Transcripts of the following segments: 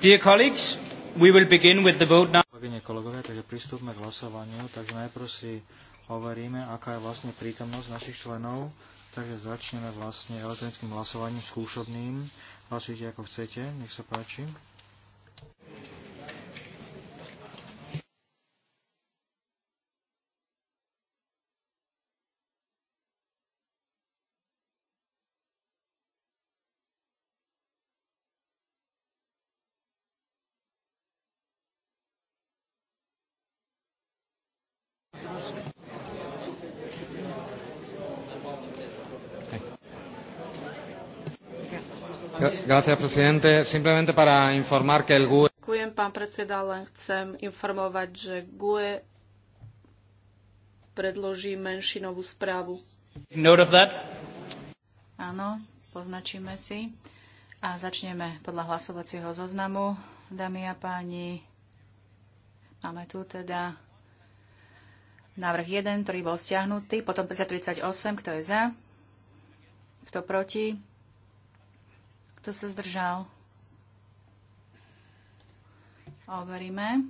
Dear colleagues, we will begin with the vote now. Kolegyne, kolegovia, takže pristúpme k hlasovaniu. Takže najprv si hovoríme, aká je vlastne prítomnosť našich členov. Takže začneme vlastne elektronickým hlasovaním skúšobným. Hlasujte ako chcete, nech sa páči. Gracias, presidente. Simplemente para informar que el GUE... Ďakujem, pán predseda, len chcem informovať, že GUE predloží menšinovú správu. Note of that. Áno, poznačíme si. A začneme podľa hlasovacieho zoznamu. Dámy a páni, máme tu teda návrh 1, ktorý bol stiahnutý, potom 538, kto je za, kto proti, kto sa zdržal? Overíme.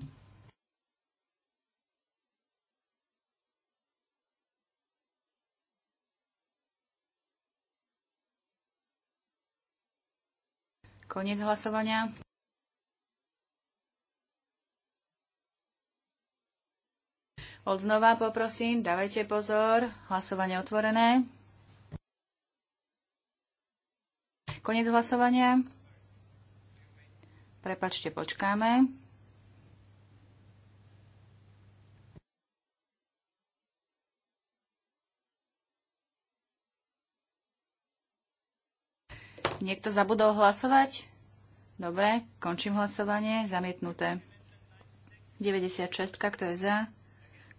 Koniec hlasovania. Odznova poprosím, dávajte pozor, hlasovanie otvorené. Konec hlasovania. Prepačte, počkáme. Niekto zabudol hlasovať? Dobre, končím hlasovanie. Zamietnuté. 96, kto je za?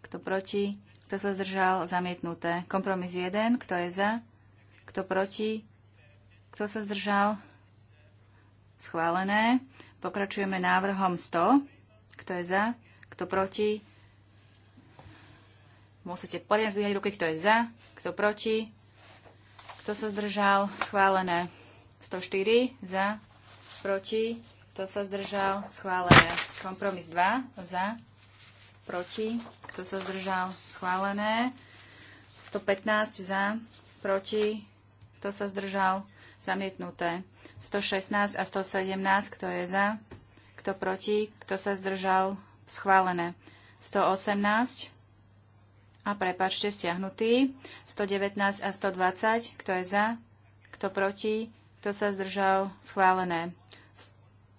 Kto proti? Kto sa zdržal? Zamietnuté. Kompromis 1, kto je za? Kto proti? Kto sa zdržal? Schválené. Pokračujeme návrhom 100. Kto je za? Kto proti? Musíte poriadne zvíjať ruky, kto je za, kto proti, kto sa zdržal, schválené. 104 za, proti, kto sa zdržal, schválené. Kompromis 2 za, proti, kto sa zdržal, schválené. 115 za, proti, kto sa zdržal, zamietnuté. 116 a 117, kto je za, kto proti, kto sa zdržal, schválené. 118 a prepačte, stiahnutý. 119 a 120, kto je za, kto proti, kto sa zdržal, schválené.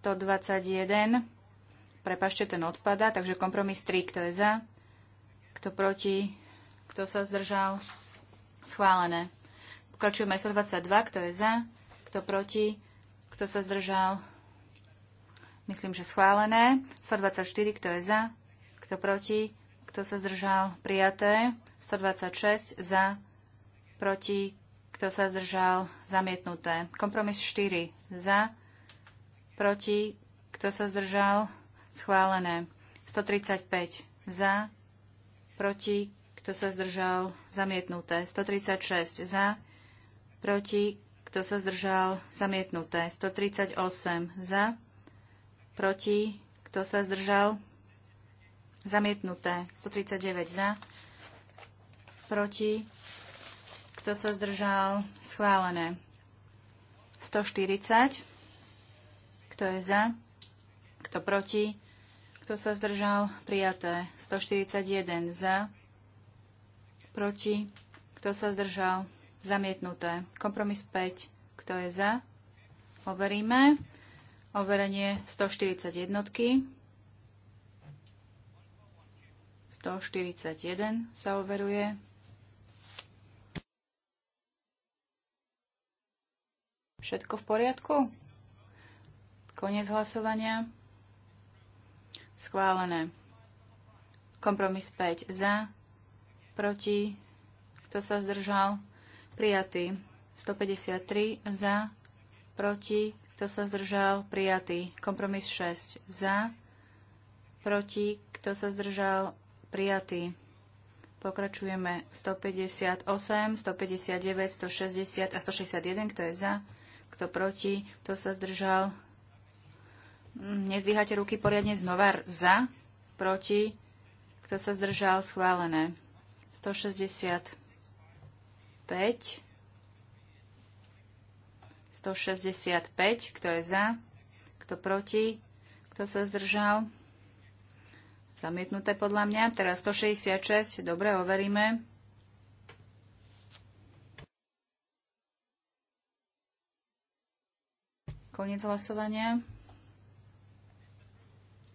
121, prepašte ten odpada, takže kompromis 3, kto je za, kto proti, kto sa zdržal, schválené. Pokračujeme 122, kto je za, kto proti, kto sa zdržal. Myslím, že schválené. 124, kto je za, kto proti, kto sa zdržal. Prijaté. 126 za, proti, kto sa zdržal. Zamietnuté. Kompromis 4 za, proti, kto sa zdržal. Schválené. 135 za, proti, kto sa zdržal. Zamietnuté. 136 za, proti, kto sa zdržal, zamietnuté. 138 za, proti, kto sa zdržal, zamietnuté. 139 za, proti, kto sa zdržal, schválené. 140, kto je za, kto proti, kto sa zdržal, prijaté. 141 za, proti, kto sa zdržal, Zamietnuté. Kompromis 5. Kto je za? Overíme. Overenie 141. 141 sa overuje. Všetko v poriadku? Koniec hlasovania. Schválené. Kompromis 5 za, proti, kto sa zdržal? prijatý. 153 za, proti, kto sa zdržal, prijatý. Kompromis 6 za, proti, kto sa zdržal, prijatý. Pokračujeme 158, 159, 160 a 161, kto je za, kto proti, kto sa zdržal. Mm, Nezvíhate ruky poriadne znova za, proti, kto sa zdržal, schválené. 160 165, kto je za, kto proti, kto sa zdržal. Zamietnuté podľa mňa. Teraz 166, dobre, overíme. Koniec hlasovania.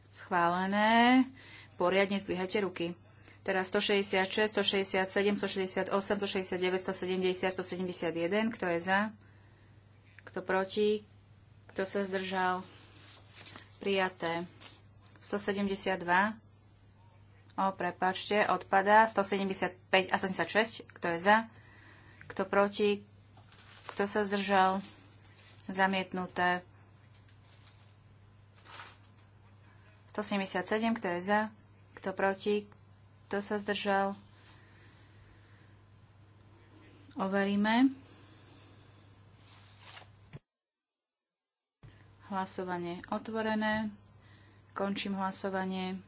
Schválené. Poriadne zdvíhajte ruky teda 166, 167, 168, 169, 170, 171. Kto je za? Kto proti? Kto sa zdržal? Prijaté. 172. O, prepačte, odpadá. 175 a 76. Kto je za? Kto proti? Kto sa zdržal? Zamietnuté. 177. Kto je za? Kto proti? Kto sa zdržal? Overíme. Hlasovanie otvorené. Končím hlasovanie.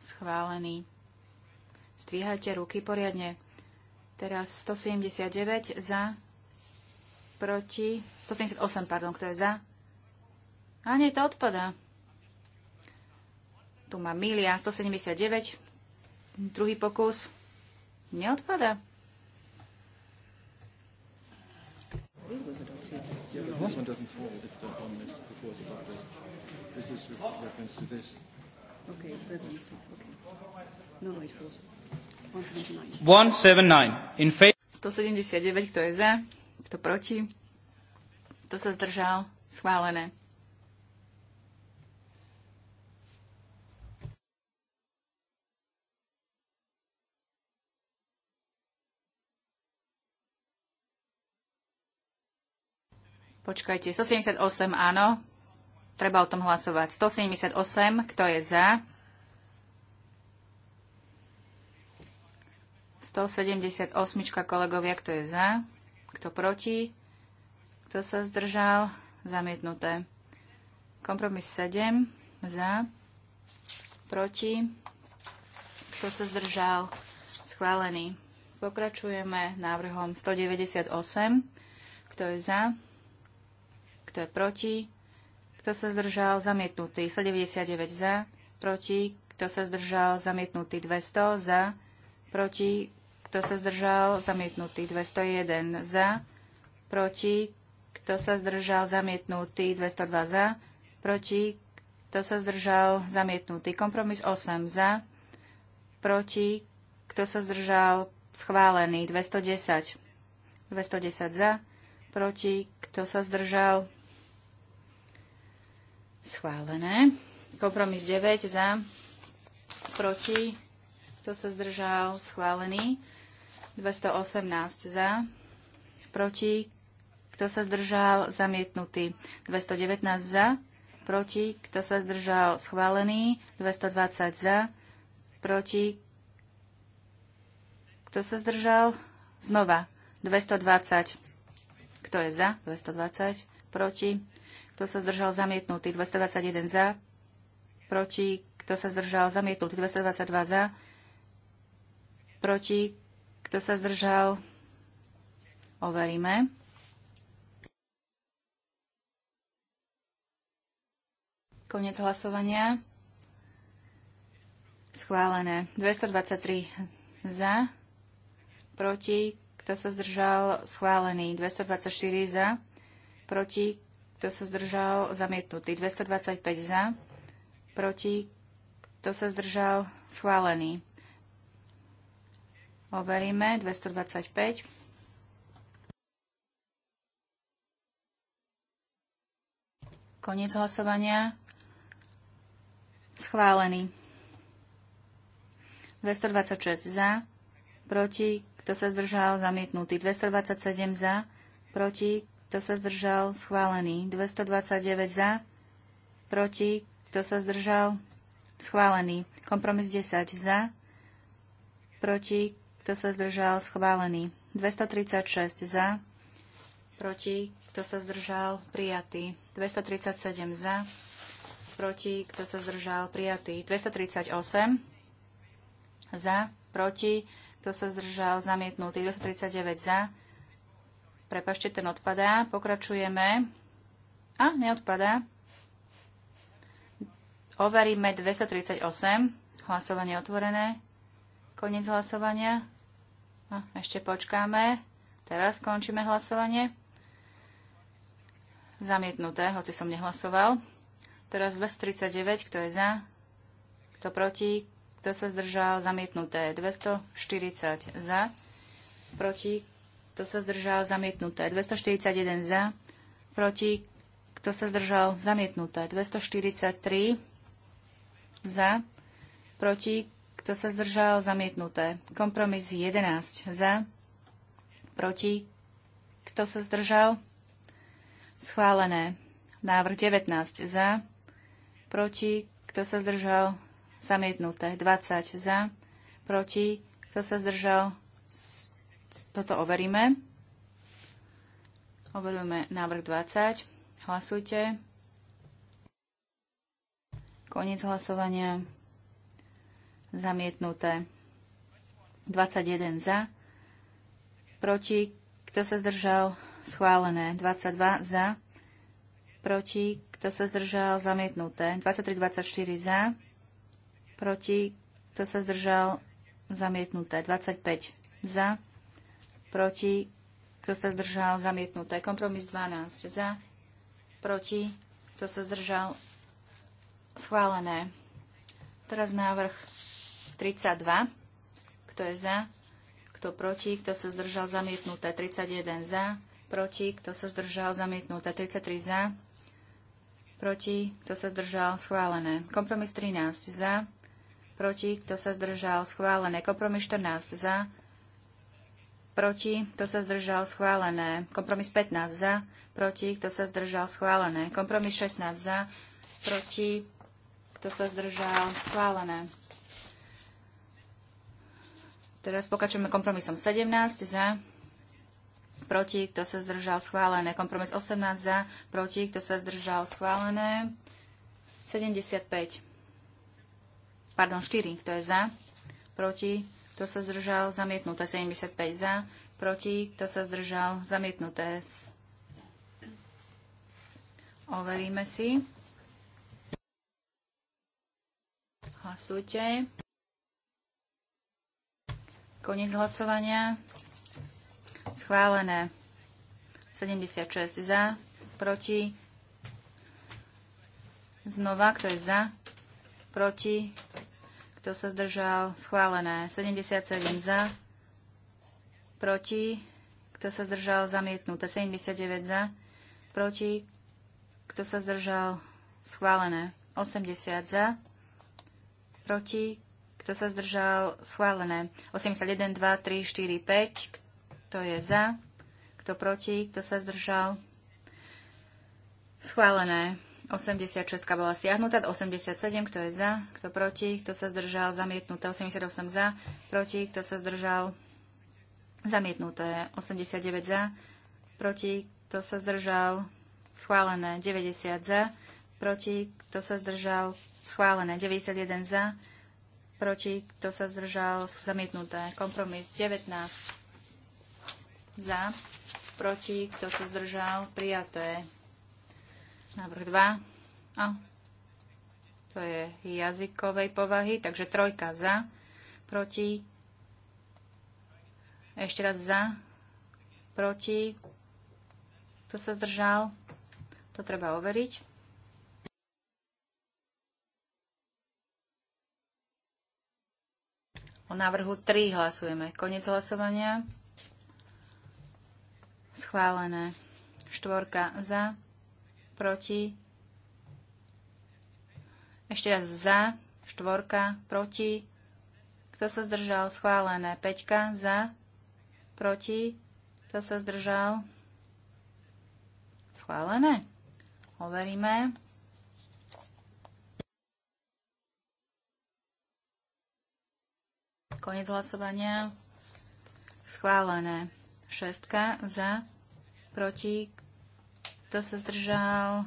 Schválený. Strihajte ruky poriadne. Teraz 179 za, proti, 178, pardon, kto je za? A nie, to odpadá. Tu má milia, 179 Druhý pokus neodpada. Okay, 179, no, no, kto je za, kto proti, kto sa zdržal, schválené. Počkajte, 178, áno. Treba o tom hlasovať. 178, kto je za? 178, kolegovia, kto je za? Kto proti? Kto sa zdržal? Zamietnuté. Kompromis 7, za? Proti? Kto sa zdržal? Schválený. Pokračujeme návrhom 198. Kto je za? Kto je proti? Kto sa zdržal? Zamietnutý. 199 za. Proti. Kto sa zdržal? Zamietnutý. 200 za. Proti. Kto sa zdržal? Zamietnutý. 201 za. Proti. Kto sa zdržal? Zamietnutý. 202 za. Proti. Kto sa zdržal? Zamietnutý. Kompromis 8 za. Proti. Kto sa zdržal? Schválený. 210. 210 za. Proti. Kto sa zdržal? Schválené. Kompromis 9 za, proti, kto sa zdržal, schválený. 218 za, proti, kto sa zdržal, zamietnutý. 219 za, proti, kto sa zdržal, schválený. 220 za, proti, kto sa zdržal, znova. 220. Kto je za? 220. Proti. Kto sa zdržal zamietnutý? 221 za. Proti. Kto sa zdržal zamietnutý? 222 za. Proti. Kto sa zdržal? Overíme. Konec hlasovania. Schválené. 223 za. Proti. Kto sa zdržal? Schválený. 224 za. Proti kto sa zdržal, zamietnutý. 225 za, proti, kto sa zdržal, schválený. Overíme 225. Koniec hlasovania. Schválený. 226 za, proti, kto sa zdržal, zamietnutý. 227 za, proti, kto sa zdržal, schválený. 229 za, proti, kto sa zdržal, schválený. Kompromis 10 za, proti, kto sa zdržal, schválený. 236 za, proti, kto sa zdržal, prijatý. 237 za, proti, kto sa zdržal, prijatý. 238 za, proti, kto sa zdržal, zamietnutý. 239 za, Prepašte, ten odpadá. Pokračujeme. A, neodpadá. Overíme 238. Hlasovanie otvorené. Koniec hlasovania. A, ešte počkáme. Teraz končíme hlasovanie. Zamietnuté, hoci som nehlasoval. Teraz 239, kto je za, kto proti, kto sa zdržal, zamietnuté. 240 za, proti, kto sa zdržal, zamietnuté. 241 za, proti, kto sa zdržal, zamietnuté. 243 za, proti, kto sa zdržal, zamietnuté. Kompromis 11 za, proti, kto sa zdržal, schválené. Návrh 19 za, proti, kto sa zdržal, zamietnuté. 20 za, proti, kto sa zdržal, toto overíme. Overujeme návrh 20. Hlasujte. Koniec hlasovania. Zamietnuté. 21 za. Proti. Kto sa zdržal? Schválené. 22 za. Proti. Kto sa zdržal? Zamietnuté. 23, 24 za. Proti. Kto sa zdržal? Zamietnuté. 25 za proti, kto sa zdržal, zamietnuté. Kompromis 12 za, proti, kto sa zdržal, schválené. Teraz návrh 32, kto je za, kto proti, kto sa zdržal, zamietnuté. 31 za, proti, kto sa zdržal, zamietnuté. 33 za, proti, kto sa zdržal, schválené. Kompromis 13 za, proti, kto sa zdržal, schválené. Kompromis 14 za, proti, kto sa zdržal, schválené. Kompromis 15 za, proti, kto sa zdržal, schválené. Kompromis 16 za, proti, kto sa zdržal, schválené. Teraz pokračujeme kompromisom 17 za, proti, kto sa zdržal, schválené. Kompromis 18 za, proti, kto sa zdržal, schválené. 75. Pardon, 4, kto je za, proti, kto sa zdržal, zamietnuté 75 za, proti, kto sa zdržal, zamietnuté. Overíme si. Hlasujte. Koniec hlasovania. Schválené. 76 za, proti. Znova, kto je za, proti, kto sa zdržal? Schválené. 77 za. Proti. Kto sa zdržal? Zamietnuté. 79 za. Proti. Kto sa zdržal? Schválené. 80 za. Proti. Kto sa zdržal? Schválené. 81, 2, 3, 4, 5. Kto je za? Kto proti? Kto sa zdržal? Schválené. 86 bola stiahnutá, 87, kto je za, kto proti, kto sa zdržal, zamietnuté, 88 za, proti, kto sa zdržal, zamietnuté, 89 za, proti, kto sa zdržal, schválené, 90 za, proti, kto sa zdržal, schválené, 91 za, proti, kto sa zdržal, zamietnuté, kompromis, 19 za, proti, kto sa zdržal, prijaté, Návrh 2. A. To je jazykovej povahy, takže trojka za, proti. Ešte raz za, proti. Kto sa zdržal? To treba overiť. O návrhu 3 hlasujeme. Konec hlasovania. Schválené. Štvorka za proti, ešte raz za, štvorka, proti, kto sa zdržal, schválené, peťka, za, proti, kto sa zdržal, schválené. Overíme. Konec hlasovania. Schválené. Šestka za, proti, kto sa zdržal?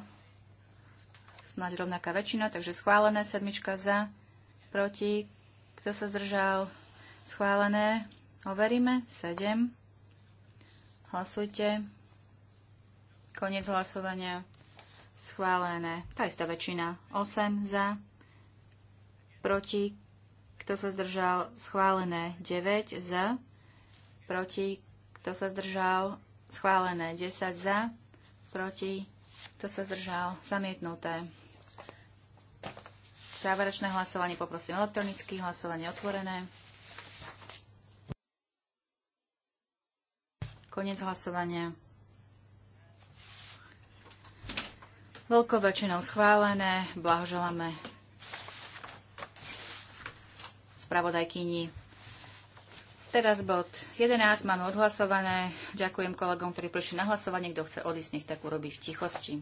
Snáď rovnaká väčšina, takže schválené. Sedmička za, proti. Kto sa zdržal? Schválené. Overíme. 7. Hlasujte. Koniec hlasovania. Schválené. Tá istá väčšina. 8 za. Proti. Kto sa zdržal? Schválené. 9 za. Proti. Kto sa zdržal? Schválené. 10 za proti, kto sa zdržal, zamietnuté. Záverečné hlasovanie poprosím elektronicky, hlasovanie otvorené. Konec hlasovania. Veľkou väčšinou schválené. Blahoželáme spravodajkyni. Teraz bod 11 máme odhlasované. Ďakujem kolegom, ktorí prišli na hlasovanie. Kto chce odísť, nech tak urobí v tichosti.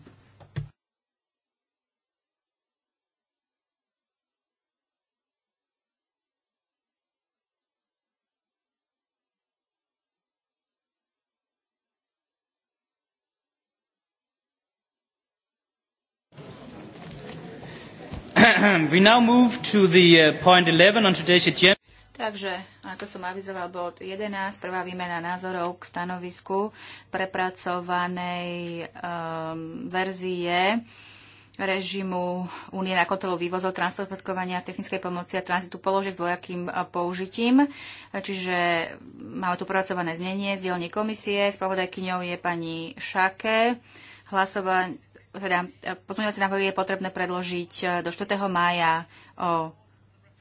We now move to the uh, point 11 on today's agenda. Takže, ako som avizoval, bod 11, prvá výmena názorov k stanovisku prepracovanej um, verzie režimu Únie na kontrolu vývozov, transportkovania, technickej pomoci a tranzitu položiek s dvojakým e, použitím. Čiže máme tu pracované znenie z dielne komisie. Spravodajkyňou je pani Šake. Hlasovanie, teda e, pozmeňovacie návrhy je potrebné predložiť e, do 4. mája o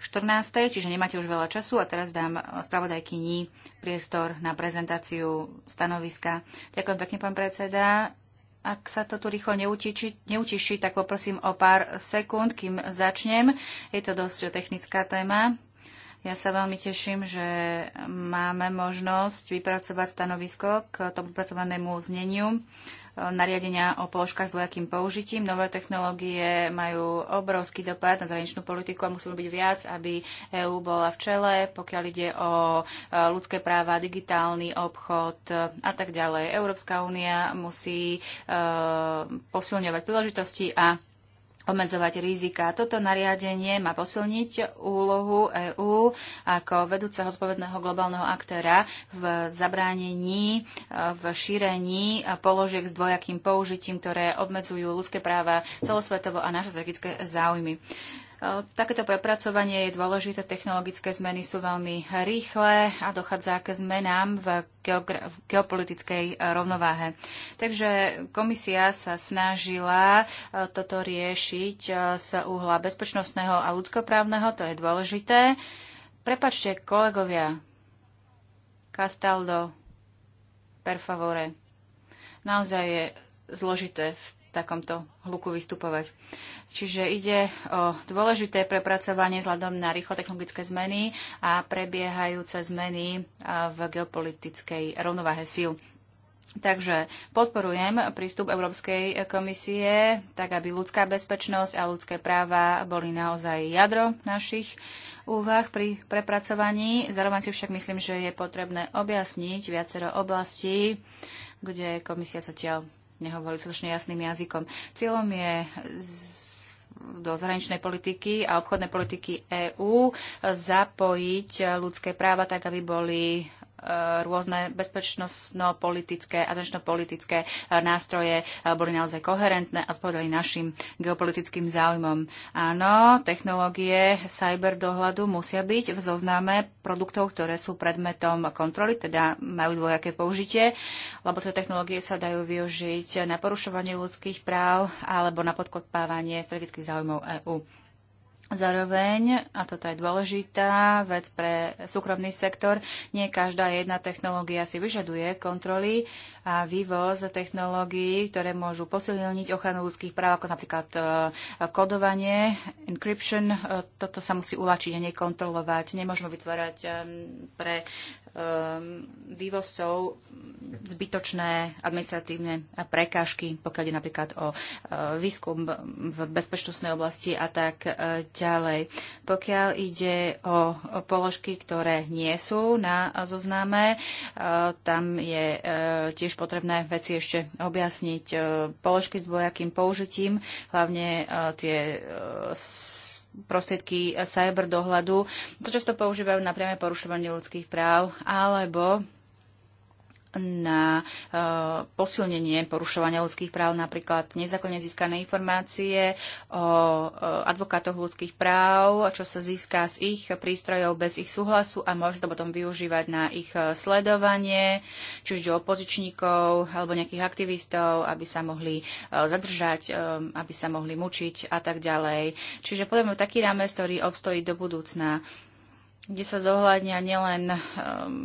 14. čiže nemáte už veľa času a teraz dám spravodajkyni priestor na prezentáciu stanoviska. Ďakujem pekne, pán predseda. Ak sa to tu rýchlo neutiči, neutiši, tak poprosím o pár sekúnd, kým začnem. Je to dosť technická téma. Ja sa veľmi teším, že máme možnosť vypracovať stanovisko k tomu pracovanému zneniu nariadenia o položkách s dvojakým použitím. Nové technológie majú obrovský dopad na zahraničnú politiku a musí byť viac, aby EÚ bola v čele, pokiaľ ide o e, ľudské práva, digitálny obchod a tak ďalej. Európska únia musí e, posilňovať príležitosti a obmedzovať rizika. Toto nariadenie má posilniť úlohu EÚ ako vedúceho odpovedného globálneho aktéra v zabránení, v šírení položiek s dvojakým použitím, ktoré obmedzujú ľudské práva celosvetovo a naše strategické záujmy. Eh, takéto prepracovanie je dôležité, technologické zmeny sú veľmi rýchle a dochádza k zmenám v, v geopolitickej eh, rovnováhe. Takže komisia sa snažila eh, toto riešiť z uhla bezpečnostného a ľudskoprávneho, to je dôležité. Prepačte, kolegovia, Castaldo, per favore. Naozaj je zložité v takomto hluku vystupovať. Čiže ide o dôležité prepracovanie vzhľadom na rýchlo technologické zmeny a prebiehajúce zmeny v geopolitickej rovnováhe síl. Takže podporujem prístup Európskej komisie, tak aby ľudská bezpečnosť a ľudské práva boli naozaj jadro našich úvah pri prepracovaní. Zároveň si však myslím, že je potrebné objasniť viacero oblastí, kde komisia sa tiaľ nehovorili slušne jasným jazykom. Cieľom je do zahraničnej politiky a obchodnej politiky EÚ zapojiť ľudské práva tak, aby boli Eh, rôzne bezpečnostno-politické a začno-politické eh, nástroje eh, boli naozaj koherentné a odpovedali našim geopolitickým záujmom. Áno, technológie cyberdohľadu musia byť v zozname produktov, ktoré sú predmetom kontroly, teda majú dvojaké použitie, lebo tie technológie sa dajú využiť na porušovanie ľudských práv alebo na podkopávanie strategických záujmov EÚ. Zároveň, a toto je dôležitá vec pre súkromný sektor, nie každá jedna technológia si vyžaduje kontroly a vývoz technológií, ktoré môžu posilniť ochranu ľudských práv, ako napríklad e, kodovanie, encryption, e, toto sa musí uľačiť a nekontrolovať. Nemôžeme vytvárať e, pre vývozcov zbytočné administratívne prekážky, pokiaľ je napríklad o e, výskum v bezpečnostnej oblasti a tak e, ďalej. Pokiaľ ide o položky, ktoré nie sú na zozname, e, tam je tiež potrebné veci ešte objasniť. Položky s dvojakým použitím, hlavne tie prostriedky cyber dohľadu, to často používajú na priame porušovanie ľudských práv, alebo na eh, posilnenie porušovania ľudských práv, napríklad nezákonne získané informácie o eh, advokátoch ľudských práv, čo sa získa z ich prístrojov bez ich súhlasu a môže to potom využívať na ich eh, sledovanie, či už opozičníkov alebo nejakých aktivistov, aby sa mohli zadržať, aby sa mohli mučiť a tak ďalej. Čiže podľa taký rámec, ktorý obstojí do budúcna kde sa zohľadnia nielen um,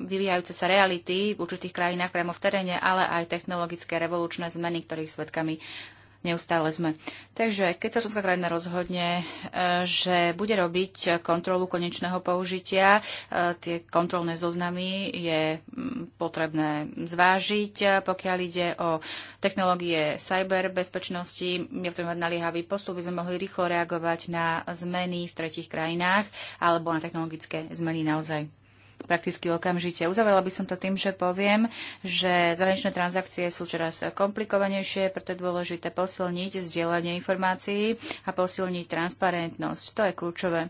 vyvíjajúce sa reality v určitých krajinách priamo v teréne, ale aj technologické revolučné zmeny, ktorých svetkami Neustále sme. Takže keď sa členská krajina rozhodne, e, že bude robiť kontrolu konečného použitia, e, tie kontrolné zoznamy je mm, potrebné zvážiť. E, pokiaľ ide o technológie cyberbezpečnosti, je tom mať naliehavý postup, by sme mohli rýchlo reagovať na zmeny v tretich krajinách alebo na technologické zmeny naozaj prakticky okamžite. Uzavrela by som to tým, že poviem, že zahraničné transakcie sú čoraz komplikovanejšie, preto je dôležité posilniť zdieľanie informácií a posilniť transparentnosť. To je kľúčové.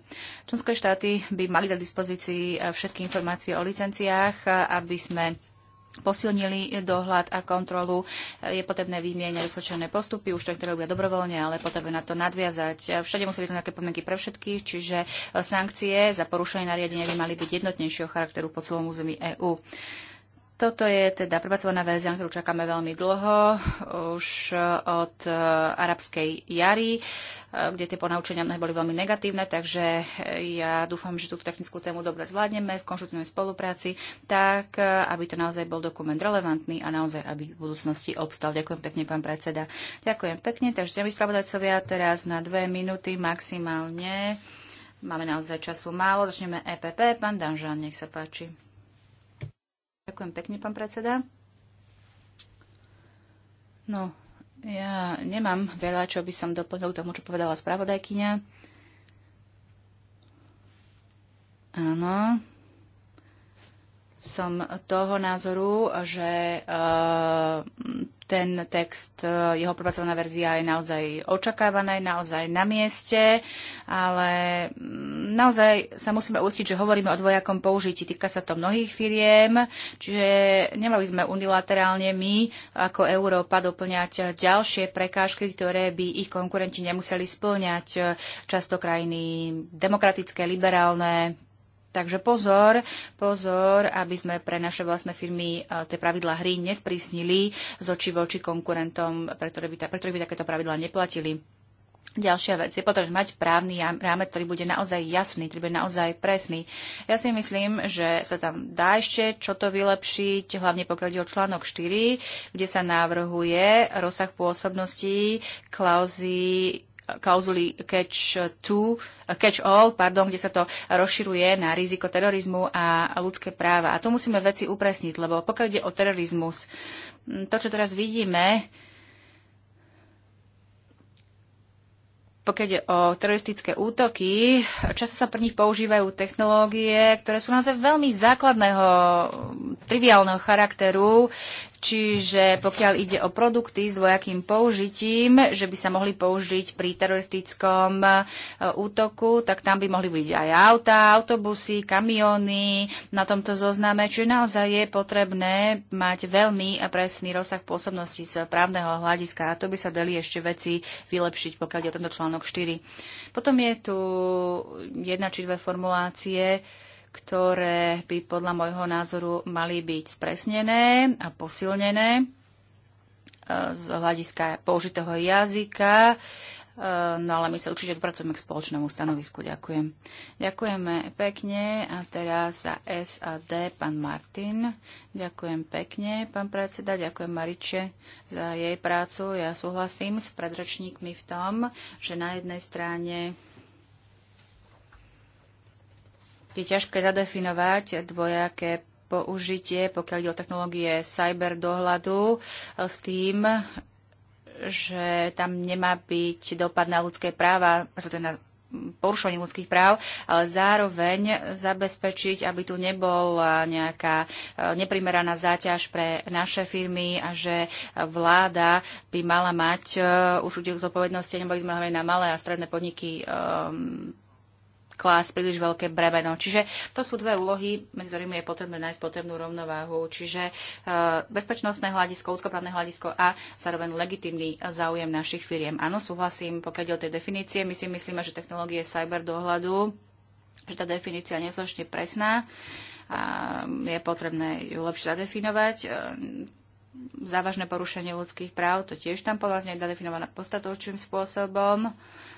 Členské štáty by mali dať dispozícii všetky informácie o licenciách, aby sme posilnili dohľad a kontrolu. Je potrebné vymieňať rozhodčené postupy, už to niektoré robia dobrovoľne, ale potrebné na to nadviazať. Všade museli byť nejaké pomenky pre všetkých, čiže sankcie za porušenie nariadenia by mali byť jednotnejšieho charakteru po celom území EÚ. Toto je teda prepracovaná verzia, ktorú čakáme veľmi dlho, už od e, arabskej jary. Eh, kde tie ponaučenia mnohé boli veľmi negatívne, takže eh, ja dúfam, že túto technickú tému dobre zvládneme v konštruktívnej spolupráci, tak eh, aby to naozaj bol dokument relevantný a naozaj, aby v budúcnosti obstal. Ďakujem pekne, pán predseda. Ďakujem pekne, takže ďakujem spravodajcovia teraz na dve minúty maximálne. Máme naozaj času málo. Začneme EPP. Pán Danžan, nech sa páči. Ďakujem pekne, pán predseda. No, ja nemám veľa, čo by som doplnil k tomu, čo povedala spravodajkyňa. Áno. Som toho názoru, že eh, ten text, e, jeho prepracovaná verzia je naozaj očakávaná, je naozaj na mieste, ale mm, naozaj sa musíme uistiť, že hovoríme o dvojakom použití. Týka sa to mnohých firiem, čiže nemali sme unilaterálne my ako Európa doplňať ďalšie prekážky, ktoré by ich konkurenti nemuseli splňať. Často krajiny demokratické, liberálne, Takže pozor, pozor, aby sme pre naše vlastné firmy e, tie pravidlá hry nesprísnili z oči voči konkurentom, pre ktorých by, by takéto pravidlá neplatili. Ďalšia vec je potrebné mať právny rámec, ktorý bude naozaj jasný, ktorý bude naozaj presný. Ja si myslím, že sa tam dá ešte čo to vylepšiť, hlavne pokiaľ ide o článok 4, kde sa navrhuje rozsah pôsobností klauzy klauzuly catch, two, catch all, pardon, kde sa to rozširuje na riziko terorizmu a ľudské práva. A to musíme veci upresniť, lebo pokiaľ ide o terorizmus, to, čo teraz vidíme, pokiaľ ide o teroristické útoky, často sa pre nich používajú technológie, ktoré sú naozaj veľmi základného, triviálneho charakteru, Čiže pokiaľ ide o produkty s dvojakým použitím, že by sa mohli použiť pri teroristickom e, útoku, tak tam by mohli byť aj auta, autobusy, kamióny na tomto zozname. Čiže naozaj je potrebné mať veľmi presný rozsah pôsobnosti z právneho hľadiska a to by sa dali ešte veci vylepšiť, pokiaľ ide o tento článok 4. Potom je tu jedna či dve formulácie, ktoré by podľa môjho názoru mali byť spresnené a posilnené e, z hľadiska použitého jazyka. E, no ale my sa určite dopracujeme k spoločnému stanovisku. Ďakujem. Ďakujeme pekne. A teraz za SAD pán Martin. Ďakujem pekne, pán predseda. Ďakujem Mariče za jej prácu. Ja súhlasím s predročníkmi v tom, že na jednej strane Je ťažké zadefinovať dvojaké použitie, pokiaľ ide o technológie cyberdohľadu, e, s tým, že tam nemá byť dopad na ľudské práva, teda na porušovanie ľudských práv, ale zároveň zabezpečiť, aby tu nebola nejaká e, neprimeraná záťaž pre naše firmy a že vláda by mala mať e, udiel zodpovednosti, neboli sme hlavne na malé a stredné podniky um, klas príliš veľké bremeno. Čiže to sú dve úlohy, medzi ktorými je potrebné nájsť potrebnú rovnováhu. Čiže e, bezpečnostné hľadisko, ľudskoprávne hľadisko a zároveň legitimný záujem našich firiem. Áno, súhlasím, pokiaľ o tej definície. My si myslíme, že technológie cyber dohľadu, že tá definícia nie je presná a je potrebné ju lepšie zadefinovať e, závažné porušenie ľudských práv, to tiež tam podľa je definované postatočným spôsobom.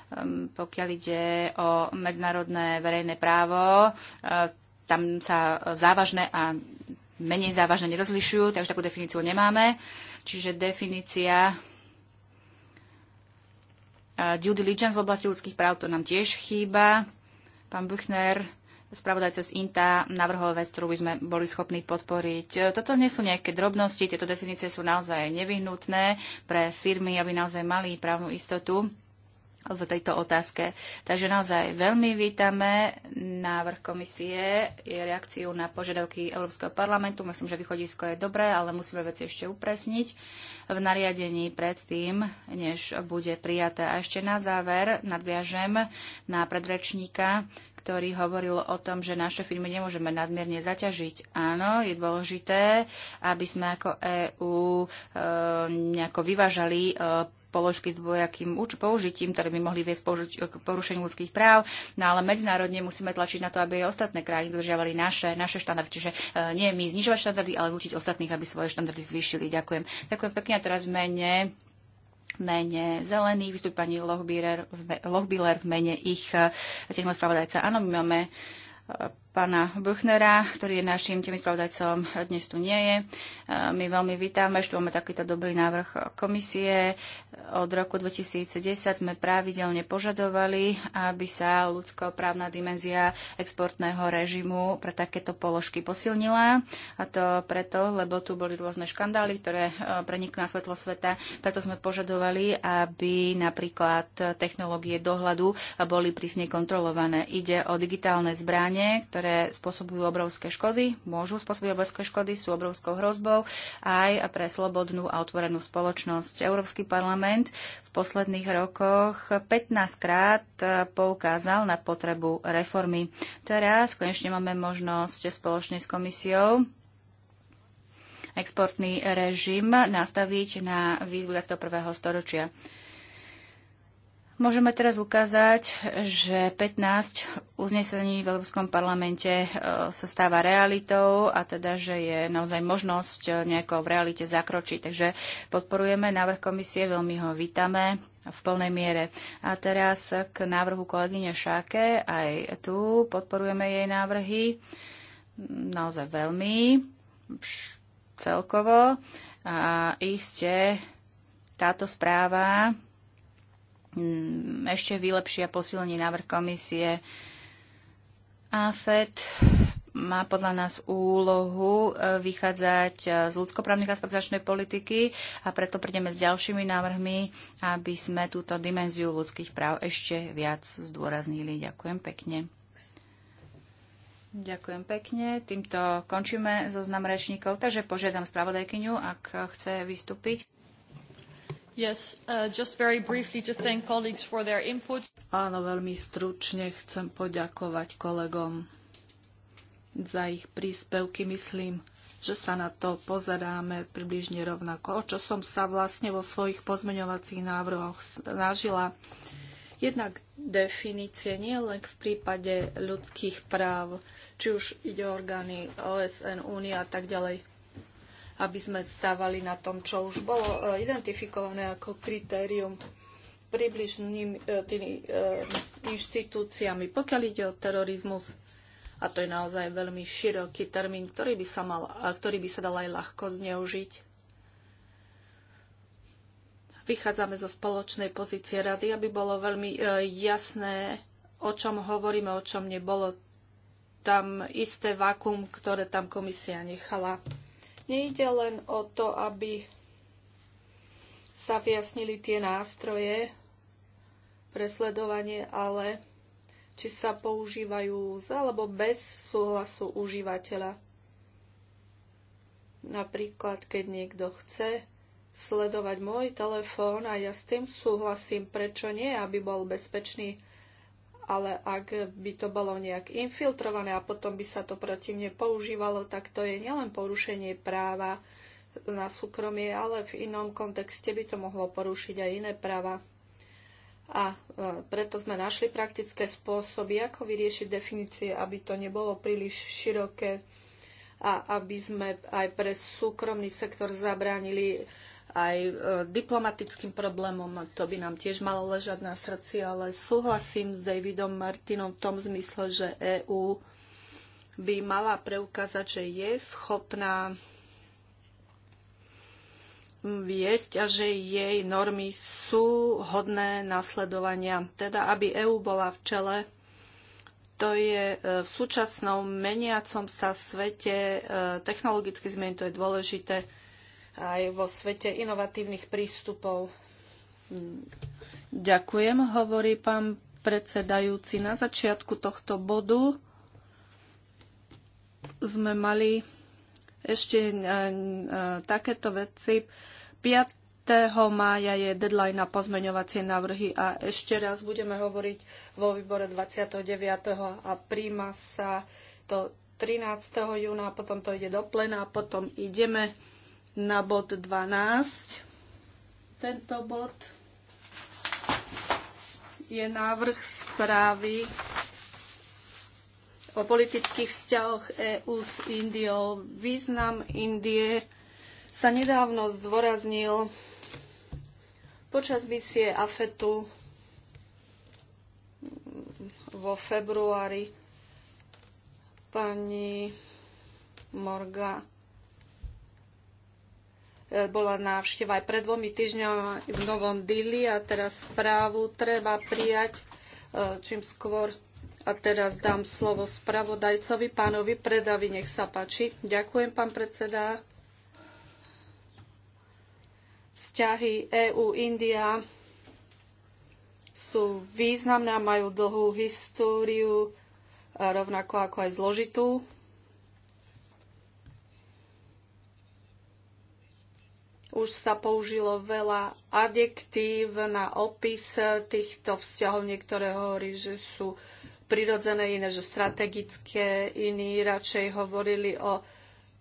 Ehm, pokiaľ ide o medzinárodné verejné právo, eh, tam sa závažné a menej závažné nerozlišujú, takže takú definíciu nemáme. Čiže definícia eh, due diligence v oblasti ľudských práv, to nám tiež chýba. Pán Buchner, spravodajca z INTA, navrhol vec, ktorú by sme boli schopní podporiť. Eh, toto nie sú nejaké drobnosti, tieto definície sú naozaj nevyhnutné pre firmy, aby naozaj mali právnu istotu v tejto otázke. Takže naozaj veľmi vítame návrh komisie, je reakciu na požiadavky Európskeho parlamentu. Myslím, že východisko je dobré, ale musíme veci ešte upresniť v nariadení predtým, než bude prijaté. A ešte na záver nadviažem na predrečníka, ktorý hovoril o tom, že naše firmy nemôžeme nadmierne zaťažiť. Áno, je dôležité, aby sme ako EÚ e, nejako vyvážali e, položky s dvojakým použitím, ktoré by mohli viesť k porušeniu ľudských práv, no ale medzinárodne musíme tlačiť na to, aby aj ostatné krajiny dodržiavali naše, naše štandardy. Čiže e, nie my znižovať štandardy, ale učiť ostatných, aby svoje štandardy zvýšili. Ďakujem. Ďakujem pekne a teraz v mene mene zelených, vystúpi pani Lochbiller, v mene ich e, technospravodajca. Áno, my máme e, pána Buchnera, ktorý je našim tým spravodajcom, dnes tu nie je. My veľmi vítame, že tu máme takýto dobrý návrh komisie. Od roku 2010 sme pravidelne požadovali, aby sa ľudskoprávna dimenzia exportného režimu pre takéto položky posilnila. A to preto, lebo tu boli rôzne škandály, ktoré e, prenikli na svetlo sveta. Preto sme požadovali, aby napríklad technológie dohľadu boli prísne kontrolované. Ide o digitálne zbranie, ktoré ktoré spôsobujú obrovské škody, môžu spôsobiť obrovské škody, sú obrovskou hrozbou aj pre slobodnú a otvorenú spoločnosť. Európsky parlament v posledných rokoch 15 krát poukázal na potrebu reformy. Teraz konečne máme možnosť spoločne s komisiou exportný režim nastaviť na výzvu 21. storočia. Môžeme teraz ukázať, že 15 uznesení v Európskom parlamente e, sa stáva realitou a teda, že je naozaj možnosť e, nejako v realite zakročiť. Takže podporujeme návrh komisie, veľmi ho vítame v plnej miere. A teraz k návrhu kolegyne Šáke. Aj tu podporujeme jej návrhy naozaj veľmi celkovo. A iste táto správa Mm, ešte vylepší a posilní návrh komisie. AFED má podľa nás úlohu e, vychádzať e, z ľudskoprávnych a začnej politiky a preto prídeme s ďalšími návrhmi, aby sme túto dimenziu ľudských práv ešte viac zdôraznili. Ďakujem pekne. Ďakujem pekne. Týmto končíme zoznam so rečníkov, takže požiadam spravodajkyňu, ak chce vystúpiť. Uh, Áno, veľmi stručne chcem poďakovať kolegom za ich príspevky. Myslím, že sa na to pozeráme približne rovnako, o čo som sa vlastne vo svojich pozmeňovacích návrhoch snažila. Jednak definície nie len v prípade ľudských práv, či už ide o orgány OSN, Únia a tak ďalej aby sme stávali na tom, čo už bolo e, identifikované ako kritérium približným e, tými e, inštitúciami. Pokiaľ ide o terorizmus, a to je naozaj veľmi široký termín, ktorý by sa, mal, ktorý by sa dal aj ľahko zneužiť, vychádzame zo spoločnej pozície rady, aby bolo veľmi jasné, o čom hovoríme, o čom nebolo tam isté vakuum, ktoré tam komisia nechala. Nejde len o to, aby sa vyjasnili tie nástroje pre sledovanie, ale či sa používajú za alebo bez súhlasu užívateľa. Napríklad, keď niekto chce sledovať môj telefón a ja s tým súhlasím, prečo nie, aby bol bezpečný ale ak by to bolo nejak infiltrované a potom by sa to proti mne používalo, tak to je nielen porušenie práva na súkromie, ale v inom kontexte by to mohlo porušiť aj iné práva. A e, preto sme našli praktické spôsoby, ako vyriešiť definície, aby to nebolo príliš široké a aby sme aj pre súkromný sektor zabránili aj e, diplomatickým problémom, to by nám tiež malo ležať na srdci, ale súhlasím s Davidom Martinom v tom zmysle, že EÚ by mala preukázať, že je schopná viesť a že jej normy sú hodné nasledovania. Teda, aby EÚ bola v čele, to je e, v súčasnom meniacom sa svete e, technologicky zmeny, to je dôležité aj vo svete inovatívnych prístupov. Ďakujem, hovorí pán predsedajúci. Na začiatku tohto bodu sme mali ešte e, e, takéto veci. 5. mája je deadline na pozmeňovacie návrhy a ešte raz budeme hovoriť vo výbore 29. a príjma sa to 13. júna, potom to ide do plena, potom ideme na bod 12. Tento bod je návrh správy o politických vzťahoch EÚ s Indiou. Význam Indie sa nedávno zdôraznil počas misie AFETu vo februári pani Morga bola návšteva aj pred dvomi týždňami v Novom Dili a teraz správu treba prijať e, čím skôr. A teraz dám slovo spravodajcovi, pánovi Predavi, nech sa páči. Ďakujem, pán predseda. Vzťahy EU-India sú významné a majú dlhú históriu, rovnako ako aj zložitú. Už sa použilo veľa adjektív na opis týchto vzťahov. Niektoré hovorí, že sú prirodzené, iné, že strategické, iní radšej hovorili o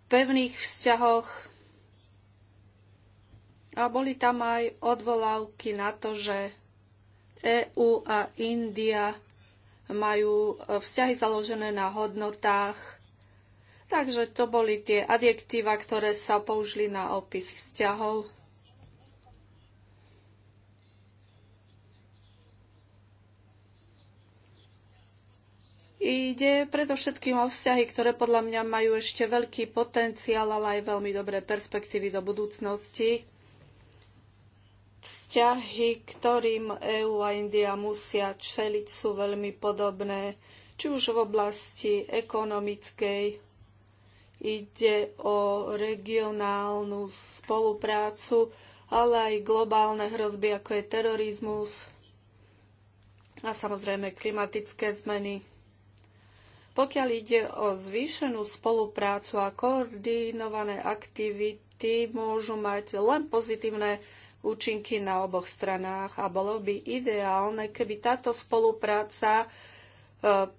pevných vzťahoch. A boli tam aj odvolávky na to, že EÚ a India majú vzťahy založené na hodnotách, Takže to boli tie adjektíva, ktoré sa použili na opis vzťahov. Ide predovšetkým o vzťahy, ktoré podľa mňa majú ešte veľký potenciál, ale aj veľmi dobré perspektívy do budúcnosti. Vzťahy, ktorým EÚ a India musia čeliť, sú veľmi podobné, či už v oblasti ekonomickej, Ide o regionálnu spoluprácu, ale aj globálne hrozby, ako je terorizmus a samozrejme klimatické zmeny. Pokiaľ ide o zvýšenú spoluprácu a koordinované aktivity, môžu mať len pozitívne účinky na oboch stranách a bolo by ideálne, keby táto spolupráca e,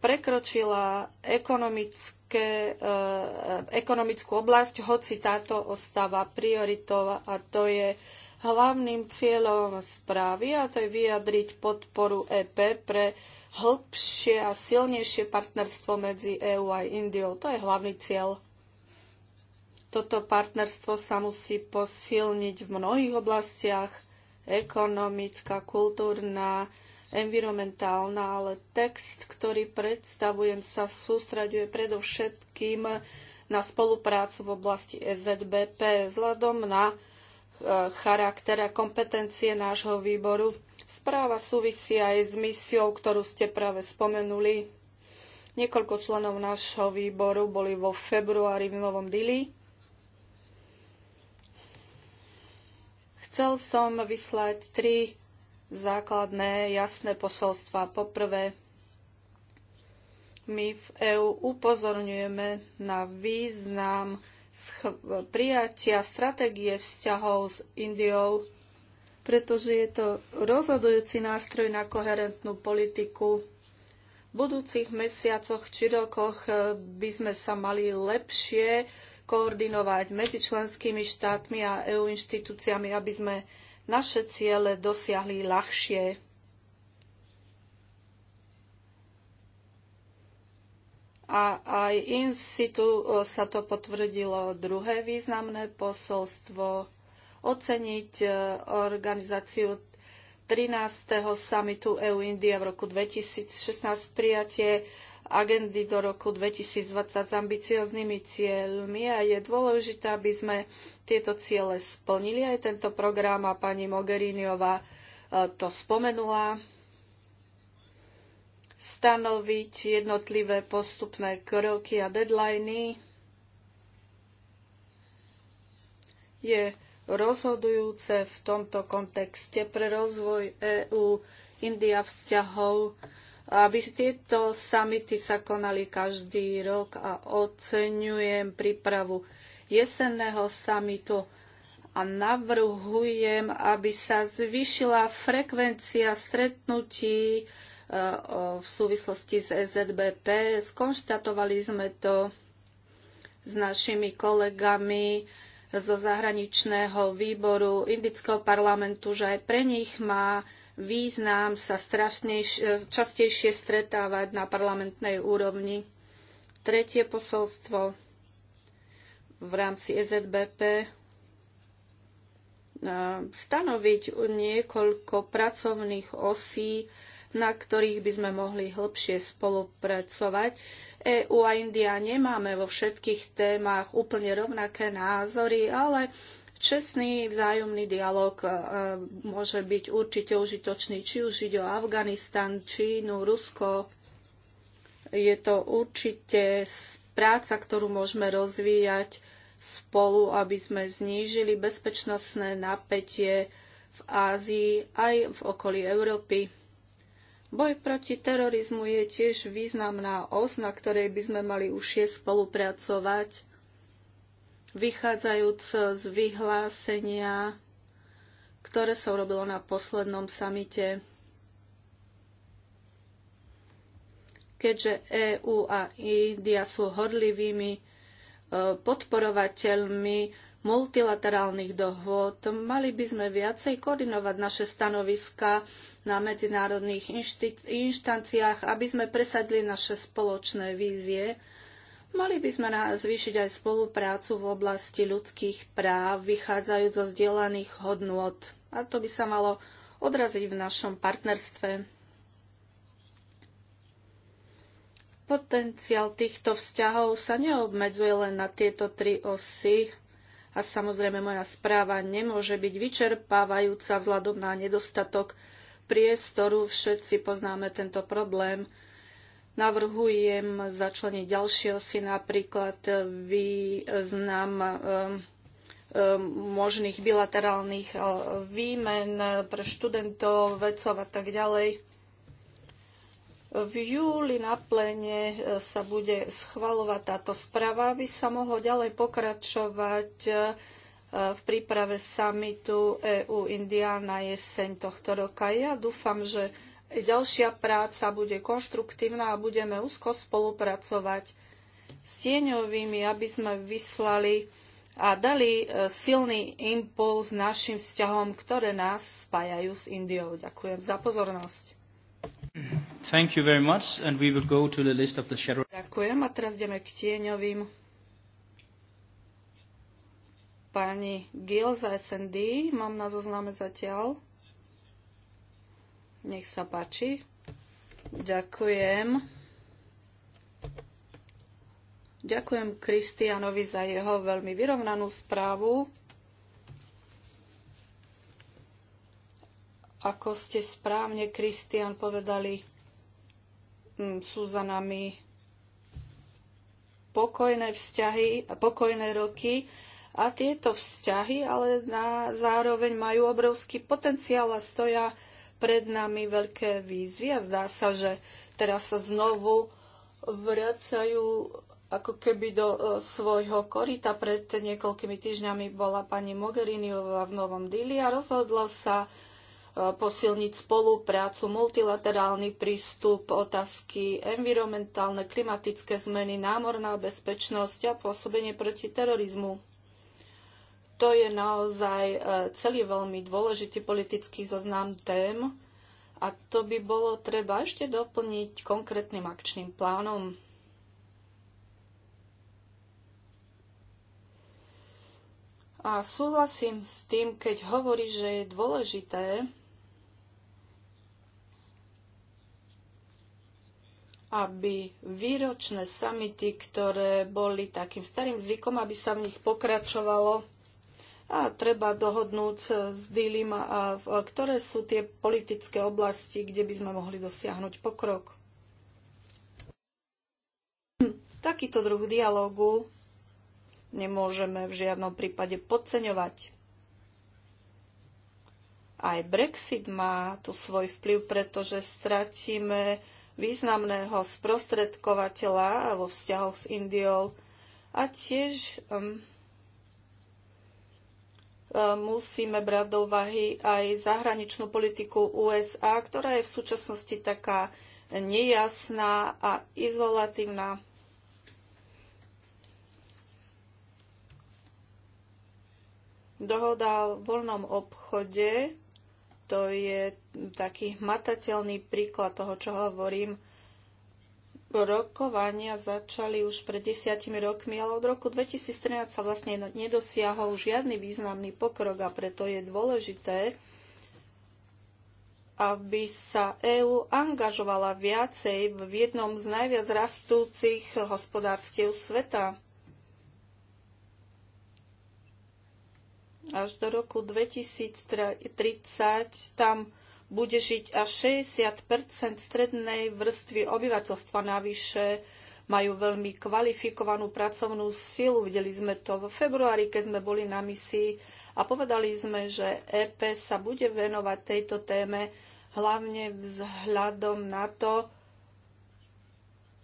prekročila ekonomické ekonomické, eh, ekonomickú oblasť, hoci táto ostáva prioritou a to je hlavným cieľom správy a to je vyjadriť podporu EP pre hĺbšie a silnejšie partnerstvo medzi EÚ a Indiou. To je hlavný cieľ. Toto partnerstvo sa musí posilniť v mnohých oblastiach ekonomická, kultúrna, environmentálna, ale text, ktorý predstavujem, sa sústraďuje predovšetkým na spoluprácu v oblasti SZBP vzhľadom na e, charakter a kompetencie nášho výboru. Správa súvisí aj s misiou, ktorú ste práve spomenuli. Niekoľko členov nášho výboru boli vo februári v Novom Dili. Chcel som vyslať tri základné jasné posolstva. Poprvé, my v EÚ upozorňujeme na význam prijatia stratégie vzťahov s Indiou, pretože je to rozhodujúci nástroj na koherentnú politiku. V budúcich mesiacoch či rokoch e, by sme sa mali lepšie koordinovať medzi členskými štátmi a EU inštitúciami, aby sme naše ciele dosiahli ľahšie. A aj in situ sa to potvrdilo druhé významné posolstvo oceniť e, organizáciu 13. samitu EU India v roku 2016 prijatie agendy do roku 2020 s ambicioznými cieľmi a je dôležité, aby sme tieto ciele splnili. Aj tento program a pani Mogheriniová e, to spomenula stanoviť jednotlivé postupné kroky a deadliny je rozhodujúce v tomto kontexte pre rozvoj EÚ India vzťahov aby tieto samity sa konali každý rok a oceňujem prípravu jesenného samitu a navrhujem, aby sa zvyšila frekvencia stretnutí e, v súvislosti s EZBP. Skonštatovali sme to s našimi kolegami zo zahraničného výboru Indického parlamentu, že aj pre nich má význam sa častejšie stretávať na parlamentnej úrovni. Tretie posolstvo v rámci EZBP eh, stanoviť niekoľko pracovných osí, na ktorých by sme mohli hĺbšie spolupracovať. EU a India nemáme vo všetkých témach úplne rovnaké názory, ale Čestný vzájomný dialog e, môže byť určite užitočný, či už ide o Afganistan, Čínu, Rusko. Je to určite práca, ktorú môžeme rozvíjať spolu, aby sme znížili bezpečnostné napätie v Ázii aj v okolí Európy. Boj proti terorizmu je tiež významná os, na ktorej by sme mali užšie spolupracovať vychádzajúc z vyhlásenia, ktoré sa urobilo na poslednom samite. Keďže EÚ a India sú horlivými e, podporovateľmi multilaterálnych dohôd, mali by sme viacej koordinovať naše stanoviska na medzinárodných inštanciách, aby sme presadili naše spoločné vízie Mali by sme zvýšiť aj spoluprácu v oblasti ľudských práv, vychádzajúc zo zdieľaných hodnôt. A to by sa malo odraziť v našom partnerstve. Potenciál týchto vzťahov sa neobmedzuje len na tieto tri osy. A samozrejme moja správa nemôže byť vyčerpávajúca vzhľadom na nedostatok priestoru. Všetci poznáme tento problém Navrhujem začleniť ďalšie osy, napríklad význam um, um, možných bilaterálnych uh, výmen pre študentov, vedcov a tak ďalej. V júli na plene uh, sa bude schvalovať táto správa, aby sa mohlo ďalej pokračovať uh, v príprave samitu EU-India na jeseň tohto roka. Ja dúfam, že Ďalšia práca bude konštruktívna a budeme úzko spolupracovať s tieňovými, aby sme vyslali a dali e, silný impuls našim vzťahom, ktoré nás spájajú s Indiou. Ďakujem za pozornosť. Thank you very much and we will go to the list of the shadow. Ďakujem a teraz ideme k tieňovým. Pani Gil z SND, mám na zozname zatiaľ. Nech sa páči. Ďakujem. Ďakujem Kristianovi za jeho veľmi vyrovnanú správu. Ako ste správne, Kristian, povedali, mm, sú za nami pokojné vzťahy, pokojné roky a tieto vzťahy ale na zároveň majú obrovský potenciál a stoja pred nami veľké výzvy a zdá sa, že teraz sa znovu vracajú ako keby do e, svojho korita. Pred niekoľkými týždňami bola pani Mogheriniová v Novom Dili a rozhodlo sa e, posilniť spoluprácu, multilaterálny prístup, otázky environmentálne, klimatické zmeny, námorná bezpečnosť a pôsobenie proti terorizmu. To je naozaj e, celý veľmi dôležitý politický zoznam tém a to by bolo treba ešte doplniť konkrétnym akčným plánom. A súhlasím s tým, keď hovorí, že je dôležité, aby výročné samity, ktoré boli takým starým zvykom, aby sa v nich pokračovalo a treba dohodnúť s Dýlim, ktoré sú tie politické oblasti, kde by sme mohli dosiahnuť pokrok. Takýto druh dialogu nemôžeme v žiadnom prípade podceňovať. Aj Brexit má tu svoj vplyv, pretože stratíme významného sprostredkovateľa vo vzťahoch s Indiou a tiež um, E, musíme brať do úvahy aj zahraničnú politiku USA, ktorá je v súčasnosti taká nejasná a izolatívna. Dohoda o voľnom obchode to je taký hmatateľný príklad toho, čo hovorím rokovania začali už pred desiatimi rokmi, ale od roku 2013 sa vlastne no- nedosiahol žiadny významný pokrok a preto je dôležité, aby sa EÚ angažovala viacej v jednom z najviac rastúcich hospodárstiev sveta. Až do roku 2030 tam bude žiť až 60 strednej vrstvy obyvateľstva. Navyše majú veľmi kvalifikovanú pracovnú silu. Videli sme to v februári, keď sme boli na misii a povedali sme, že EP sa bude venovať tejto téme hlavne vzhľadom na to,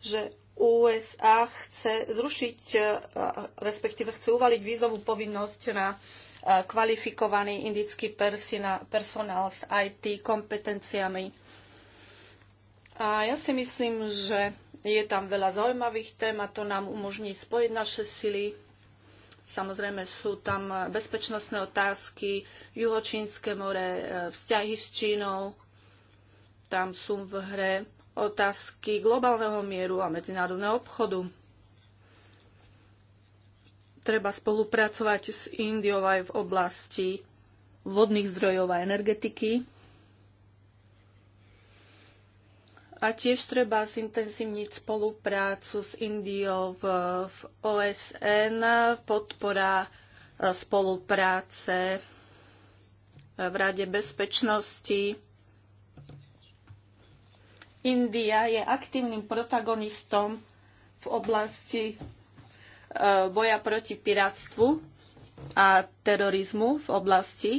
že USA chce zrušiť, respektíve chce uvaliť vízovú povinnosť na kvalifikovaný indický personál s IT kompetenciami. A ja si myslím, že je tam veľa zaujímavých tém a to nám umožní spojiť naše sily. Samozrejme sú tam bezpečnostné otázky, juhočínske more, e, vzťahy s Čínou. Tam sú v hre otázky globálneho mieru a medzinárodného obchodu treba spolupracovať s Indiou aj v oblasti vodných zdrojov a energetiky. A tiež treba zintenzívniť spoluprácu s Indiou v, v OSN, podpora e, spolupráce e, v Rade bezpečnosti. India je aktívnym protagonistom v oblasti boja proti piráctvu a terorizmu v oblasti.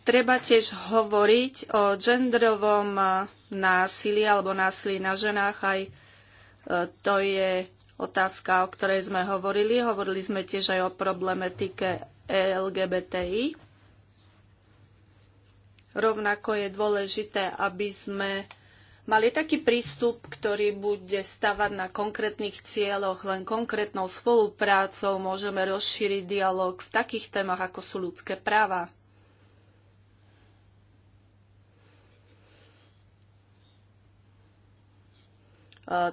Treba tiež hovoriť o genderovom násilí alebo násilí na ženách. Aj e, to je otázka, o ktorej sme hovorili. Hovorili sme tiež aj o problematike LGBTI. Rovnako je dôležité, aby sme mali taký prístup, ktorý bude stavať na konkrétnych cieľoch. Len konkrétnou spoluprácou môžeme rozšíriť dialog v takých témach, ako sú ľudské práva.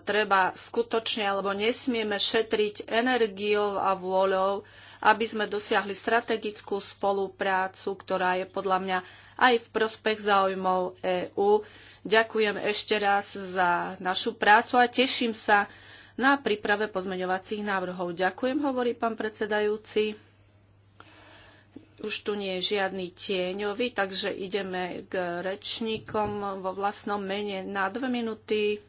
treba skutočne alebo nesmieme šetriť energiou a vôľou, aby sme dosiahli strategickú spoluprácu, ktorá je podľa mňa aj v prospech záujmov EÚ. Ďakujem ešte raz za našu prácu a teším sa na príprave pozmeňovacích návrhov. Ďakujem, hovorí pán predsedajúci. Už tu nie je žiadny tieňový, takže ideme k rečníkom vo vlastnom mene na dve minúty.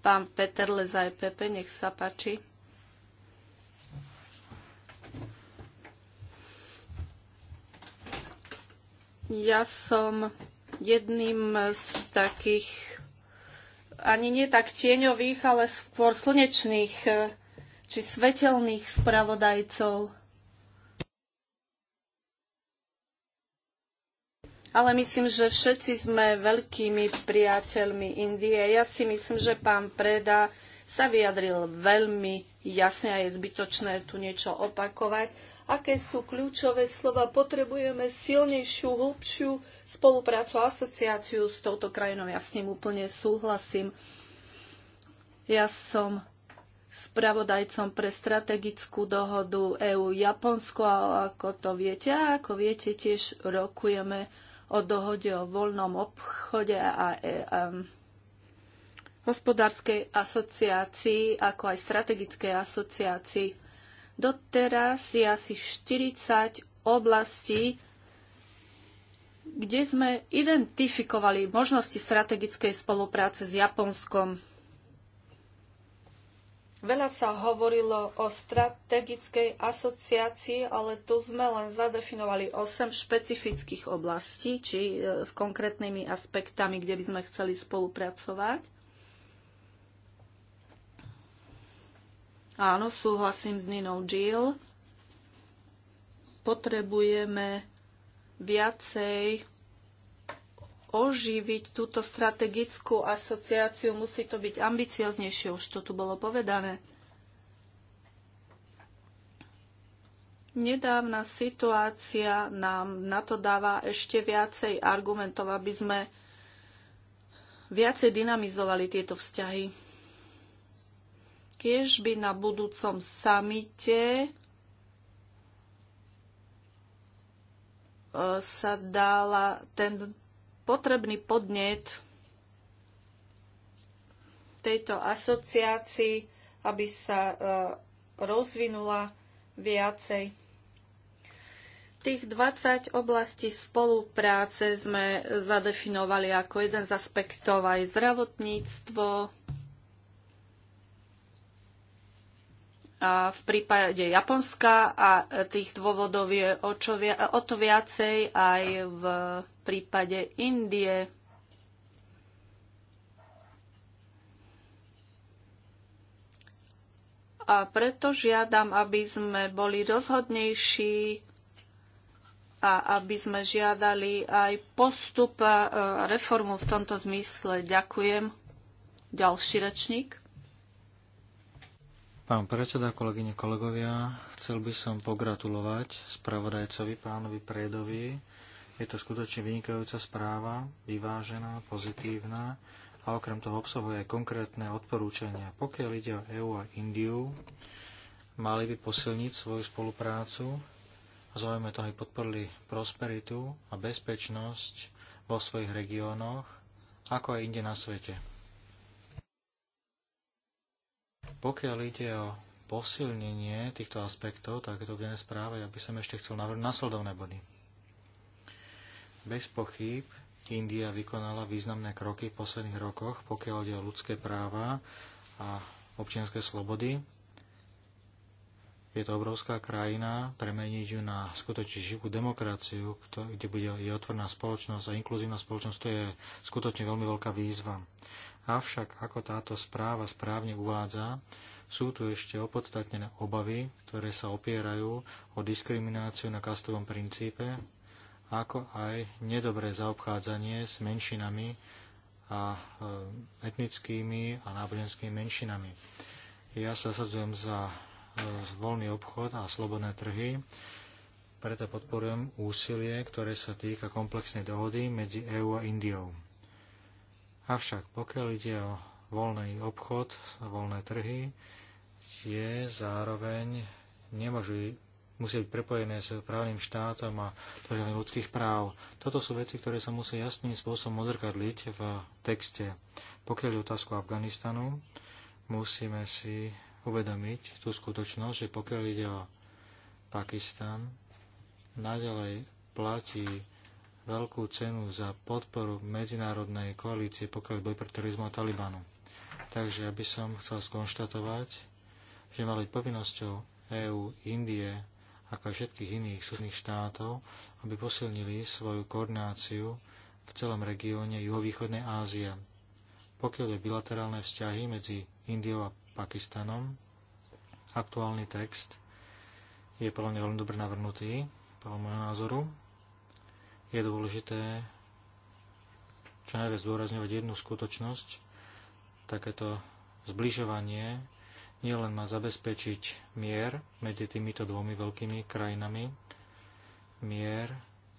Pán Peter Lezaj e Pepe, nech sa páči. Ja som jedným z takých ani nie tak tieňových, ale skôr slnečných eh, či svetelných spravodajcov ale myslím, že všetci sme veľkými priateľmi Indie. Ja si myslím, že pán Preda sa vyjadril veľmi jasne a je zbytočné tu niečo opakovať. Aké sú kľúčové slova? Potrebujeme silnejšiu, hlbšiu spoluprácu a asociáciu s touto krajinou. Ja s ním úplne súhlasím. Ja som spravodajcom pre strategickú dohodu EU-Japonsko a ako to viete, a ako viete, tiež rokujeme o dohode o voľnom obchode a, e, a hospodárskej asociácii, ako aj strategickej asociácii. Doteraz je asi 40 oblastí, kde sme identifikovali možnosti strategickej spolupráce s Japonskom. Veľa sa hovorilo o strategickej asociácii, ale tu sme len zadefinovali 8 špecifických oblastí, či e, s konkrétnymi aspektami, kde by sme chceli spolupracovať. Áno, súhlasím s Ninou Jill. Potrebujeme viacej oživiť túto strategickú asociáciu, musí to byť ambicioznejšie, už to tu bolo povedané. Nedávna situácia nám na to dáva ešte viacej argumentov, aby sme viacej dynamizovali tieto vzťahy. Kiež by na budúcom samite e, sa dala ten, potrebný podnet tejto asociácii, aby sa e, rozvinula viacej. Tých 20 oblastí spolupráce sme zadefinovali ako jeden z aspektov aj zdravotníctvo, v prípade Japonska a tých dôvodov je o, čo o to viacej aj v prípade Indie. A preto žiadam, aby sme boli rozhodnejší a aby sme žiadali aj postup a reformu v tomto zmysle. Ďakujem. Ďalší rečník. Pán predseda, kolegyne, kolegovia, chcel by som pogratulovať spravodajcovi pánovi Predovi. Je to skutočne vynikajúca správa, vyvážená, pozitívna a okrem toho obsahuje aj konkrétne odporúčania. Pokiaľ ide o EÚ a Indiu, mali by posilniť svoju spoluprácu a zaujme toho aj podporili prosperitu a bezpečnosť vo svojich regiónoch, ako aj inde na svete. Pokiaľ ide o posilnenie týchto aspektov, tak je to v správe, ja by som ešte chcel navrhnúť nasledovné body. Bez pochyb India vykonala významné kroky v posledných rokoch, pokiaľ ide o ľudské práva a občianské slobody. Je to obrovská krajina, premeniť ju na skutočne živú demokraciu, kde bude je otvorná spoločnosť a inkluzívna spoločnosť, to je skutočne veľmi veľká výzva. Avšak, ako táto správa správne uvádza, sú tu ešte opodstatnené obavy, ktoré sa opierajú o diskrimináciu na kastovom princípe, ako aj nedobré zaobchádzanie s menšinami a e, etnickými a náboženskými menšinami. Ja sa sadzujem za e, voľný obchod a slobodné trhy, preto podporujem úsilie, ktoré sa týka komplexnej dohody medzi EÚ a Indiou. Avšak pokiaľ ide o voľný obchod, voľné trhy, tie zároveň nemôžu musia byť prepojené s právnym štátom a dodržiavaním ľudských práv. Toto sú veci, ktoré sa musí jasným spôsobom odzrkadliť v texte. Pokiaľ je otázku Afganistanu, musíme si uvedomiť tú skutočnosť, že pokiaľ ide o Pakistan, naďalej platí veľkú cenu za podporu medzinárodnej koalície pokiaľ boj pre terorizmu a Talibanu. Takže ja by som chcel skonštatovať, že mali povinnosťou EÚ, Indie, ako aj všetkých iných súdnych štátov, aby posilnili svoju koordináciu v celom regióne juhovýchodnej Ázie. Pokiaľ je bilaterálne vzťahy medzi Indiou a Pakistanom, aktuálny text je podľa mňa veľmi dobre navrhnutý, podľa môjho názoru, je dôležité čo najviac zdôrazňovať jednu skutočnosť. Takéto zbližovanie nielen má zabezpečiť mier medzi týmito dvomi veľkými krajinami, mier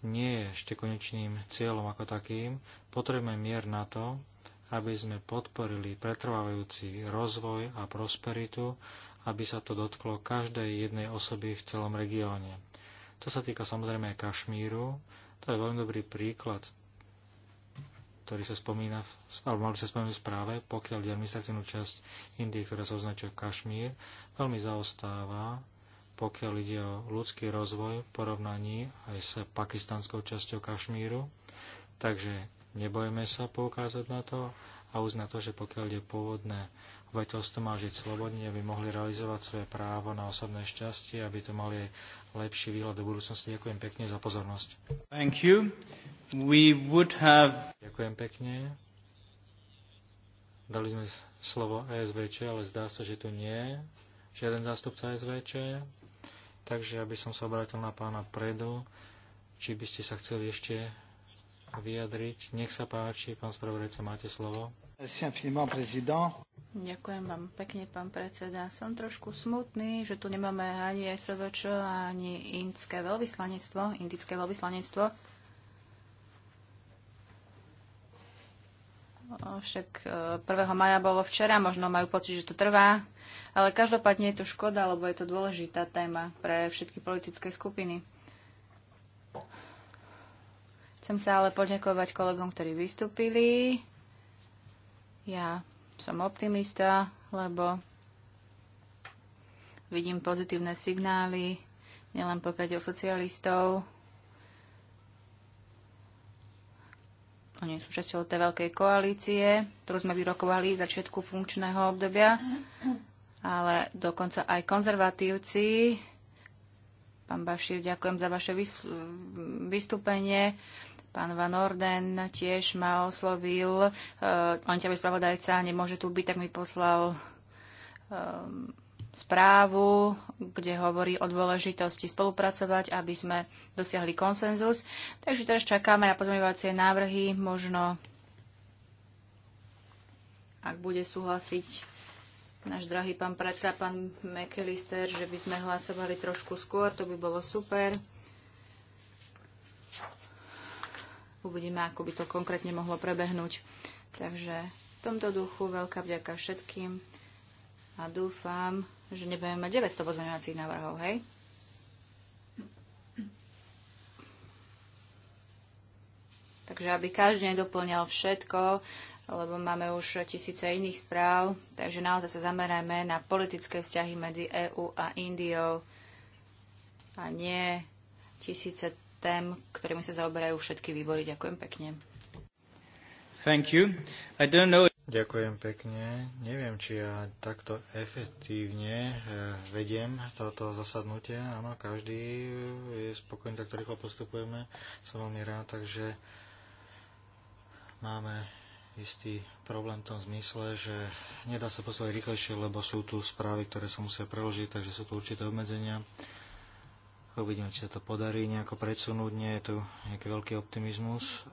nie je ešte konečným cieľom ako takým. Potrebujeme mier na to, aby sme podporili pretrvávajúci rozvoj a prosperitu, aby sa to dotklo každej jednej osoby v celom regióne. To sa týka samozrejme aj Kašmíru, to je veľmi dobrý príklad, ktorý sa spomína, v alebo mali sa spomínať v správe, pokiaľ je administratívnu časť Indie, ktorá sa označuje Kašmír, veľmi zaostáva, pokiaľ ide o ľudský rozvoj v porovnaní aj s pakistanskou časťou Kašmíru. Takže nebojme sa poukázať na to a uznať to, že pokiaľ ide pôvodné obyvateľstvo má žiť slobodne, aby mohli realizovať svoje právo na osobné šťastie, aby to mali lepší výhľad do budúcnosti. Ďakujem pekne za pozornosť. Thank you. We would have... Ďakujem pekne. Dali sme slovo ESVČ, ale zdá sa, že tu nie je žiaden zástupca ESVČ. Takže aby som sa obrátil na pána Predu, či by ste sa chceli ešte vyjadriť. Nech sa páči, pán spravodajca, máte slovo. Ďakujem vám pekne, pán predseda. Som trošku smutný, že tu nemáme ani SVČ, ani indické veľvyslanectvo, indické veľvyslanectvo. Však 1. E, maja bolo včera, možno majú pocit, že to trvá. Ale každopádne je to škoda, lebo je to dôležitá téma pre všetky politické skupiny. Chcem sa ale poďakovať kolegom, ktorí vystúpili. Ja som optimista, lebo vidím pozitívne signály, nielen pokiaľ o socialistov. Oni sú súčasťou tej veľkej koalície, ktorú sme vyrokovali v začiatku funkčného obdobia, ale dokonca aj konzervatívci. Pán Bašir, ďakujem za vaše vys- vystúpenie. Pán Van Orden tiež ma oslovil, uh, on ťa spravodajca, nemôže tu byť, tak mi poslal um, správu, kde hovorí o dôležitosti spolupracovať, aby sme dosiahli konsenzus. Takže teraz čakáme na pozmeňovacie návrhy, možno ak bude súhlasiť náš drahý pán predseda, pán McAllister, že by sme hlasovali trošku skôr, to by bolo super. uvidíme, ako by to konkrétne mohlo prebehnúť. Takže v tomto duchu veľká vďaka všetkým a dúfam, že nebudeme mať 900 pozmeňovacích návrhov, hej? Takže aby každý nedoplňal všetko, lebo máme už tisíce iných správ, takže naozaj sa zamerajme na politické vzťahy medzi EÚ a Indiou a nie tisíce tém, ktorými sa zaoberajú všetky výbory. Ďakujem pekne. Thank you. I don't know... Ďakujem pekne. Neviem, či ja takto efektívne eh, vediem toto zasadnutie. Áno, každý eh, je spokojný, takto rýchlo postupujeme. Som veľmi rád, takže máme istý problém v tom zmysle, že nedá sa poslať rýchlejšie, lebo sú tu správy, ktoré sa musia preložiť, takže sú tu určité obmedzenia. Uvidíme, či sa to podarí nejako predsunúť. Nie je tu nejaký veľký optimizmus,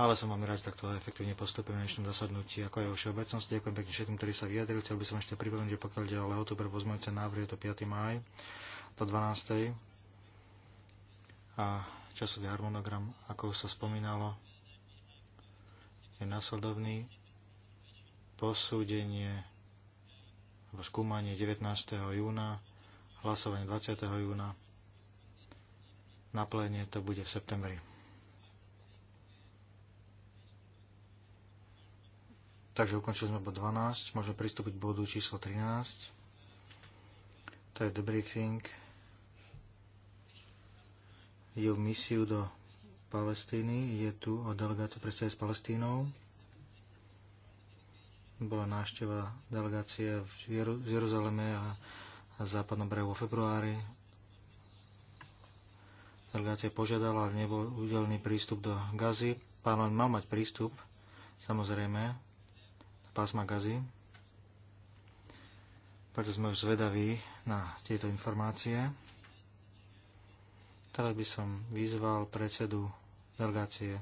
ale som vám rád, že takto efektívne postupujeme na dnešnom zasadnutí, ako aj vo všeobecnosti. Ďakujem pekne všetkým, ktorí sa vyjadrili. Chcel by som ešte pripomenúť, že pokiaľ ide o lehotu pre pozmeňujúce návrhy, je to 5. máj do 12. A časový harmonogram, ako už sa spomínalo, je následovný posúdenie alebo skúmanie 19. júna, hlasovanie 20. júna na pléne to bude v septembri. Takže ukončili sme bod 12, môžeme pristúpiť k bodu číslo 13. To je debriefing. Je misiu do Palestíny, je tu o delegáciu predstavy s Palestínou. Bola nášteva delegácie v Jeruzaleme a západnom brehu vo februári delegácia požiadala, ale nebol udelený prístup do Gazy. len mal mať prístup, samozrejme, do pásma Gazy. Preto sme už zvedaví na tieto informácie. Teraz by som vyzval predsedu delegácie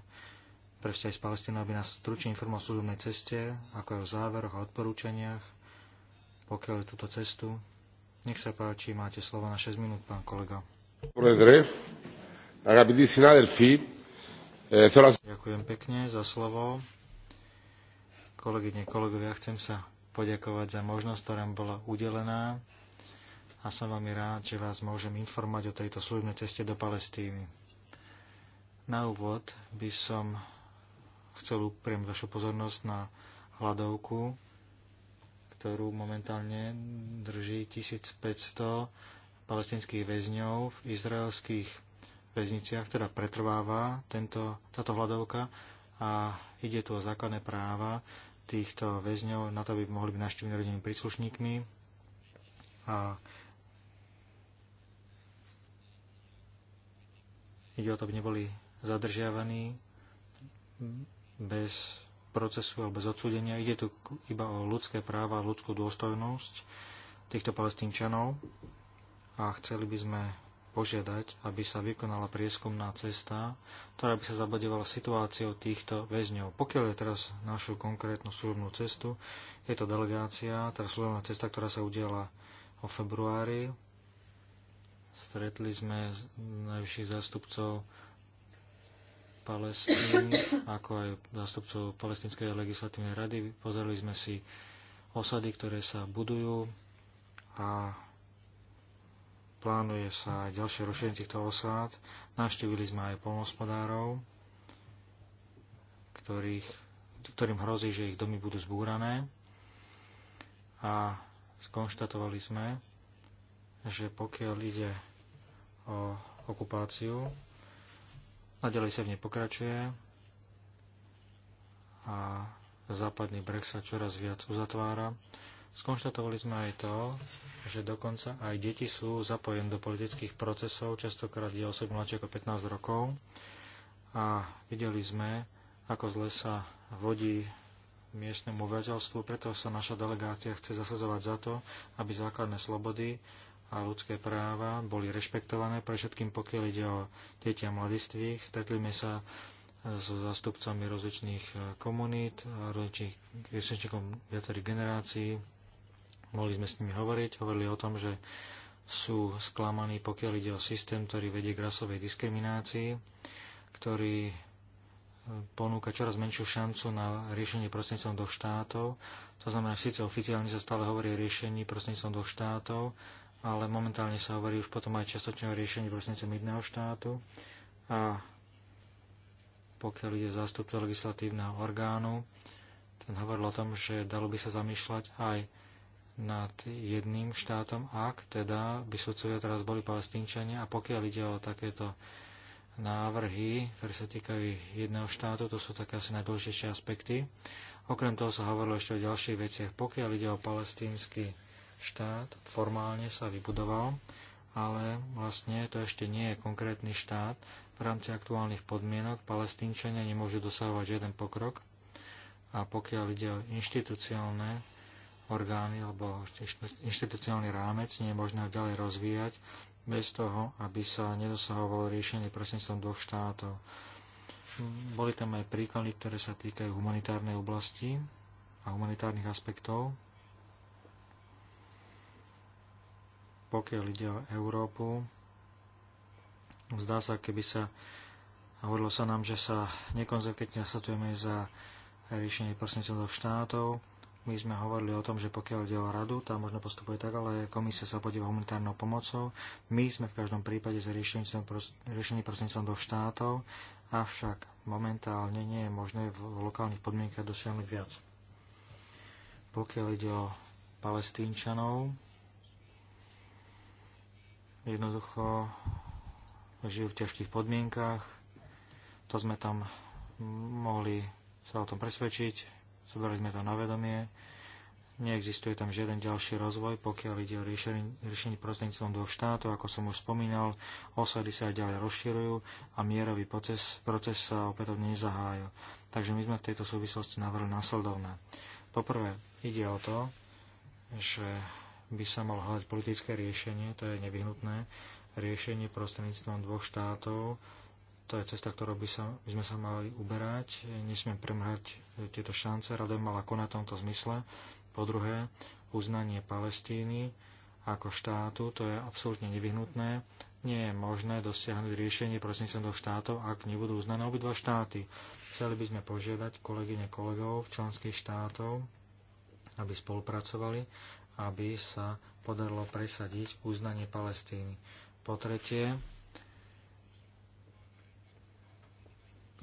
pre vzťahy s Palestínou, aby nás stručne informoval o služobnej ceste, ako aj o záveroch a odporúčaniach, pokiaľ je túto cestu. Nech sa páči, máte slovo na 6 minút, pán kolega. Dobre, Eh, Ďakujem pekne za slovo. Kolegyne, kolegovia, chcem sa poďakovať za možnosť, ktorá mi bola udelená a som veľmi rád, že vás môžem informovať o tejto služnej ceste do Palestíny. Na úvod by som chcel upriem vašu pozornosť na hladovku, ktorú momentálne drží 1500 palestinských väzňov v izraelských väzniciach, teda pretrváva tento, táto hľadovka a ide tu o základné práva týchto väzňov na to, aby mohli byť naštívení rodinnými príslušníkmi. A ide o to, aby neboli zadržiavaní bez procesu alebo bez odsúdenia. Ide tu iba o ľudské práva a ľudskú dôstojnosť týchto palestínčanov a chceli by sme požiadať, aby sa vykonala prieskumná cesta, ktorá by sa zabadovala situáciou týchto väzňov. Pokiaľ je teraz našu konkrétnu služobnú cestu, je to delegácia, teda služobná cesta, ktorá sa udiala o februári. Stretli sme najvyšších zástupcov Palestín, ako aj zástupcov Palestinskej legislatívnej rady. Pozreli sme si osady, ktoré sa budujú a plánuje sa aj ďalšie rozšírenie týchto osád. Naštívili sme aj polnospodárov, ktorých, ktorým hrozí, že ich domy budú zbúrané. A skonštatovali sme, že pokiaľ ide o okupáciu, nadalej sa v nej pokračuje a západný breh sa čoraz viac uzatvára. Skonštatovali sme aj to, že dokonca aj deti sú zapojené do politických procesov, častokrát je osob mladšie ako 15 rokov. A videli sme, ako zle sa vodí miestnemu obyvateľstvu, preto sa naša delegácia chce zasadzovať za to, aby základné slobody a ľudské práva boli rešpektované, pre všetkým pokiaľ ide o deti a mladistvých. Stretli sme sa s zastupcami rozličných komunít, rozličných viacerých generácií, mohli sme s nimi hovoriť. Hovorili o tom, že sú sklamaní, pokiaľ ide o systém, ktorý vedie k rasovej diskriminácii, ktorý e, ponúka čoraz menšiu šancu na riešenie prostredníctvom dvoch štátov. To znamená, že síce oficiálne sa stále hovorí o riešení prostredníctvom dvoch štátov, ale momentálne sa hovorí už potom aj častočne o riešení prostredníctvom jedného štátu. A pokiaľ ide zástupcov legislatívneho orgánu, ten hovoril o tom, že dalo by sa zamýšľať aj nad jedným štátom, ak teda by sudcovia teraz boli palestínčania a pokiaľ ide o takéto návrhy, ktoré sa týkajú jedného štátu, to sú také asi najdôležitejšie aspekty. Okrem toho sa hovorilo ešte o ďalších veciach. Pokiaľ ide o palestínsky štát, formálne sa vybudoval, ale vlastne to ešte nie je konkrétny štát. V rámci aktuálnych podmienok palestínčania nemôžu dosahovať žiaden pokrok. A pokiaľ ide o inštitúciálne orgány alebo inštitucionálny rámec nie je možné ďalej rozvíjať bez toho, aby sa nedosahovalo riešenie prostredníctvom dvoch štátov. Boli tam aj príklady, ktoré sa týkajú humanitárnej oblasti a humanitárnych aspektov. Pokiaľ ide o Európu, zdá sa, keby sa hovorilo sa nám, že sa nekonzekventne nasadujeme za riešenie prostredníctvom dvoch štátov, my sme hovorili o tom, že pokiaľ ide o radu, tá možno postupuje tak, ale komisia sa podíva humanitárnou pomocou. My sme v každom prípade za riešenie prostredníctvom do štátov, avšak momentálne nie je možné v lokálnych podmienkach dosiahnuť viac. Pokiaľ ide o palestínčanov, jednoducho žijú v ťažkých podmienkach, to sme tam mohli sa o tom presvedčiť, zobrali sme to na vedomie. Neexistuje tam žiaden ďalší rozvoj, pokiaľ ide o riešenie, riešenie prostredníctvom dvoch štátov. Ako som už spomínal, osady sa aj ďalej rozširujú a mierový proces, proces sa opätovne nezahájil. Takže my sme v tejto súvislosti navrhli následovné. Poprvé, ide o to, že by sa malo hľadať politické riešenie, to je nevyhnutné, riešenie prostredníctvom dvoch štátov, to je cesta, ktorou by, sa, by sme sa mali uberať. Nesmieme premrhať e, tieto šance. Rada mala konať v tomto zmysle. Po druhé, uznanie Palestíny ako štátu, to je absolútne nevyhnutné. Nie je možné dosiahnuť riešenie prostredníctvom dvoch štátov, ak nebudú uznané obidva štáty. Chceli by sme požiadať kolegyne kolegov členských štátov, aby spolupracovali, aby sa podarilo presadiť uznanie Palestíny. Po tretie,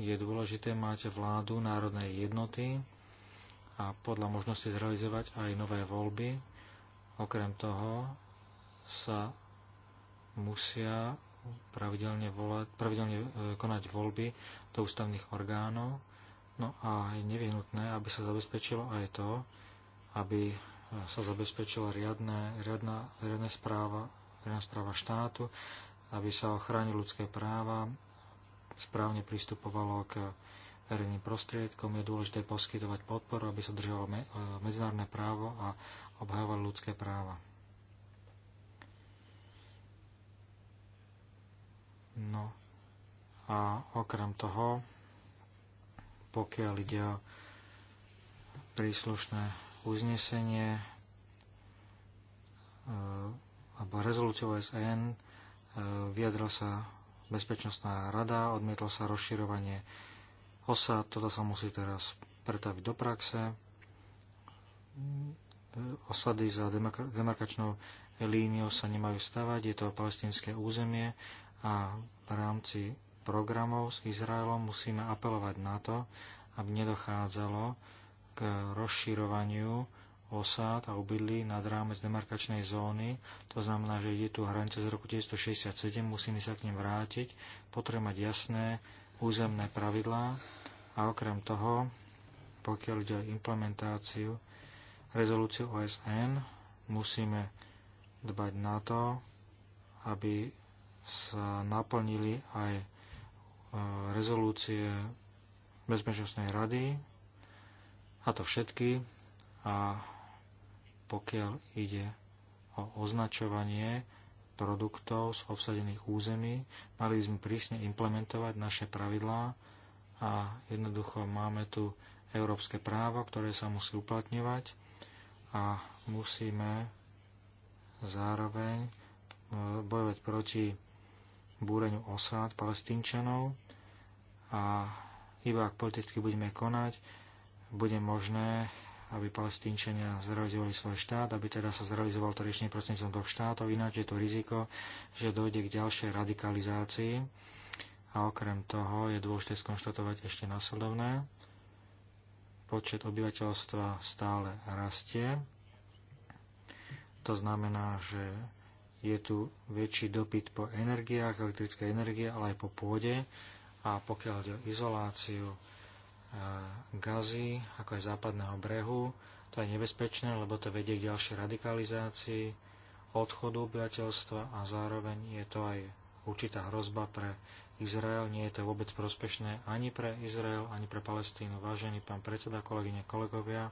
je dôležité mať vládu národnej jednoty a podľa možnosti zrealizovať aj nové voľby. Okrem toho sa musia pravidelne, volať, pravidelne e, konať voľby do ústavných orgánov. No a je nevyhnutné, aby sa zabezpečilo aj to, aby e, sa zabezpečila riadne, riadna, riadna, správa, riadna správa štátu, aby sa ochránili ľudské práva, správne pristupovalo k verejným prostriedkom. Je dôležité poskytovať podporu, aby sa držalo me, e, medzinárodné právo a obhávalo ľudské práva. No a okrem toho, pokiaľ ide o príslušné uznesenie e, alebo rezolúciu OSN, e, vyjadril sa Bezpečnostná rada, odmietlo sa rozširovanie OSA, toto sa musí teraz pretaviť do praxe. Osady za demarkačnou líniou sa nemajú stavať, je to palestinské územie a v rámci programov s Izraelom musíme apelovať na to, aby nedochádzalo k rozširovaniu osád a obydlí nad rámec demarkačnej zóny. To znamená, že je tu hranica z roku 1967, musíme sa k nim vrátiť, potrebujeme mať jasné územné pravidlá a okrem toho, pokiaľ ide o implementáciu rezolúciu OSN, musíme dbať na to, aby sa naplnili aj e, rezolúcie Bezpečnostnej rady, a to všetky, a pokiaľ ide o označovanie produktov z obsadených území, mali by sme prísne implementovať naše pravidlá a jednoducho máme tu európske právo, ktoré sa musí uplatňovať a musíme zároveň e, bojovať proti búreniu osád palestínčanov a iba ak politicky budeme konať, bude možné aby palestínčania zrealizovali svoj štát, aby teda sa zrealizoval to riešenie prostredníctvom dvoch štátov, ináč je to riziko, že dojde k ďalšej radikalizácii. A okrem toho je dôležité skonštatovať ešte následovné. Počet obyvateľstva stále rastie. To znamená, že je tu väčší dopyt po energiách, elektrickej energie, ale aj po pôde. A pokiaľ ide o izoláciu Gazy, ako aj západného brehu. To je nebezpečné, lebo to vedie k ďalšej radikalizácii, odchodu obyvateľstva a zároveň je to aj určitá hrozba pre Izrael. Nie je to vôbec prospešné ani pre Izrael, ani pre Palestínu. Vážený pán predseda, kolegyne, kolegovia,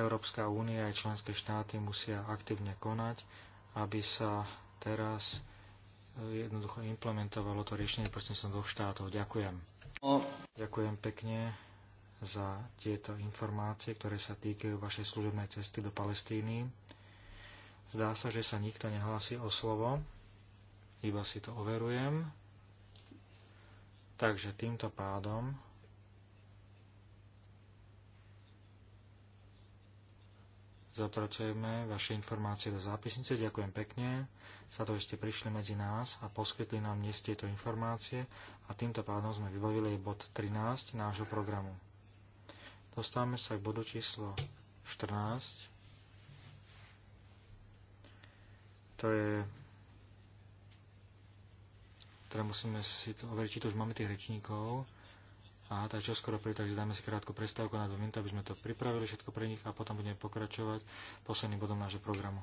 Európska únia aj členské štáty musia aktívne konať, aby sa teraz eh, jednoducho implementovalo to riešenie prostredníctvom dvoch štátov. Ďakujem. Ďakujem pekne za tieto informácie, ktoré sa týkajú vašej služobnej cesty do Palestíny. Zdá sa, že sa nikto nehlási o slovo, iba si to overujem. Takže týmto pádom zapracujeme vaše informácie do zápisnice. Ďakujem pekne za to, že ste prišli medzi nás a poskytli nám dnes tieto informácie a týmto pádom sme vybavili aj bod 13 nášho programu. Dostávame sa k bodu číslo 14. To je teda musíme si to overiť, či to už máme tých rečníkov. A čo skoro pri, takže dáme si krátku prestávku na dve minúty, aby sme to pripravili všetko pre nich a potom budeme pokračovať posledným bodom nášho programu.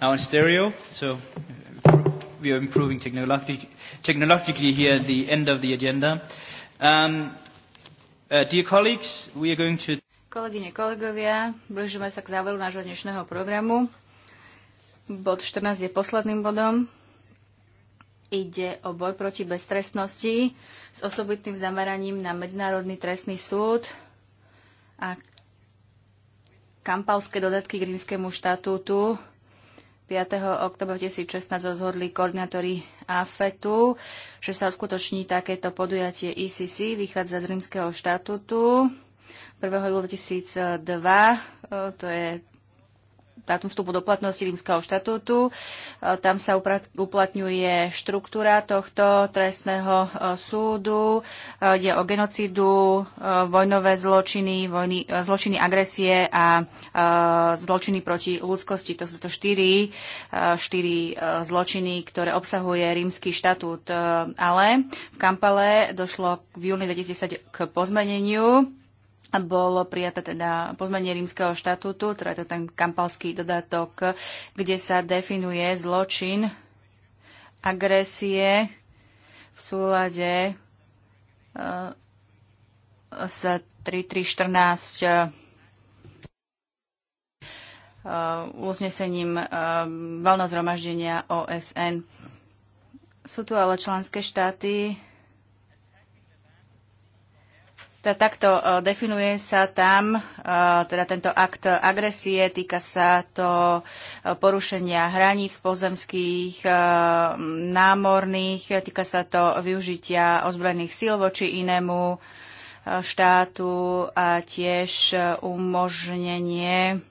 now in stereo. So we are improving technologi- technologically here at the end of the agenda. Um, uh, dear colleagues, we are going to... Kolegyne, kolegovia, blížime sa k záveru nášho dnešného programu. Bod 14 je posledným bodom. Ide o boj proti beztrestnosti s osobitným zameraním na Medzinárodný trestný súd a kampalské dodatky k rímskému štatútu 5. oktobra 2016 rozhodli koordinátori AFETu, že sa uskutoční takéto podujatie ICC, vychádza z rímskeho štatútu 1. júla 2002, e, to je dátum vstupu do platnosti rímskeho štatútu. E, tam sa uplatňuje štruktúra tohto trestného e, súdu. E, ide o genocídu, vojnové zločiny, vojny, zločiny agresie a zločiny proti ľudskosti. To sú to štyri, štyri zločiny, ktoré obsahuje rímsky štatút. Ale v Kampale došlo v júni 2010 k pozmeneniu bolo prijaté teda pozmenie rímskeho štatútu, teda je to ten kampalský dodatok, kde sa definuje zločin agresie v súlade eh, s 3314 eh, uznesením eh, valného zhromaždenia OSN. Sú tu ale členské štáty, teda takto e, definuje sa tam e, teda tento akt agresie, týka sa to e, porušenia hraníc pozemských, námorných, týka sa to využitia ozbrojených síl voči inému štátu a tiež umožnenie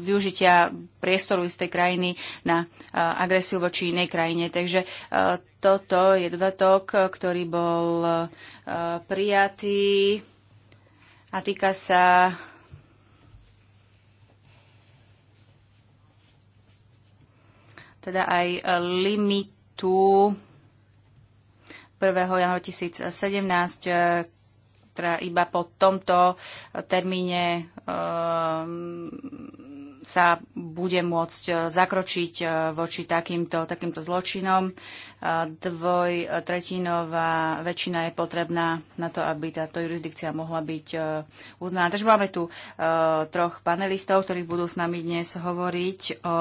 využitia priestoru istej krajiny na agresiu voči inej krajine. Takže toto je dodatok, ktorý bol e, prijatý a týka sa teda aj limitu 1. januára 2017, ktorá e, teda iba po tomto termíne e, sa bude môcť e, zakročiť e, voči takýmto, takýmto zločinom. E, dvoj tretinová väčšina je potrebná na to, aby táto jurisdikcia mohla byť uznaná. Takže máme tu troch panelistov, ktorí budú s nami dnes hovoriť o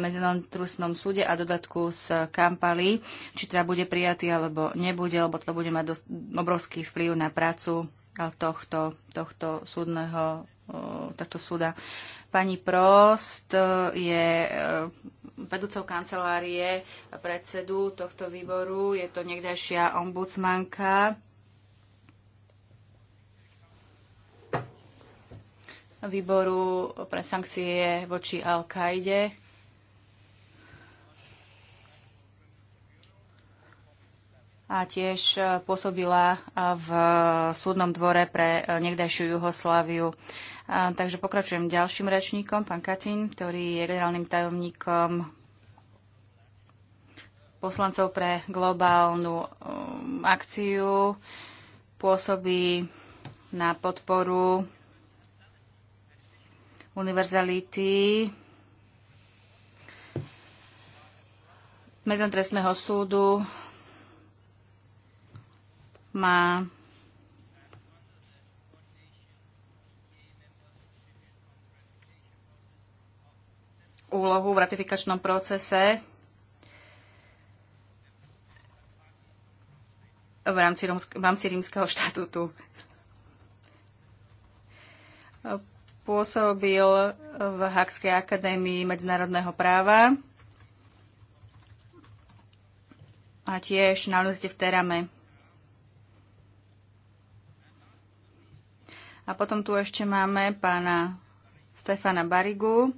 Medzinárodnom trusnom súde a dodatku z Kampaly, či teda bude prijatý alebo nebude, lebo to bude mať dosť, obrovský vplyv na prácu tohto, tohto súdneho táto súda. Pani Prost e, je e, vedúcou kancelárie predsedu tohto výboru, je to niekdajšia ombudsmanka. výboru pre sankcie voči Al-Kaide. A tiež e, pôsobila v súdnom dvore pre niekdajšiu Juhosláviu takže pokračujem ďalším rečníkom, pán Katin, ktorý je generálnym tajomníkom poslancov pre globálnu um, akciu, pôsobí na podporu univerzality Medzantrestného súdu má úlohu v ratifikačnom procese v rámci, romsk- v rámci rímskeho štatútu. Pôsobil v Hakskej akadémii medzinárodného práva a tiež na univerzite v Terame. A potom tu ešte máme pána Stefana Barigu,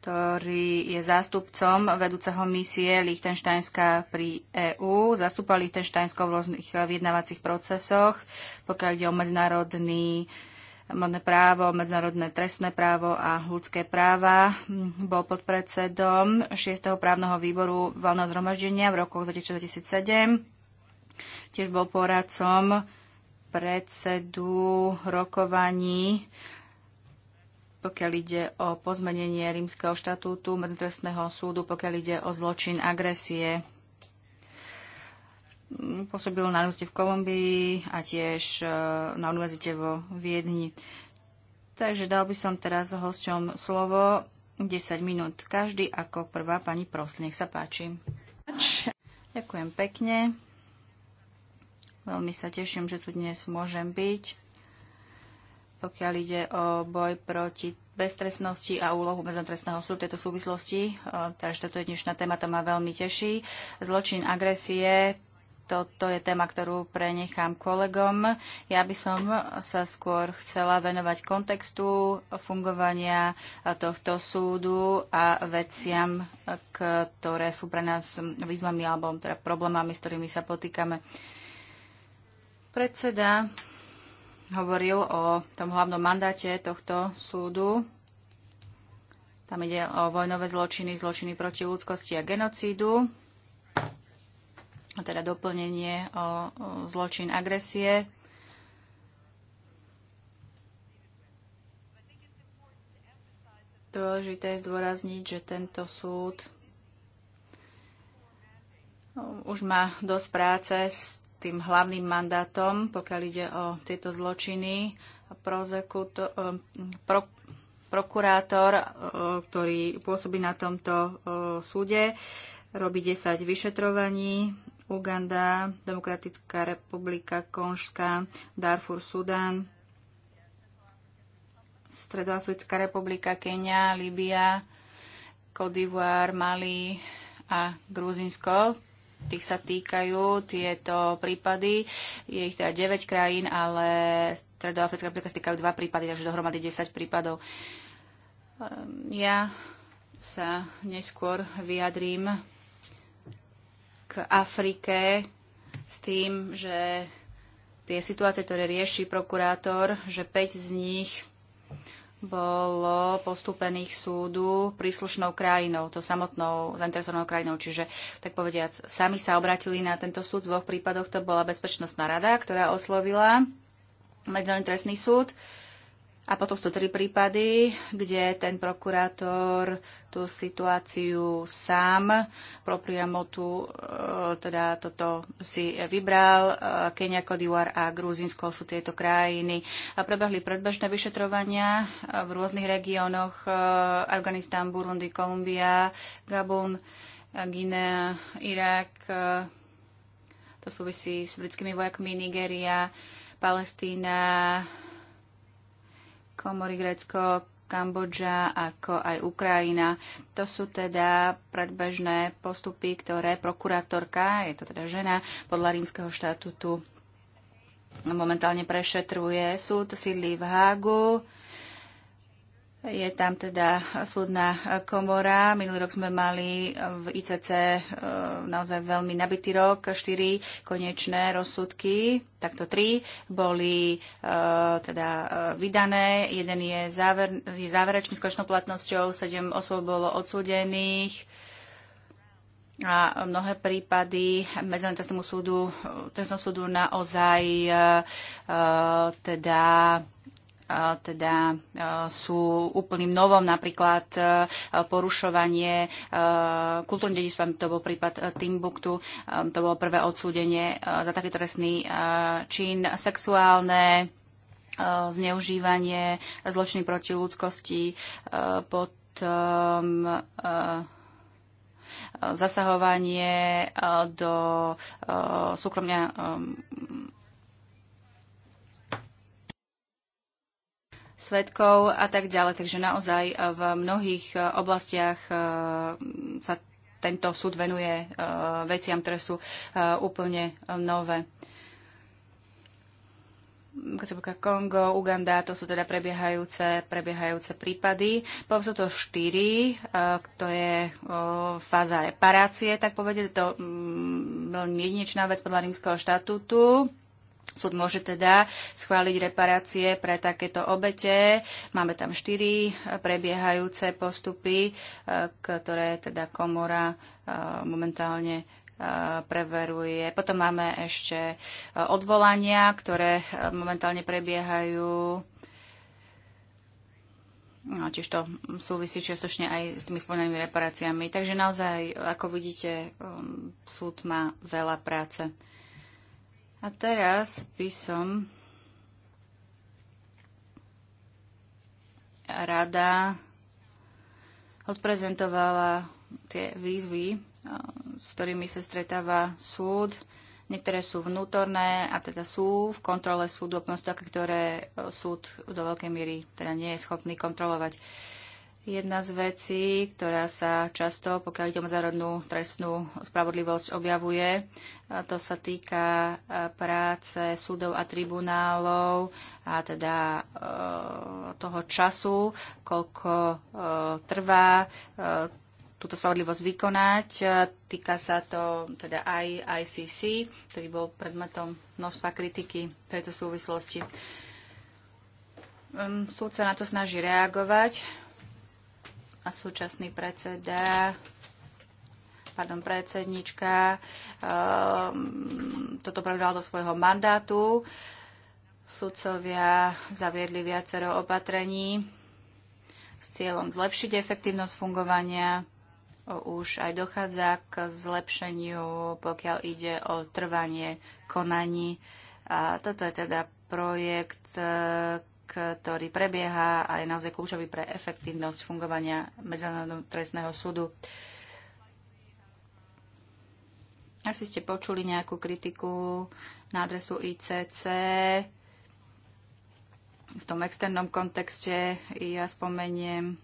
ktorý je zástupcom vedúceho misie Lichtensteinska pri EÚ. Zastúpal Lichtensteinsko v rôznych vyjednávacích procesoch, pokiaľ ide o medzinárodný modné právo, medzinárodné trestné právo a ľudské práva. Bol podpredsedom 6. právneho výboru valného zhromaždenia v roku 2007. Tiež bol poradcom predsedu rokovaní pokiaľ ide o pozmenenie rímskeho štatútu medzitrestného súdu, pokiaľ ide o zločin agresie. Pôsobil na univerzite v Kolumbii a tiež e, na univerzite vo Viedni. Takže dal by som teraz hosťom slovo 10 minút každý ako prvá pani Prost. Nech sa páči. Ďakujem pekne. Veľmi sa teším, že tu dnes môžem byť pokiaľ ide o boj proti beztresnosti a úlohu medzantresného súdu tejto súvislosti. E, takže toto je dnešná téma, to ma veľmi teší. Zločin agresie, toto je téma, ktorú prenechám kolegom. Ja by som sa skôr chcela venovať kontextu fungovania e, tohto súdu a veciam, e, ktoré sú pre nás výzvami alebo teda problémami, s ktorými sa potýkame. Predseda hovoril o tom hlavnom mandáte tohto súdu. Tam ide o vojnové zločiny, zločiny proti ľudskosti a genocídu, a teda doplnenie o, zločin agresie. Dôležité je zdôrazniť, že tento súd už má dosť práce s tým hlavným mandátom, pokiaľ ide o tieto zločiny. Eh, prokurátor, eh, ktorý pôsobí na tomto eh, súde, robí 10 vyšetrovaní. Uganda, Demokratická republika, Konžská, Darfur, Sudan, Stredoafrická republika, Kenia, Libia, Kodivuár, Mali a Gruzinsko tých sa týkajú tieto prípady. Je ich teda 9 krajín, ale Stredoafrická republika sa týkajú 2 prípady, takže dohromady 10 prípadov. Ehm, ja sa neskôr vyjadrím k Afrike s tým, že tie situácie, ktoré rieši prokurátor, že 5 z nich bolo postúpených súdu príslušnou krajinou, to samotnou zainteresovanou krajinou. Čiže, tak povediac, sami sa obratili na tento súd. V dvoch prípadoch to bola Bezpečnostná rada, ktorá oslovila Medzinárodný trestný súd. Uh, a potom sú tri prípady, kde ten prokurátor tú situáciu sám, propriamo tu, e, teda toto si vybral. E, Kenia, Kodivar a Gruzinsko sú tieto krajiny. A prebehli predbežné vyšetrovania e, v rôznych regiónoch Afganistan, Burundi, Kolumbia, Gabon, Guinea, Irak. To súvisí s britskými vojakmi Nigeria, Palestína, komory Grécko, Kambodža, ako aj Ukrajina. To sú teda predbežné postupy, ktoré prokurátorka, je to teda žena, podľa rímskeho štatútu momentálne prešetruje. Súd sídli v Hágu je tam teda súdna komora. Minulý rok sme mali v ICC e, naozaj veľmi nabitý rok. Štyri konečné rozsudky, takto tri, boli e, teda e, vydané. Jeden je, záver, je záverečný s konečnou platnosťou, sedem osôb bolo odsúdených a mnohé prípady Medzinárodného trestnému súdu, trestnému súdu naozaj teda teda e, sú úplným novom, napríklad e, porušovanie e, kultúrne dedičstva, to bol prípad Timbuktu, to bolo prvé odsúdenie za taký trestný čin, sexuálne zneužívanie, zločiny proti ľudskosti, potom zasahovanie do súkromia svetkov a tak ďalej. Takže naozaj eh, v mnohých eh, oblastiach eh, sa tento súd venuje veciam, ktoré sú úplne nové. Kongo, Uganda, to sú teda prebiehajúce, prebiehajúce prípady. Potom sú to štyri, to je fáza reparácie, tak povedete, to mm, veľmi jedinečná vec podľa rímskeho štatútu. Súd môže teda schváliť reparácie pre takéto obete. Máme tam štyri eh, prebiehajúce postupy, eh, ktoré teda komora eh, momentálne preveruje. Potom máme ešte odvolania, ktoré momentálne prebiehajú. No, čiže to súvisí čiastočne aj s tými spomínanými reparáciami. Takže naozaj, ako vidíte, súd má veľa práce. A teraz by som rada odprezentovala tie výzvy, eh, s ktorými sa stretáva súd. Niektoré sú vnútorné a teda sú v kontrole súdu, také, ktoré eh, súd do veľkej miery teda nie je schopný kontrolovať. Uh, Jedna z vecí, ktorá sa často, pokiaľ ide o medzinárodnú trestnú spravodlivosť, objavuje, a to sa týka e, práce súdov a tribunálov a teda e, toho času, koľko e, trvá e, túto spravodlivosť vykonať. E, týka sa to teda aj ICC, ktorý bol predmetom množstva kritiky v tejto súvislosti. Súd sa na to snaží reagovať a súčasný predseda pardon, predsednička ehm, toto predala do svojho mandátu. Sudcovia zaviedli viacero opatrení s cieľom zlepšiť efektívnosť fungovania. Už aj dochádza k zlepšeniu, pokiaľ ide o trvanie konaní. A toto je teda projekt, ktorý prebieha a je naozaj kľúčový pre efektívnosť fungovania Medzinárodného trestného súdu. Asi ste počuli nejakú kritiku na adresu ICC v tom externom kontexte, ja spomeniem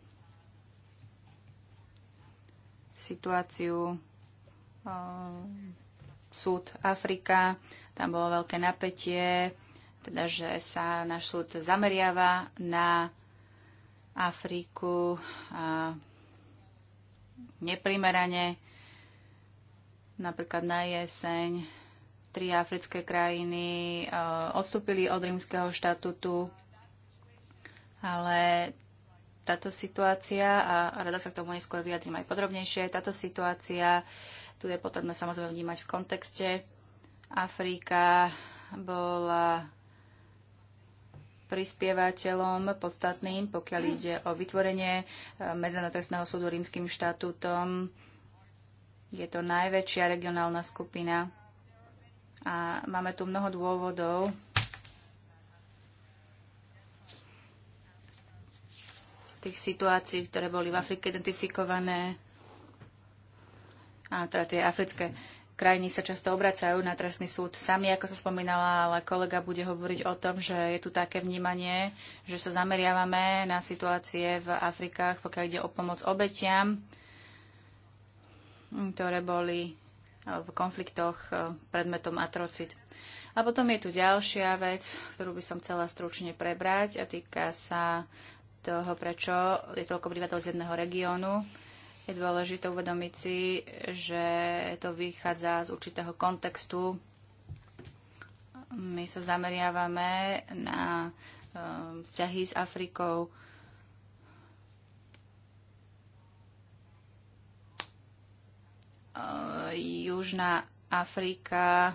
situáciu eh, súd Afrika, tam bolo veľké napätie, teda že sa náš súd zameriava na Afriku a neprimerane. Napríklad na jeseň tri africké krajiny e, odstúpili od rímskeho štatutu, ale táto situácia, a rada sa k tomu neskôr vyjadrím aj podrobnejšie, táto situácia, tu je potrebné samozrejme vnímať v kontexte. Afrika bola prispievateľom podstatným, pokiaľ ide o vytvorenie eh, Medzinárodného súdu rímským štatútom. Je to najväčšia regionálna skupina a máme tu mnoho dôvodov, tých situácií, ktoré boli v Afrike identifikované, a teda tie africké krajiny sa často obracajú na trestný súd sami, ako sa spomínala, ale kolega bude hovoriť o tom, že je tu také vnímanie, že sa zameriavame na situácie v Afrikách, pokiaľ ide o pomoc obetiam, ktoré boli e, v konfliktoch e, predmetom atrocit. A potom je tu ďalšia vec, ktorú by som chcela stručne prebrať a týka sa toho, prečo je toľko obyvateľov z jedného regiónu je dôležité uvedomiť si, že to vychádza z určitého kontextu. My sa zameriavame na ehm, vzťahy s Afrikou, ehm, Južná Afrika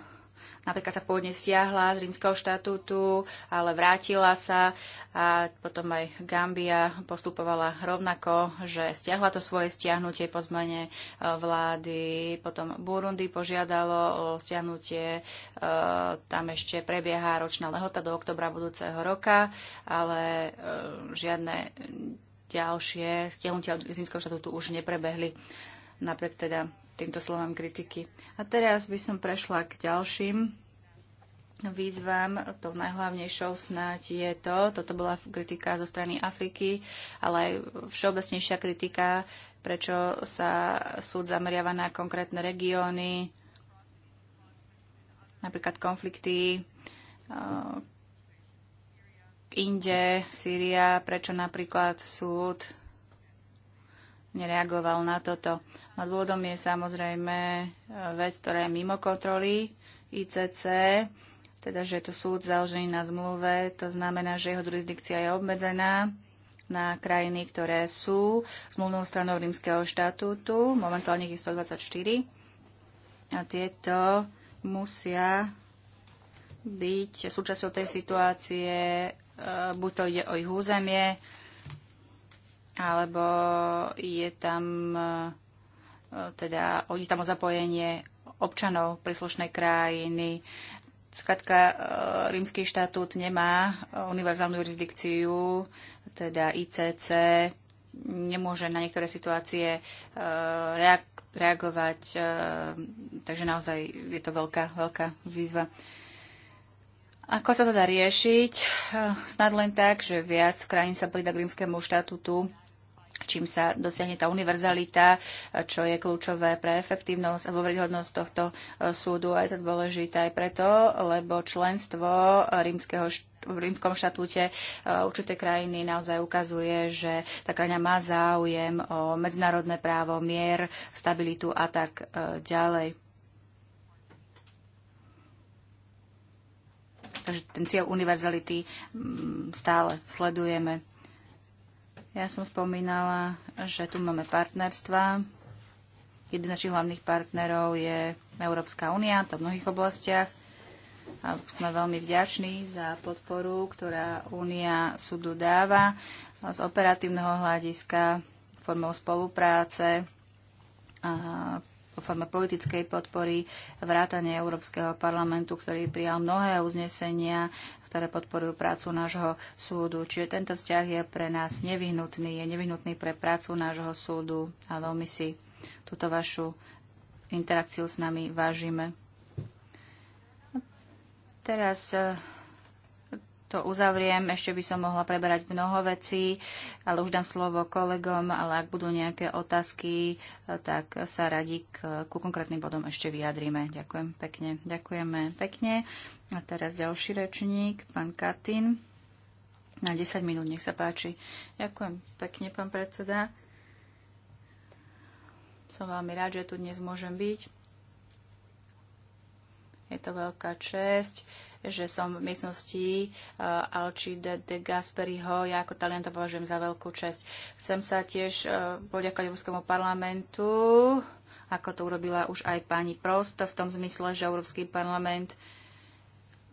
napríklad sa pôvodne stiahla z rímskeho štatútu, ale vrátila sa a potom aj Gambia postupovala rovnako, že stiahla to svoje stiahnutie po zmene e, vlády, potom Burundi požiadalo o stiahnutie, e, tam ešte prebieha ročná lehota do oktobra budúceho roka, ale e, žiadne ďalšie stiahnutia rímskeho štatútu už neprebehli napriek teda týmto slovám kritiky. A teraz by som prešla k ďalším výzvam. Tou najhlavnejšou snáď je to, toto bola kritika zo strany Afriky, ale aj všeobecnejšia kritika, prečo sa súd zameriava na konkrétne regióny, napríklad konflikty, eh, inde, Sýria, prečo napríklad súd nereagoval na toto. No dôvodom je samozrejme e, vec, ktorá je mimo kontroly ICC, teda že je to súd založený na zmluve, to znamená, že jeho jurisdikcia je obmedzená na krajiny, ktoré sú zmluvnou stranou rímskeho štatútu, momentálne ich 124. A tieto musia byť súčasťou tej situácie, e, buď to ide o ich územie, alebo je tam e, teda hodí tam o zapojenie občanov príslušnej krajiny. Skratka, e, rímsky štatút nemá e, univerzálnu jurisdikciu, teda ICC nemôže na niektoré situácie e, reagovať, takže naozaj je to veľká, veľká výzva. Ako sa to dá riešiť? Snad len tak, že viac krajín sa pridá k rímskému štatútu čím sa dosiahne tá univerzalita, čo je kľúčové pre efektívnosť a dôveryhodnosť tohto e, súdu. A je to dôležité aj preto, lebo členstvo rímskeho v rímskom štatúte e, určité krajiny naozaj ukazuje, že tá krajina má záujem o medzinárodné právo, mier, stabilitu a tak e, ďalej. Takže ten cieľ univerzality mm, stále sledujeme. Ja som spomínala, že tu máme partnerstva. Jeden z našich hlavných partnerov je Európska únia, to v mnohých oblastiach. A sme veľmi vďační za podporu, ktorá únia súdu dáva z operatívneho hľadiska formou spolupráce a vo forme politickej podpory, vrátane Európskeho parlamentu, ktorý prijal mnohé uznesenia, ktoré podporujú prácu nášho súdu. Čiže tento vzťah je pre nás nevyhnutný, je nevyhnutný pre prácu nášho súdu a veľmi si túto vašu interakciu s nami vážime. Teraz eh, to uzavriem. Ešte by som mohla preberať mnoho vecí, ale už dám slovo kolegom, ale ak budú nejaké otázky, tak sa radi k, ku konkrétnym bodom ešte vyjadríme. Ďakujem pekne. Ďakujeme pekne. A teraz ďalší rečník, pán Katin. Na 10 minút, nech sa páči. Ďakujem pekne, pán predseda. Som veľmi rád, že tu dnes môžem byť. Je to veľká česť že som v miestnosti uh, Alcide de Gasperiho. Ja ako talianta považujem za veľkú čest. Chcem sa tiež uh, poďakovať Európskemu parlamentu, ako to urobila už aj pani Prosto, v tom zmysle, že Európsky parlament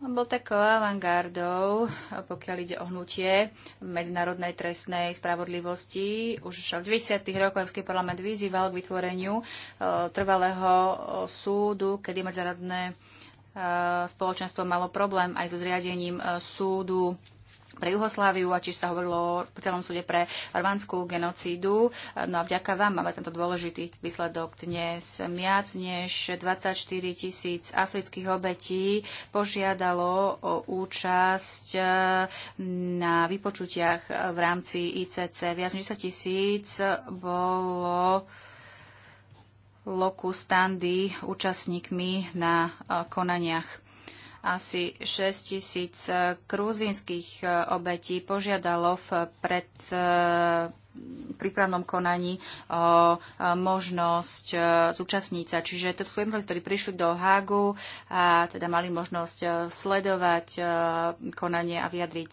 bol takou avantgardou, eh, pokiaľ ide o hnutie medzinárodnej trestnej spravodlivosti. Už v 90. rokoch Európsky parlament vyzýval k vytvoreniu trvalého súdu, kedy medzinárodné E, spoločenstvo malo problém aj so zriadením e, súdu pre Juhosláviu, a tiež sa hovorilo o celom súde pre rvanskú genocídu. E, no a vďaka vám máme tento dôležitý výsledok dnes. Viac než 24 tisíc afrických obetí požiadalo o účasť na vypočutiach v rámci ICC. Viac než 10 tisíc bolo loku standy účastníkmi na e, konaniach. Asi 6 tisíc gruzínskych e, e, obetí požiadalo v pred prípravnom konaní o možnosť zúčastniť sa. Čiže to sú jednotlivci, ktorí prišli do Hágu a teda mali možnosť sledovať konanie a vyjadriť,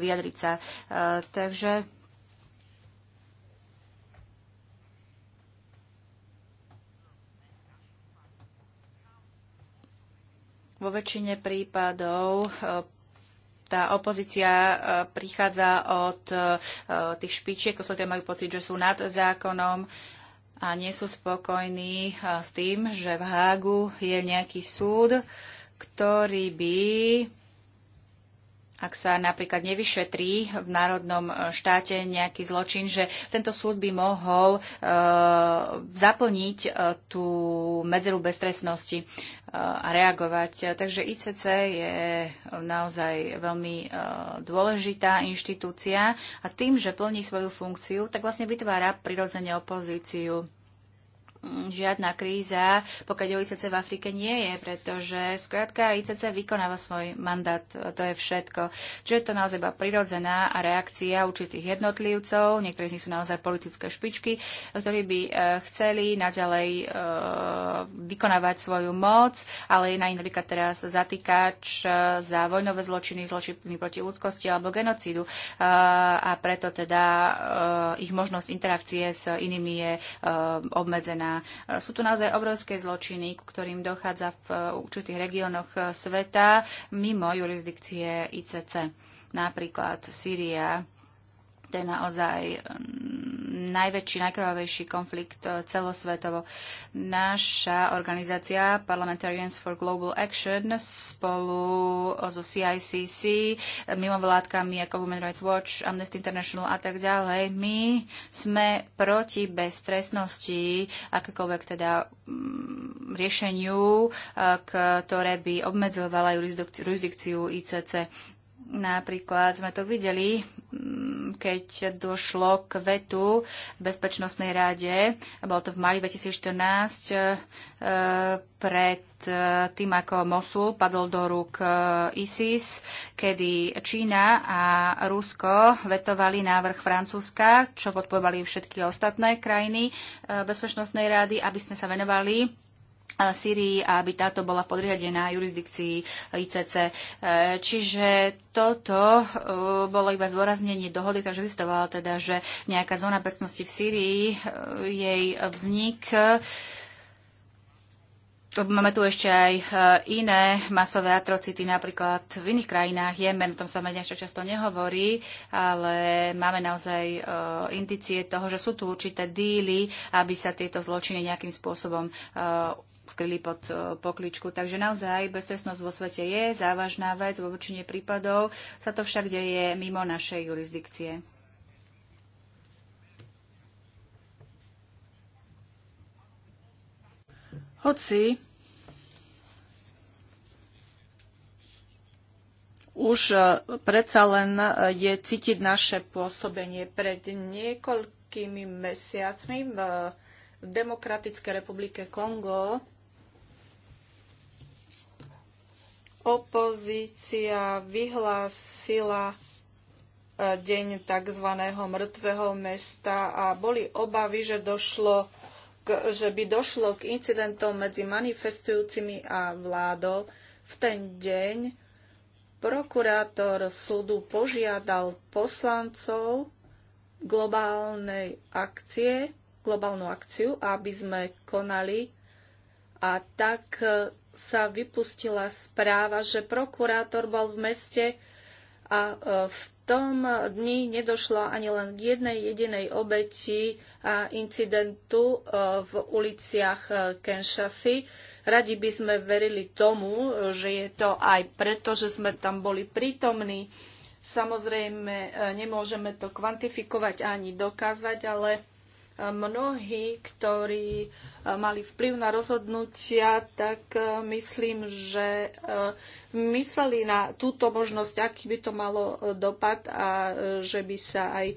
vyjadriť sa. Takže Vo väčšine prípadov e, tá opozícia e, prichádza od e, tých špičiek, ktorí majú pocit, že sú nad zákonom a nie sú spokojní s tým, že v Hágu je nejaký súd, ktorý by ak sa napríklad nevyšetrí v národnom štáte nejaký zločin, že tento súd by mohol e, zaplniť e, tú medzeru beztrestnosti a reagovať. Takže ICC je naozaj veľmi e, dôležitá inštitúcia a tým, že plní svoju funkciu, tak vlastne vytvára prirodzene opozíciu žiadna kríza, pokiaľ o ICC v Afrike nie je, pretože skrátka ICC vykonáva svoj mandát, to je všetko. Čiže je to naozaj iba prirodzená reakcia určitých jednotlivcov, niektorí z nich sú naozaj politické špičky, ktorí by e, chceli naďalej e, vykonávať svoju moc, ale je na napríklad teraz zatýkač e, za vojnové zločiny, zločiny proti ľudskosti alebo genocídu a preto teda ich možnosť interakcie s inými je obmedzená sú tu naozaj obrovské zločiny, k ktorým dochádza v eh, určitých regiónoch eh, sveta mimo jurisdikcie ICC. Napríklad Sýria, to je naozaj mm, najväčší, najkrvavejší konflikt e, celosvetovo. Naša organizácia Parliamentarians for Global Action spolu e, so CICC, e, mimovládkami ako Human Rights Watch, Amnesty International a tak ďalej, my sme proti beztresnosti akékoľvek teda mm, riešeniu, ktoré by obmedzovala jurisdikciu ICC. Napríklad sme to videli, mm, keď došlo k vetu v Bezpečnostnej rade, a bolo to v mali 2014, e, pred e, tým, ako Mosul padol do rúk e, ISIS, kedy Čína a Rusko vetovali návrh Francúzska, čo podporovali všetky ostatné krajiny Bezpečnostnej rady, aby sme sa venovali Syrii a aby táto bola podriadená jurisdikcii ICC. E, čiže toto e, bolo iba zvoraznenie dohody, ktorá existovala teda, že nejaká zóna bezpečnosti v Sýrii, e, jej vznik Máme tu ešte aj iné masové atrocity, napríklad v iných krajinách, Jemen, o tom sa menej často nehovorí, ale máme naozaj indicie toho, že sú tu určité díly, aby sa tieto zločiny nejakým spôsobom skryli pod e, pokličku. Takže naozaj beztrestnosť vo svete je závažná vec, vo väčšine prípadov sa to však deje mimo našej jurisdikcie. Hoci už e, predsa len e, je cítiť naše pôsobenie. Pred niekoľkými mesiacmi v Demokratickej republike Kongo opozícia vyhlásila e, deň tzv. mŕtvého mesta a boli obavy, že, došlo k, že by došlo k incidentom medzi manifestujúcimi a vládou. V ten deň prokurátor súdu požiadal poslancov globálnej akcie, globálnu akciu, aby sme konali a tak sa vypustila správa, že prokurátor bol v meste a e, v tom dni nedošlo ani len k jednej jedinej obeti a incidentu e, v uliciach e, Kenšasy. Radi by sme verili tomu, že je to aj preto, že sme tam boli prítomní. Samozrejme, nemôžeme to kvantifikovať ani dokázať, ale mnohí, ktorí mali vplyv na rozhodnutia, tak myslím, že mysleli na túto možnosť, aký by to malo e, dopad a e, že by sa aj e,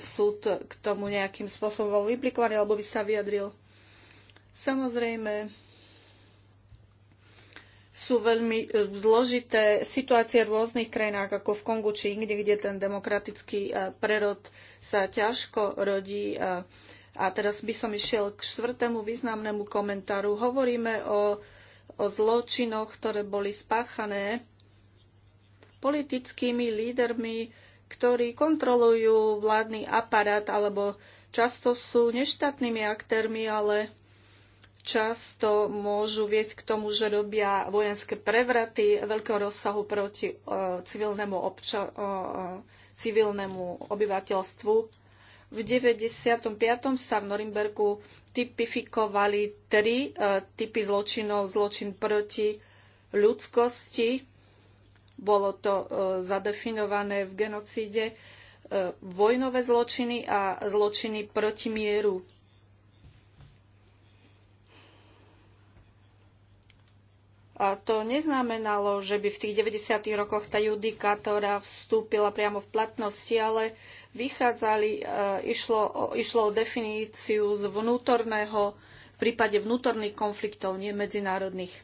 súd k tomu nejakým spôsobom implikovaný alebo by sa vyjadril. Samozrejme, sú veľmi e, zložité situácie v rôznych krajinách, ako v Kongu či inde, kde ten demokratický e, prerod sa ťažko rodí. E, a teraz by som išiel k štvrtému významnému komentáru. Hovoríme o, o zločinoch, ktoré boli spáchané politickými lídermi, ktorí kontrolujú vládny aparát alebo často sú neštátnymi aktérmi, ale často môžu viesť k tomu, že robia vojenské prevraty veľkého rozsahu proti e, civilnému, obča- e, e, civilnému obyvateľstvu. V 95. sa v Norimberku typifikovali tri typy zločinov. Zločin proti ľudskosti, bolo to zadefinované v genocíde, vojnové zločiny a zločiny proti mieru to neznamenalo, že by v tých 90. rokoch tá judikátora vstúpila priamo v platnosti, ale vychádzali, e, išlo, išlo o definíciu z vnútorného, v prípade vnútorných konfliktov, nie medzinárodných.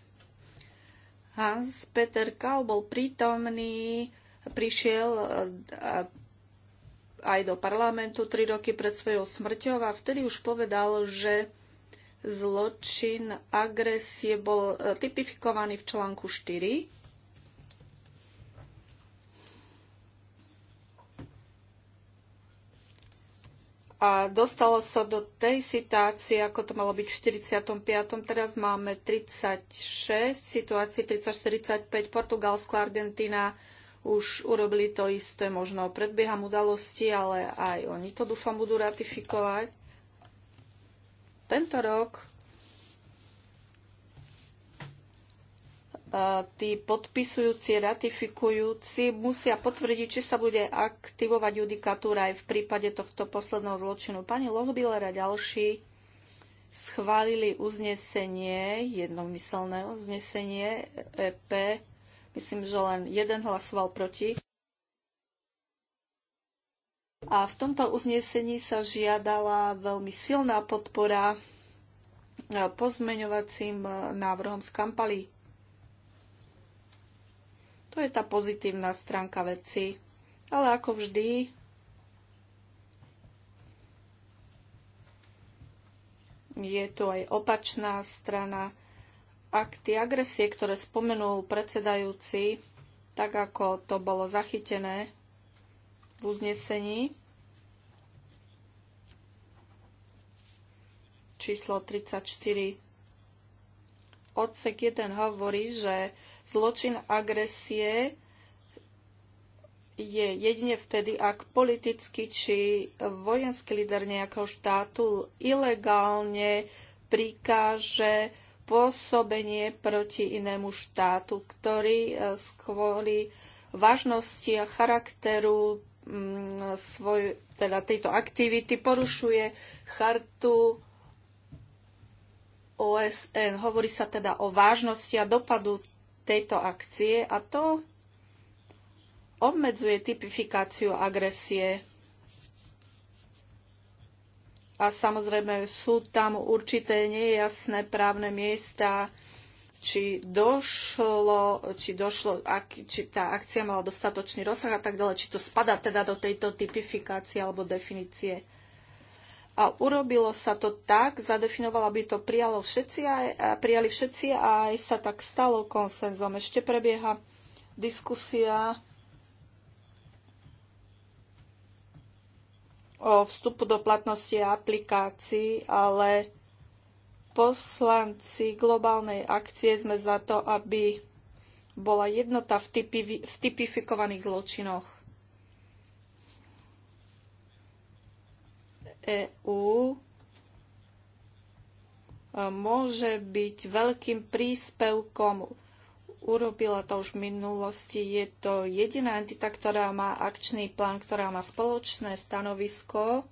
Hans Peter Kau bol prítomný, prišiel e, aj do parlamentu tri roky pred svojou smrťou a vtedy už povedal, že Zločin agresie bol e, typifikovaný v článku 4. A dostalo sa do tej situácie, ako to malo byť v 45. Teraz máme 36 situácií, 30-45, Portugalsko, Argentina, už urobili to isté, možno predbieham udalosti, ale aj oni to dúfam budú ratifikovať. Tento rok tí podpisujúci, ratifikujúci musia potvrdiť, či sa bude aktivovať judikatúra aj v prípade tohto posledného zločinu. Pani Lohbiller a ďalší schválili uznesenie, jednomyselné uznesenie EP. Myslím, že len jeden hlasoval proti. A v tomto uznesení sa žiadala veľmi silná podpora pozmeňovacím e, návrhom z Kampaly. To je tá pozitívna stránka veci. Ale ako vždy, je tu aj opačná strana. tie agresie, ktoré spomenul predsedajúci, tak ako to bolo zachytené v uznesení číslo 34. Odsek 1 hovorí, že zločin agresie je jedine vtedy, ak politický či vojenský líder nejakého štátu ilegálne prikáže pôsobenie proti inému štátu, ktorý eh, kvôli vážnosti a charakteru Mm, svoj, teda tejto aktivity porušuje chartu OSN. Hovorí sa teda o vážnosti a dopadu tejto akcie a to obmedzuje typifikáciu agresie. A samozrejme sú tam určité nejasné právne miesta, či došlo, či došlo, ak, či tá akcia mala dostatočný rozsah a tak ďalej, či to spadá teda do tejto typifikácie alebo definície. A urobilo sa to tak, zadefinovalo, by to prijalo všetci aj, a prijali všetci a aj sa tak stalo konsenzom. Ešte prebieha diskusia o vstupu do platnosti a aplikácií, ale poslanci globálnej akcie sme za to, aby bola jednota v, typi, v typifikovaných zločinoch. EU e, môže byť veľkým príspevkom. Urobila to už v minulosti. Je to jediná entita, ktorá má akčný plán, ktorá má spoločné stanovisko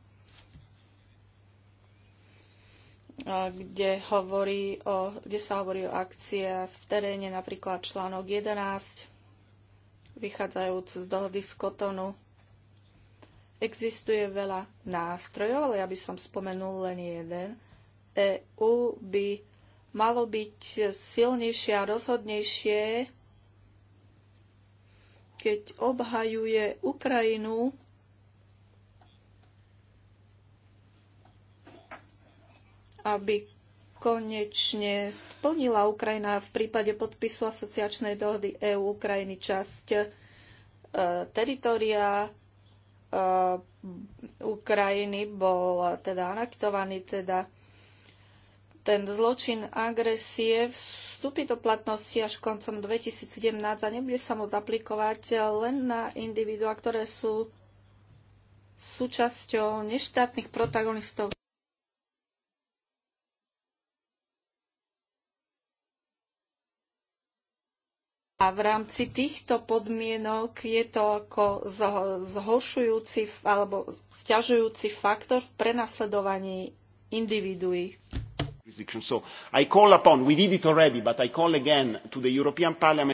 kde, hovorí o, kde sa hovorí o akciách v teréne, napríklad článok 11, vychádzajúc z dohody z Kotonu. Existuje veľa nástrojov, ale ja by som spomenul len jeden. EU by malo byť silnejšie a rozhodnejšie, keď obhajuje Ukrajinu aby konečne splnila Ukrajina v prípade podpisu asociačnej dohody EÚ Ukrajiny časť e, teritoria e, Ukrajiny bol teda anaktovaný, teda ten zločin agresie vstúpi do platnosti až koncom 2017 a nebude sa môcť aplikovať len na individuá, ktoré sú súčasťou neštátnych protagonistov A v rámci týchto podmienok je to ako zhoršujúci alebo stiažujúci faktor v prenasledovaní individuí. So already,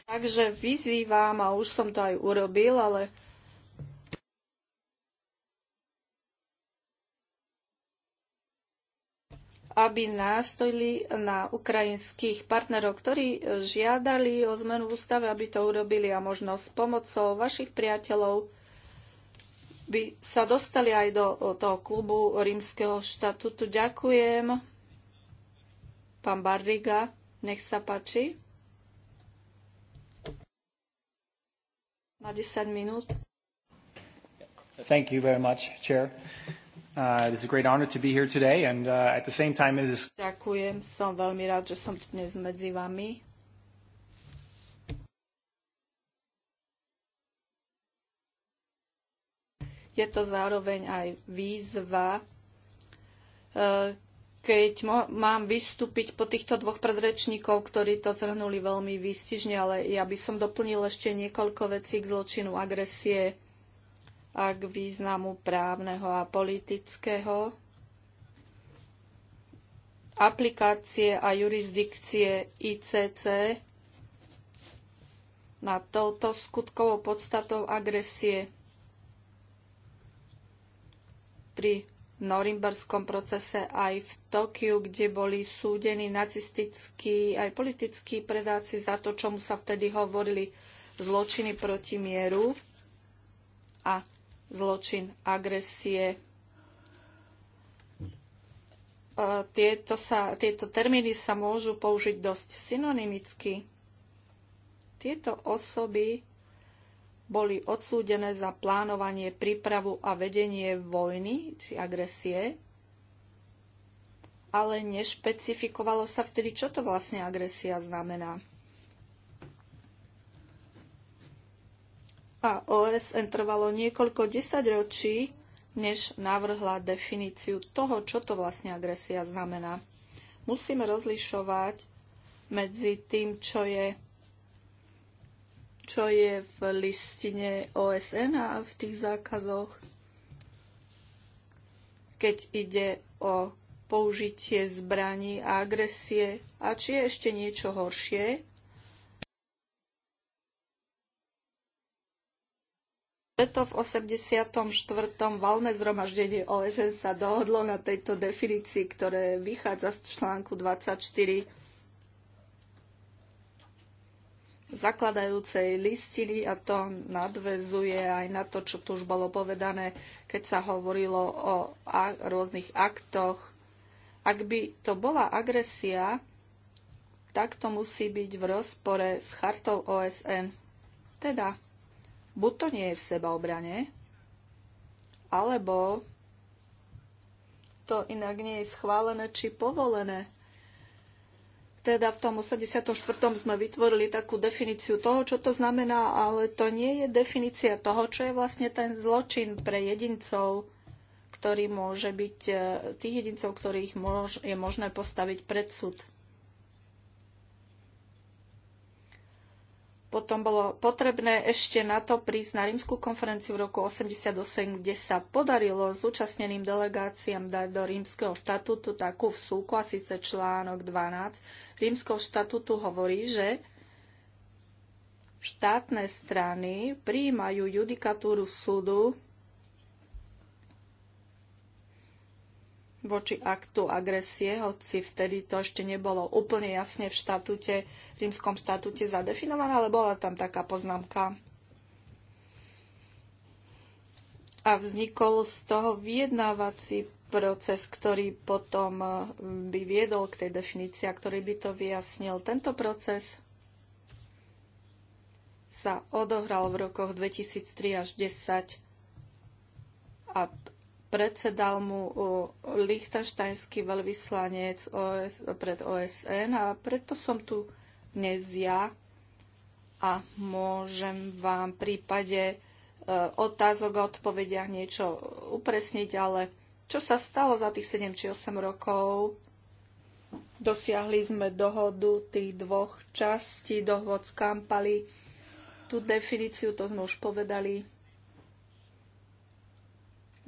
Takže vyzývam, a už som to aj urobil, ale aby nástojili na ukrajinských partnerov, ktorí žiadali o zmenu v ústave, aby to urobili a možno s pomocou vašich priateľov by sa dostali aj do toho klubu rímskeho štatutu. Ďakujem. Pán Barriga, nech sa páči. Na 10 minút. Thank you very much, Chair. Uh, it is a great honor to be here today and uh, at the same time it is... Ďakujem, som veľmi rád, že som dnes medzi vami. Je to zároveň aj výzva, uh, keď mám vystúpiť po týchto dvoch predrečníkov, ktorí to zhrnuli veľmi výstižne, ale ja by som doplnil ešte niekoľko vecí k zločinu agresie a k významu právneho a politického, aplikácie a jurisdikcie ICC na touto skutkovou podstatou agresie. Pri norimberskom procese aj v Tokiu, kde boli súdení nacistickí aj politickí predáci za to, čomu sa vtedy hovorili zločiny proti mieru. A zločin agresie. Tieto, sa, tieto termíny sa môžu použiť dosť synonymicky. Tieto osoby boli odsúdené za plánovanie, prípravu a vedenie vojny či agresie, ale nešpecifikovalo sa vtedy, čo to vlastne agresia znamená. a OSN trvalo niekoľko desaťročí, než navrhla definíciu toho, čo to vlastne agresia znamená. Musíme rozlišovať medzi tým, čo je, čo je v listine OSN a v tých zákazoch, keď ide o použitie zbraní a agresie a či je ešte niečo horšie, Preto v 84. valné zhromaždenie OSN sa dohodlo na tejto definícii, ktoré vychádza z článku 24 zakladajúcej listiny a to nadvezuje aj na to, čo tu už bolo povedané, keď sa hovorilo o rôznych aktoch. Ak by to bola agresia, tak to musí byť v rozpore s chartou OSN. Teda Buď to nie je v sebaobrane, alebo to inak nie je schválené či povolené. Teda v tom 84. sme vytvorili takú definíciu toho, čo to znamená, ale to nie je definícia toho, čo je vlastne ten zločin pre jedincov, ktorý môže byť eh, tých jedincov, ktorých je možné postaviť pred súd. Potom bolo potrebné ešte na to prísť na rímskú konferenciu v roku 88, kde sa podarilo zúčastneným delegáciám dať do rímskeho štatútu takú vsúku, a síce článok 12 rímskeho štatútu hovorí, že štátne strany prijímajú judikatúru súdu voči aktu agresie, hoci vtedy to ešte nebolo úplne jasne v štatúte, v rímskom štatúte zadefinované, ale bola tam taká poznámka. A vznikol z toho vyjednávací proces, ktorý potom eh, by viedol k tej definícii a ktorý by to vyjasnil. Tento proces sa odohral v rokoch 2003 až 2010 a Predsedal mu lichtenštajnský veľvyslanec OS, pred OSN a preto som tu dnes ja a môžem vám v prípade e, otázok a odpovediach niečo upresniť, ale čo sa stalo za tých 7 či 8 rokov? Dosiahli sme dohodu tých dvoch častí, dohod z Kampaly. Tú definíciu, to sme už povedali,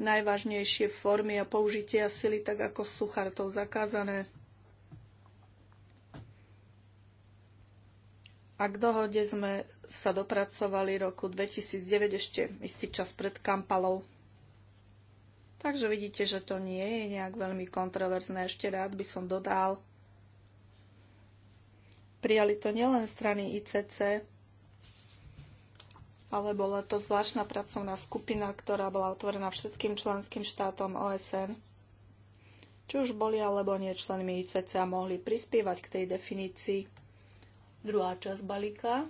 najvážnejšie formy a použitia sily, tak ako sú chartou zakázané. A k dohode sme sa dopracovali roku 2009, ešte istý čas pred Kampalou. Takže vidíte, že to nie je nejak veľmi kontroverzné. Ešte rád by som dodal. Prijali to nielen strany ICC, ale bola to zvláštna pracovná skupina, ktorá bola otvorená všetkým členským štátom OSN, či už boli alebo nie členmi ICC a mohli prispievať k tej definícii. Druhá časť balíka.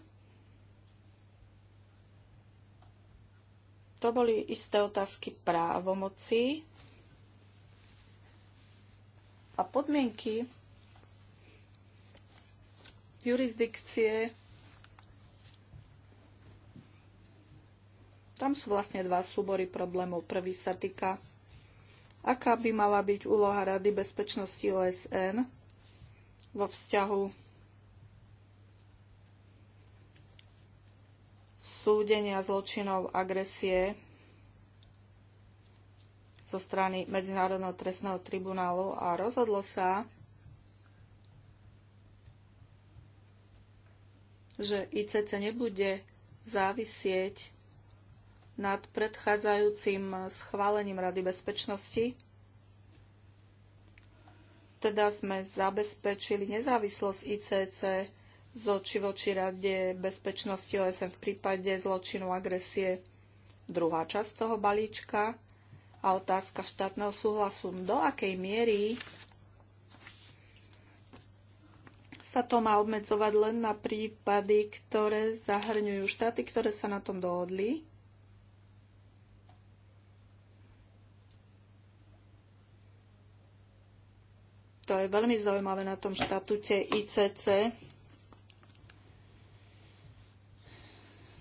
To boli isté otázky právomoci a podmienky jurisdikcie Tam sú vlastne dva súbory problémov. Prvý sa týka, aká by mala byť úloha Rady bezpečnosti OSN vo vzťahu súdenia zločinov agresie zo strany Medzinárodného trestného tribunálu a rozhodlo sa, že ICC nebude závisieť nad predchádzajúcim schválením Rady bezpečnosti. Teda sme zabezpečili nezávislosť ICC z oči voči Rade bezpečnosti OSN v prípade zločinu agresie. Druhá časť toho balíčka a otázka štátneho súhlasu. Do akej miery sa to má obmedzovať len na prípady, ktoré zahrňujú štáty, ktoré sa na tom dohodli to je veľmi zaujímavé na tom štatúte ICC,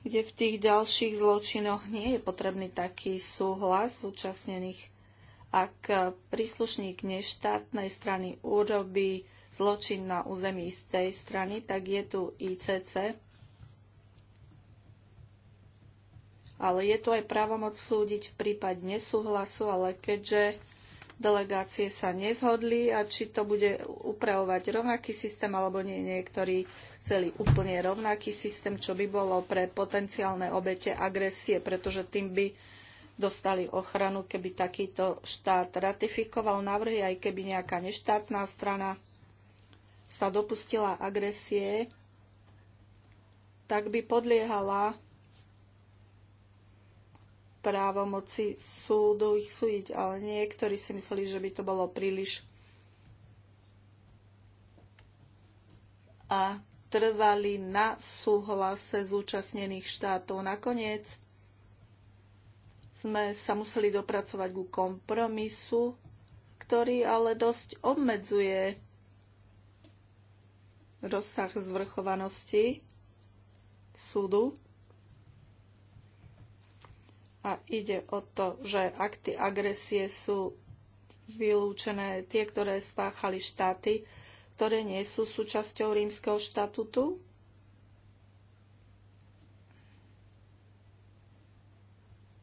kde v tých ďalších zločinoch nie je potrebný taký súhlas zúčastnených. Ak príslušník neštátnej strany urobí zločin na území z tej strany, tak je tu ICC. Ale je tu aj právomoc súdiť v prípade nesúhlasu, ale keďže delegácie sa nezhodli a či to bude upravovať rovnaký systém alebo nie. Niektorí chceli úplne rovnaký systém, čo by bolo pre potenciálne obete agresie, pretože tým by dostali ochranu, keby takýto štát ratifikoval návrhy, aj keby nejaká neštátna strana sa dopustila agresie, tak by podliehala právomoci súdu ich súdiť, ale niektorí si mysleli, že by to bolo príliš. A trvali na súhlase zúčastnených štátov. Nakoniec sme sa museli dopracovať ku kompromisu, ktorý ale dosť obmedzuje rozsah zvrchovanosti súdu a ide o to, že akty agresie sú vylúčené tie, ktoré spáchali štáty, ktoré nie sú súčasťou rímskeho štatutu.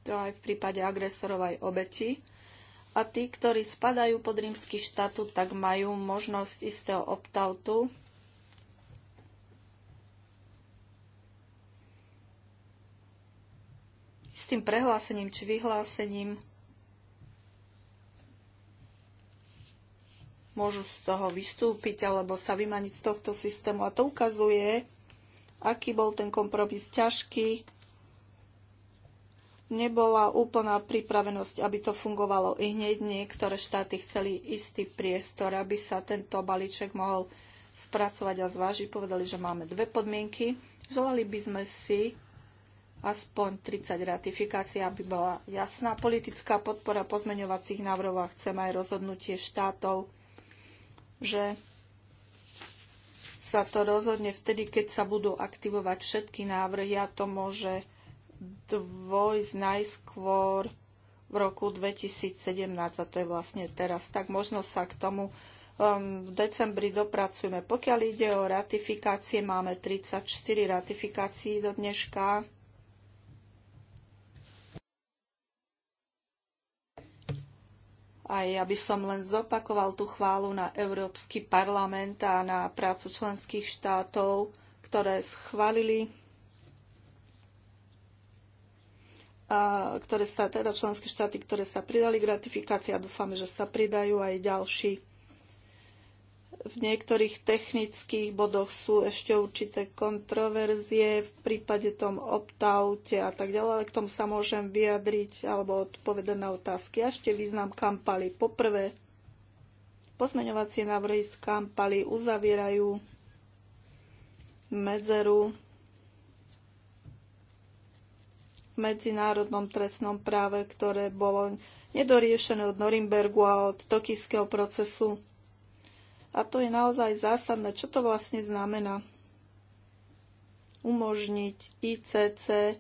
To aj v prípade agresorov aj obeti. A tí, ktorí spadajú pod rímsky štatut, tak majú možnosť istého optautu, s tým prehlásením či vyhlásením môžu z toho vystúpiť alebo sa vymaniť z tohto systému. A to ukazuje, aký bol ten kompromis ťažký. Nebola úplná pripravenosť, aby to fungovalo i hneď. Niektoré štáty chceli istý priestor, aby sa tento balíček mohol spracovať a zvážiť. Povedali, že máme dve podmienky. Želali by sme si, aspoň 30 ratifikácií, aby bola jasná politická podpora pozmeňovacích návrhov a chcem aj rozhodnutie štátov, že sa to rozhodne vtedy, keď sa budú aktivovať všetky návrhy a to môže dvojsť najskôr v roku 2017 a to je vlastne teraz. Tak možno sa k tomu um, v decembri dopracujeme. Pokiaľ ide o ratifikácie, máme 34 ratifikácií do dneška. A ja by som len zopakoval tú chválu na Európsky parlament a na prácu členských štátov, ktoré schválili a ktoré sa, teda členské štáty, ktoré sa pridali k ratifikácii a dúfame, že sa pridajú aj ďalší v niektorých technických bodoch sú ešte určité kontroverzie v prípade tom opt a tak ďalej, ale k tomu sa môžem vyjadriť alebo odpovedať na otázky. A ešte význam kampali Poprvé, pozmeňovacie návrhy z kampali uzavierajú medzeru v medzinárodnom trestnom práve, ktoré bolo nedoriešené od Norimbergu a od tokijského procesu a to je naozaj zásadné, čo to vlastne znamená. Umožniť ICC,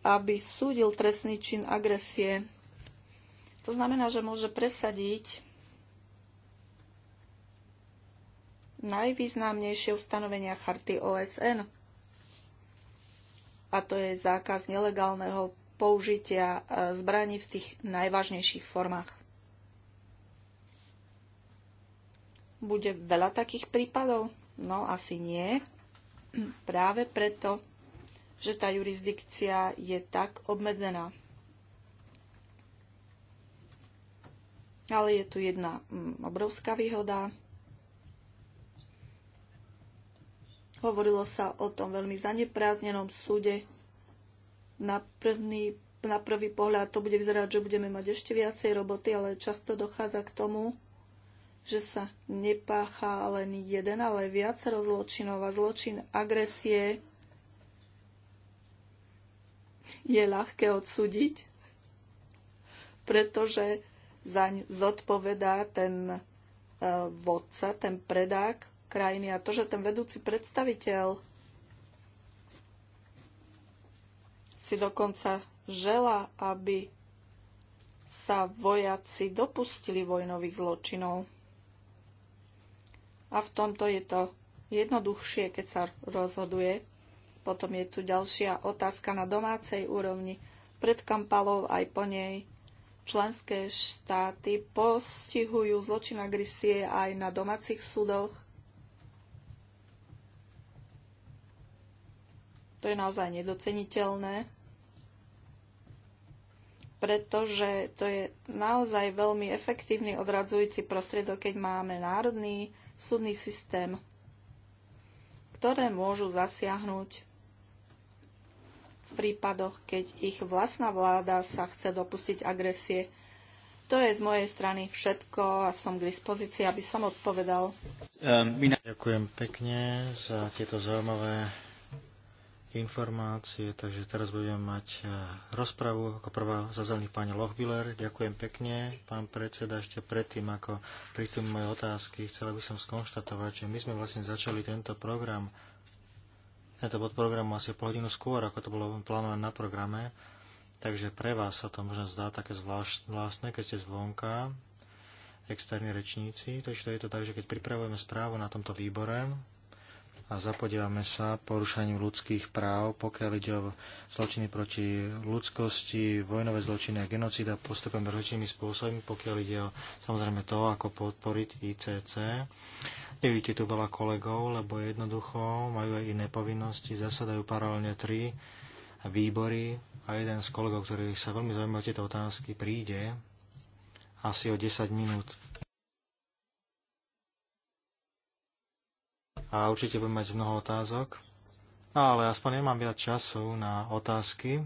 aby súdil trestný čin agresie. To znamená, že môže presadiť najvýznamnejšie ustanovenia charty OSN. A to je zákaz nelegálneho použitia eh, zbraní v tých najvážnejších formách. Bude veľa takých prípadov? No asi nie. Práve preto, že tá jurisdikcia je tak obmedzená. Ale je tu jedna mm, obrovská výhoda. Hovorilo sa o tom veľmi zanepráznenom súde. Na prvný na prvý pohľad to bude vyzerať, že budeme mať ešte viacej roboty, ale často dochádza k tomu, že sa nepáchá len jeden, ale viacero zločinov a zločin agresie je ľahké odsúdiť, pretože zaň zodpovedá ten e, vodca, ten predák krajiny a to, že ten vedúci predstaviteľ si dokonca žela, aby sa vojaci dopustili vojnových zločinov a v tomto je to jednoduchšie, keď sa rozhoduje. Potom je tu ďalšia otázka na domácej úrovni. Pred kampalou aj po nej členské štáty postihujú zločin agresie aj na domácich súdoch. To je naozaj nedoceniteľné, pretože to je naozaj veľmi efektívny odradzujúci prostriedok, keď máme národný súdny systém, ktoré môžu zasiahnuť v prípadoch, keď ich vlastná vláda sa chce dopustiť agresie. To je z mojej strany všetko a som k dispozícii, aby som odpovedal. Ehm, Ďakujem pekne za tieto zaujímavé informácie, takže teraz budeme mať e, rozpravu. Ako prvá zazelný pani pán Lochbiller. Ďakujem pekne, pán predseda. Ešte predtým, ako prídu moje otázky, chcela by som skonštatovať, že my sme vlastne začali tento program, tento podprogram asi pol hodinu skôr, ako to bolo plánované na programe. Takže pre vás sa to možno zdá také zvláštne, keď ste zvonka, externí rečníci. Takže to je to tak, že keď pripravujeme správu na tomto výbore, a zapodívame sa porušaním ľudských práv, pokiaľ ide o zločiny proti ľudskosti, vojnové zločiny a genocída, postupujeme rozličnými spôsobmi, pokiaľ ide o samozrejme to, ako podporiť ICC. Nevidíte tu veľa kolegov, lebo jednoducho majú aj iné povinnosti, zasadajú paralelne tri výbory a jeden z kolegov, ktorý sa veľmi zaujíma o tieto otázky, príde asi o 10 minút a určite budem mať mnoho otázok. No ale aspoň nemám viac času na otázky,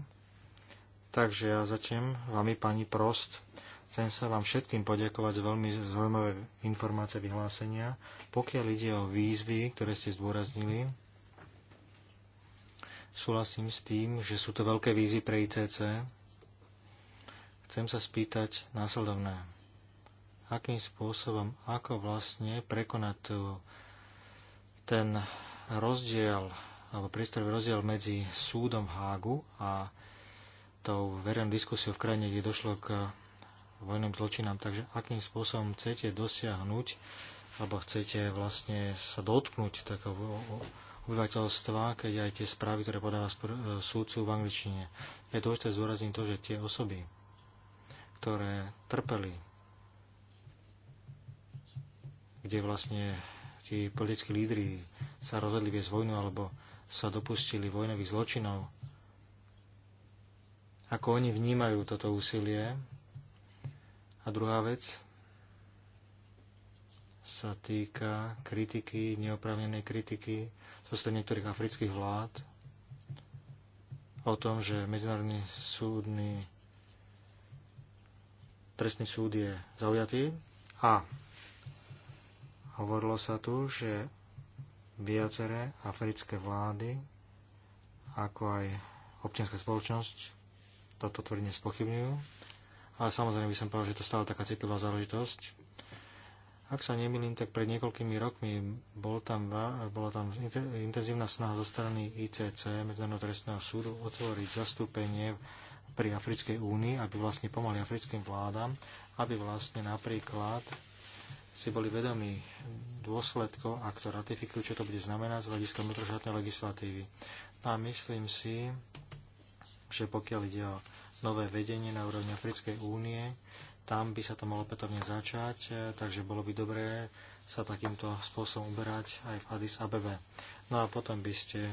takže ja začnem vami, pani Prost. Chcem sa vám všetkým poďakovať za veľmi zaujímavé informácie vyhlásenia. Pokiaľ ide o výzvy, ktoré ste zdôraznili, súhlasím s tým, že sú to veľké výzvy pre ICC. Chcem sa spýtať následovné. Akým spôsobom, ako vlastne prekonať tú ten rozdiel, alebo priestorový rozdiel medzi súdom v Hágu a tou verejnou diskusiou v krajine, kde došlo k vojným zločinám. Takže akým spôsobom chcete dosiahnuť, alebo chcete vlastne sa dotknúť takého obyvateľstva, keď aj tie správy, ktoré podáva súdcu v angličtine. Je dôležité zdôrazniť to, že tie osoby, ktoré trpeli, kde vlastne tí politickí lídry sa rozhodli viesť vojnu alebo sa dopustili vojnových zločinov, ako oni vnímajú toto úsilie. A druhá vec sa týka kritiky, neoprávnenej kritiky zo strany niektorých afrických vlád o tom, že Medzinárodný súdny trestný súd je zaujatý a Hovorilo sa tu, že viaceré africké vlády, ako aj občianská spoločnosť, toto tvrdne spochybňujú. Ale samozrejme by som povedal, že to stále taká citlivá záležitosť. Ak sa nemýlim, tak pred niekoľkými rokmi bol tam, bola tam intenzívna snaha zo strany ICC, Medzinárodného trestného súdu, otvoriť zastúpenie pri Africkej únii, aby vlastne pomohli africkým vládam, aby vlastne napríklad si boli vedomí dôsledkov, ak to ratifikujú, čo to bude znamenať z hľadiska vnútroštátnej legislatívy. No a myslím si, že pokiaľ ide o nové vedenie na úrovni Africkej únie, tam by sa to malo opätovne začať, e, takže bolo by dobré sa takýmto spôsobom uberať aj v Addis Abebe. No a potom by ste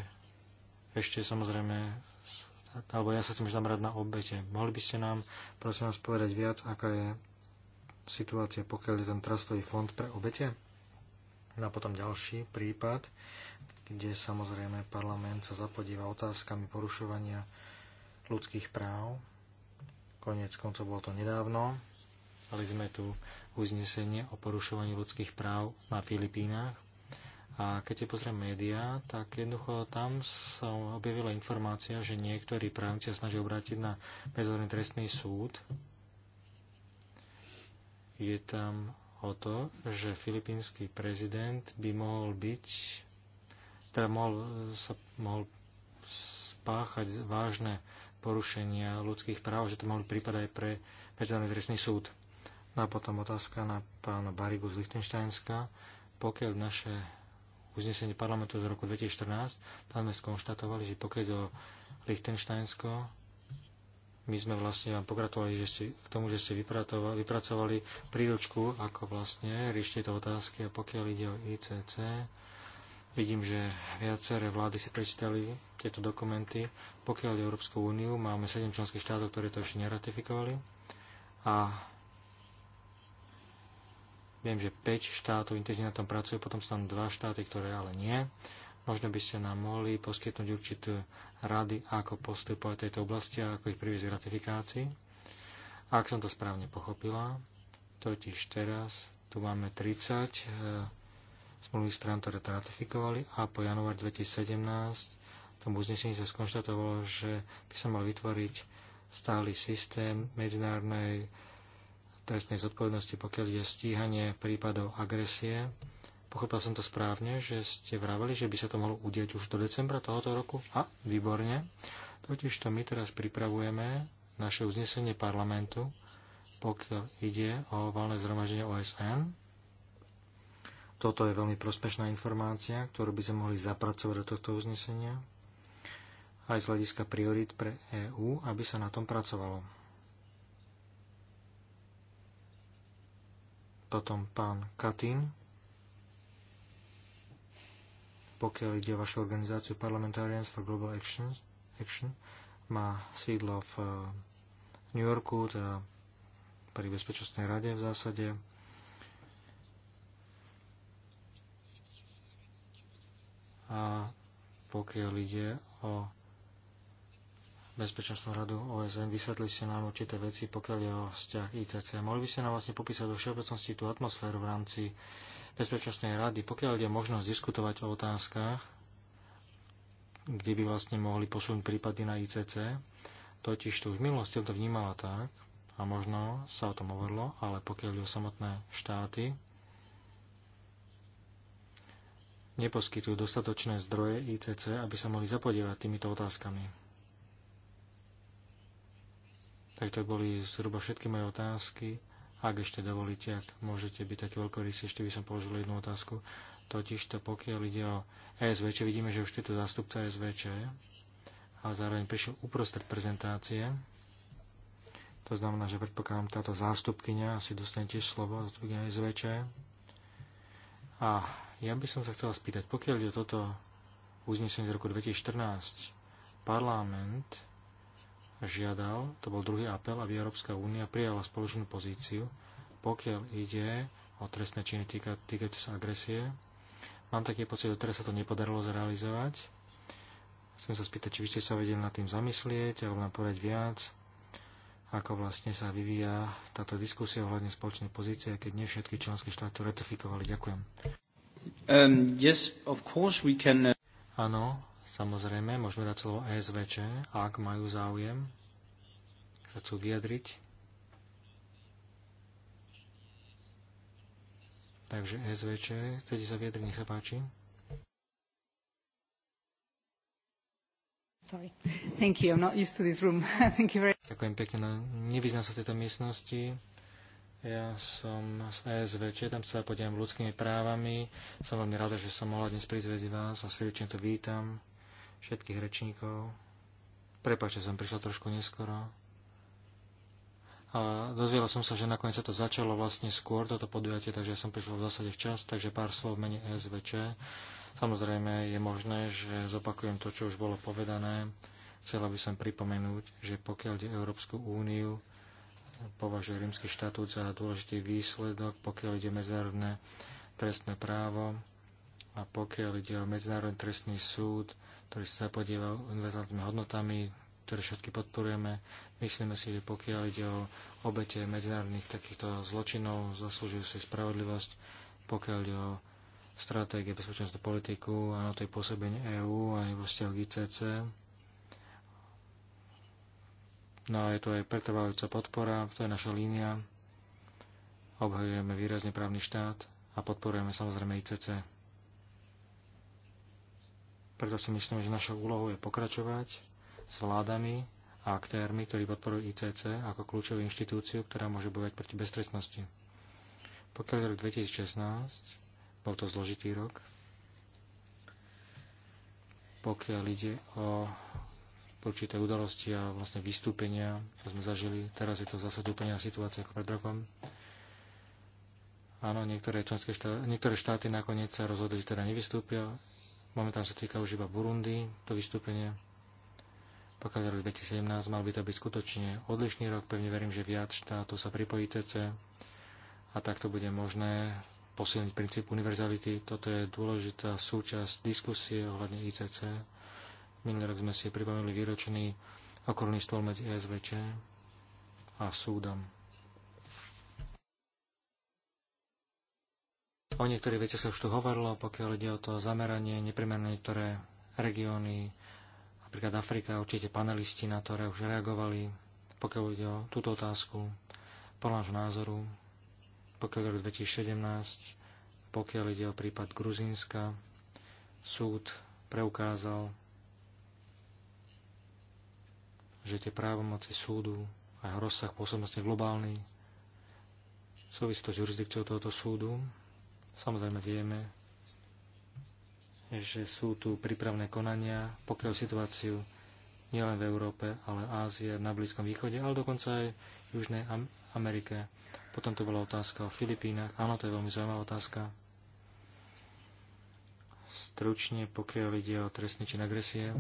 ešte samozrejme, alebo ja sa chcem zamerať na obete. Mohli by ste nám prosím vás povedať viac, aká je situácia, pokiaľ je ten trastový fond pre obete. No a potom ďalší prípad, kde samozrejme parlament sa zapodíva otázkami porušovania ľudských práv. Konec koncov bolo to nedávno. Mali sme tu uznesenie o porušovaní ľudských práv na Filipínach. A keď si pozrieme médiá, tak jednoducho tam sa objavila informácia, že niektorí právnici sa snažia obrátiť na Medzinárodný trestný súd je tam o to, že filipínsky prezident by mohol byť, teda mohol, sa, mohol spáchať vážne porušenia ľudských práv, že to mohli prípadať aj pre Medzinárodný trestný súd. No a potom otázka na pána Barigu z Lichtensteinska. Pokiaľ naše uznesenie parlamentu z roku 2014, tam sme skonštatovali, že pokiaľ do Lichtensteinsko, my sme vlastne vám pokratovali že ste, k tomu, že ste vypracovali, vypracovali príručku, ako vlastne riešite to otázky a pokiaľ ide o ICC, vidím, že viaceré vlády si prečítali tieto dokumenty. Pokiaľ ide Európsku úniu, máme 7 členských štátov, ktoré to ešte neratifikovali a viem, že 5 štátov intenzívne na tom pracuje, potom sú tam 2 štáty, ktoré ale nie. Možno by ste nám mohli poskytnúť určité rady, ako postupovať v tejto oblasti a ako ich priviesť k ratifikácii. Ak som to správne pochopila, totiž teraz tu máme 30 e, eh, smluvných strán, ktoré to ratifikovali a po január 2017 v tom uznesení sa skonštatovalo, že by sa mal vytvoriť stály systém medzinárodnej trestnej zodpovednosti, pokiaľ je stíhanie prípadov agresie Pochopil som to správne, že ste vraveli, že by sa to mohlo udiať už do decembra tohoto roku. A, výborne. Totiž to my teraz pripravujeme naše uznesenie parlamentu, pokiaľ ide o valné zhromaždenie OSN. Toto je veľmi prospešná informácia, ktorú by sme mohli zapracovať do tohto uznesenia aj z hľadiska priorit pre EÚ, aby sa na tom pracovalo. Potom pán Katín pokiaľ ide o vašu organizáciu Parliamentarians for Global Action, Action má sídlo v eh, New Yorku, teda pri Bezpečnostnej rade v zásade. A pokiaľ ide o Bezpečnostnú radu OSN, vysvetli ste nám určité veci, pokiaľ je o vzťah ICC. Mohli by ste nám vlastne popísať do všeobecnosti tú atmosféru v rámci Bezpečnostnej rady, pokiaľ ide možnosť diskutovať o otázkach, kde by vlastne mohli posunúť prípady na ICC, totiž to už v minulosti to vnímala tak, a možno sa o tom hovorilo, ale pokiaľ ide o samotné štáty, neposkytujú dostatočné zdroje ICC, aby sa mohli zapodievať týmito otázkami. Tak to boli zhruba všetky moje otázky ak ešte dovolíte, ak môžete byť taký veľkorysý, ešte by som položil jednu otázku. Totiž to pokiaľ ide o e či vidíme, že už je tu zástupca ESVČ a zároveň prišiel uprostred prezentácie. To znamená, že predpokladám táto zástupkynia asi dostane tiež slovo, zástupkynia e SVČ. A ja by som sa chcela spýtať, pokiaľ o toto uznesenie z roku 2014, parlament žiadal, to bol druhý apel, aby Európska únia prijala spoločnú pozíciu, pokiaľ ide o trestné činy týka, týkajúce sa agresie. Mám taký pocit, že teraz sa to nepodarilo zrealizovať. Chcem sa spýtať, či by ste sa vedeli nad tým zamyslieť alebo nám povedať viac, ako vlastne sa vyvíja táto diskusia ohľadne spoločnej pozície, keď nie všetky členské štáty ratifikovali. Ďakujem. Um, yes, of course we can... Uh, Áno, Samozrejme, môžeme dať slovo e SVČ, ak majú záujem, sa chcú vyjadriť. Takže e SVČ, chcete sa vyjadriť, nech sa páči. Very... Ďakujem pekne. No, nevyznam sa v tejto miestnosti. Ja som z ESVČ, tam sa podiem ľudskými právami. Som veľmi rada, že som mohla dnes prizvedieť vás a srdečne to vítam všetkých rečníkov. Prepač, že som prišla trošku neskoro. A dozvedel som sa, že nakoniec sa to začalo vlastne skôr, toto podujatie, takže ja som prišiel v zásade včas, takže pár slov menej mene SVČ. Samozrejme je možné, že zopakujem to, čo už bolo povedané. Chcela by som pripomenúť, že pokiaľ ide Európsku úniu, považuje rímsky štatút za dôležitý výsledok, pokiaľ ide medzinárodné trestné právo a pokiaľ ide o Medzinárodný trestný súd, ktorý sa zapodieva univerzálnymi hodnotami, ktoré všetky podporujeme. Myslíme si, že pokiaľ ide o obete medzinárodných takýchto zločinov, zaslúžujú si spravodlivosť, pokiaľ ide o stratégie bezpečnostnú politiku a na tej pôsobenie EÚ aj vo vzťahu ICC. No a je to aj pretrvajúca podpora, to je naša línia. Obhajujeme výrazne právny štát a podporujeme samozrejme ICC. Preto si myslím, že našou úlohou je pokračovať s vládami a aktérmi, ktorí podporujú ICC ako kľúčovú inštitúciu, ktorá môže bojovať proti beztrestnosti. Pokiaľ je rok 2016, bol to zložitý rok, pokiaľ ide o určité udalosti a vlastne vystúpenia, čo sme zažili. Teraz je to zase úplne situácia ako pred rokom. Áno, niektoré, štá... niektoré štáty nakoniec sa rozhodli, že teda nevystúpia, Momentálne sa týka už iba Burundi, to vystúpenie. Pokiaľ rok 2017 mal by to byť skutočne odlišný rok, pevne verím, že viac štátov sa pripojí CC a takto bude možné posilniť princíp univerzality. Toto je dôležitá súčasť diskusie ohľadne ICC. Minulý rok sme si pripomenuli výročný okolný stôl medzi ESVČ a súdom. O niektorých veciach sa už tu hovorilo, pokiaľ ide o to zameranie neprimerne niektoré regióny, napríklad Afrika, určite panelisti na to už reagovali, pokiaľ ide o túto otázku, podľa nášho názoru, pokiaľ ide o 2017, pokiaľ ide o prípad Gruzínska, súd preukázal, že tie právomoci súdu a jeho rozsah pôsobnosti je globálny, súvisí to s jurisdikciou tohoto súdu, Samozrejme vieme, že sú tu prípravné konania, pokiaľ situáciu nielen v Európe, ale Ázie, na Blízkom východe, ale dokonca aj v Južnej Amerike. Potom tu bola otázka o Filipínach. Áno, to je veľmi zaujímavá otázka. Stručne, pokiaľ ide o trestný čin agresie,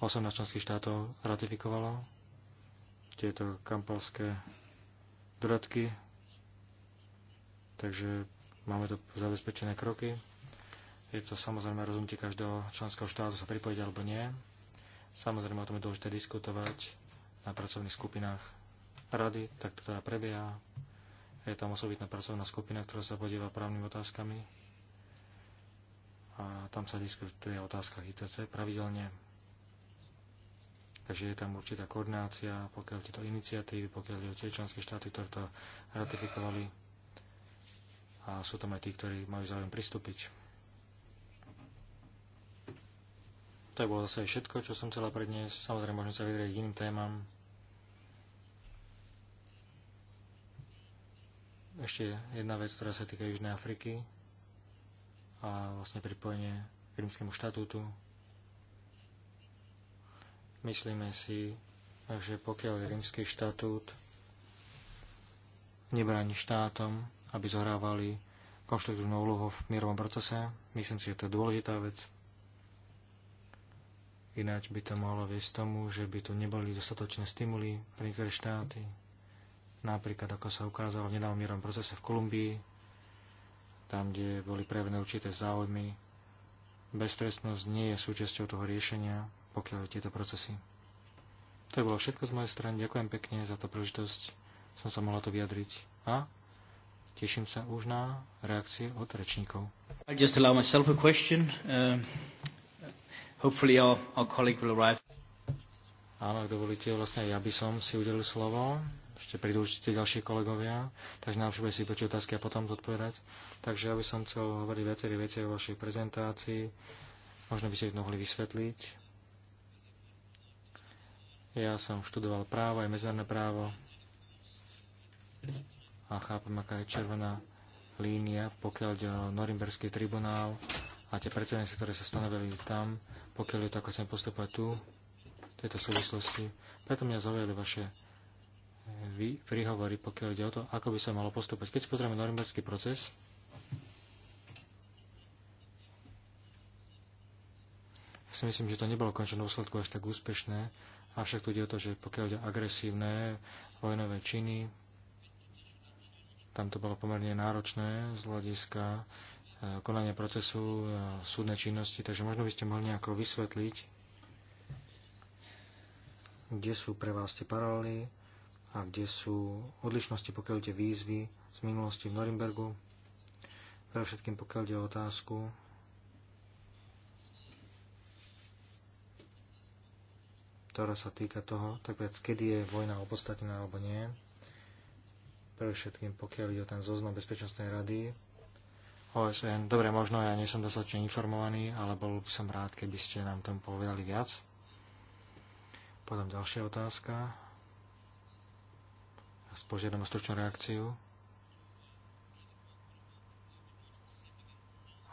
18 členských štátov ratifikovalo tieto kampalské dodatky Takže máme tu zabezpečené kroky. Je to samozrejme rozhodnutie každého členského štátu sa pripojiť alebo nie. Samozrejme o tom je dôležité diskutovať na pracovných skupinách rady, tak to teda prebieha. Je tam osobitná pracovná skupina, ktorá sa podieva právnymi otázkami a tam sa diskutuje o otázkach ITC pravidelne. Takže je tam určitá koordinácia, pokiaľ tieto iniciatívy, pokiaľ je o tie členské štáty, ktoré to ratifikovali a sú tam aj tí, ktorí majú záujem pristúpiť. To je bolo zase všetko, čo som chcela predniesť. Samozrejme, môžem sa vyjadriť k iným témam. Ešte jedna vec, ktorá sa týka Južnej Afriky a vlastne pripojenie k rímskému štatútu. Myslíme si, že pokiaľ rímsky štatút nebráni štátom, aby zohrávali konštruktívnu úlohu v mierovom procese. Myslím si, že to je dôležitá vec. Ináč by to mohlo viesť tomu, že by tu neboli dostatočné stimuly pre niektoré štáty. Napríklad, ako sa ukázalo v nedávom mierovom procese v Kolumbii, tam, kde boli prejavené určité záujmy, Bezstresnosť nie je súčasťou toho riešenia, pokiaľ tieto procesy. To je bolo všetko z mojej strany. Ďakujem pekne za tú príležitosť. Som sa mohla to vyjadriť. A Teším sa už na reakcie od rečníkov. Um, Áno, ak dovolíte, vlastne ja by som si udelil slovo. Ešte prídu určite ďalší kolegovia, takže najlepšie bude si počuť otázky a potom zodpovedať. Takže ja by som chcel hovoriť viaceré veci o vašej prezentácii. Možno by ste to mohli vysvetliť. Ja som študoval právo aj medzinárodné právo a chápem, aká je červená línia, pokiaľ ide o Norimberský tribunál a tie precedensy, ktoré sa stanovili tam, pokiaľ je to, ako chcem postupovať tu, v tejto súvislosti. Preto mňa zaujali vaše eh, vy prihovory, pokiaľ ide o to, ako by sa malo postupovať. Keď si pozrieme Norimberský proces, si myslím, že to nebolo končené úsledku až tak úspešné, avšak tu ide o to, že pokiaľ ide agresívne vojnové činy, tam to bolo pomerne náročné z hľadiska e, konania procesu a súdnej činnosti, takže možno by ste mohli nejako vysvetliť, kde sú pre vás tie paralely a kde sú odlišnosti, pokiaľ ide výzvy z minulosti v Norimbergu, pre všetkým pokiaľ ide o otázku, ktorá sa týka toho, tak viac, kedy je vojna opodstatnená alebo nie, predovšetkým, pokiaľ ide o ten zoznam Bezpečnostnej rady OSN. Dobre, možno ja nie som dostatočne informovaný, ale bol by som rád, keby ste nám tom povedali viac. Potom ďalšia otázka. Ja požiadam o stručnú reakciu.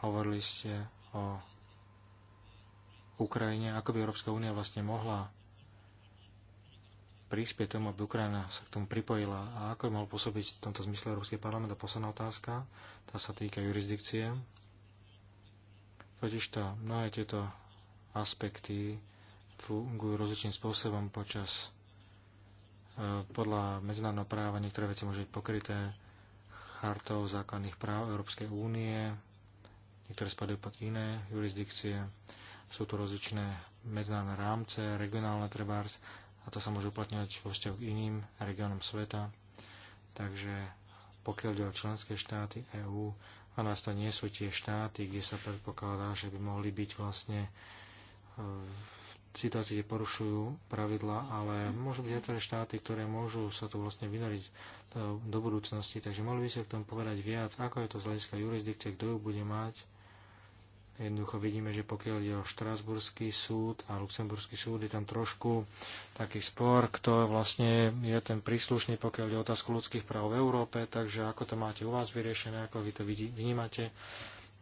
Hovorili ste o Ukrajine, ako by Európska únia vlastne mohla prispieť tomu, aby Ukrajina sa k tomu pripojila a ako by mal pôsobiť v tomto zmysle Európsky parlament. A posledná otázka, tá sa týka jurisdikcie. Totižto mnohé tieto aspekty fungujú rozličným spôsobom počas e, podľa medzinárodného práva niektoré veci môžu byť pokryté chartou základných práv Európskej únie, niektoré spadajú pod iné jurisdikcie, sú tu rozličné medzinárodné rámce, regionálne trebárs a to sa môže uplatňovať vo vzťahu k iným regiónom sveta. Takže pokiaľ ide o členské štáty EÚ, a nás to nie sú tie štáty, kde sa predpokladá, že by mohli byť vlastne e, v situácii, kde porušujú pravidla, ale môžu byť niektoré štáty, ktoré môžu sa tu vlastne vynoriť do, do budúcnosti. Takže mohli by sa k tomu povedať viac, ako je to z hľadiska jurisdikcie, kto ju bude mať, Jednoducho vidíme, že pokiaľ ide o Štrasburský súd a Luxemburský súd, je tam trošku taký spor, kto vlastne je ten príslušný, pokiaľ ide o otázku ľudských práv v Európe, takže ako to máte u vás vyriešené, ako vy to vnímate.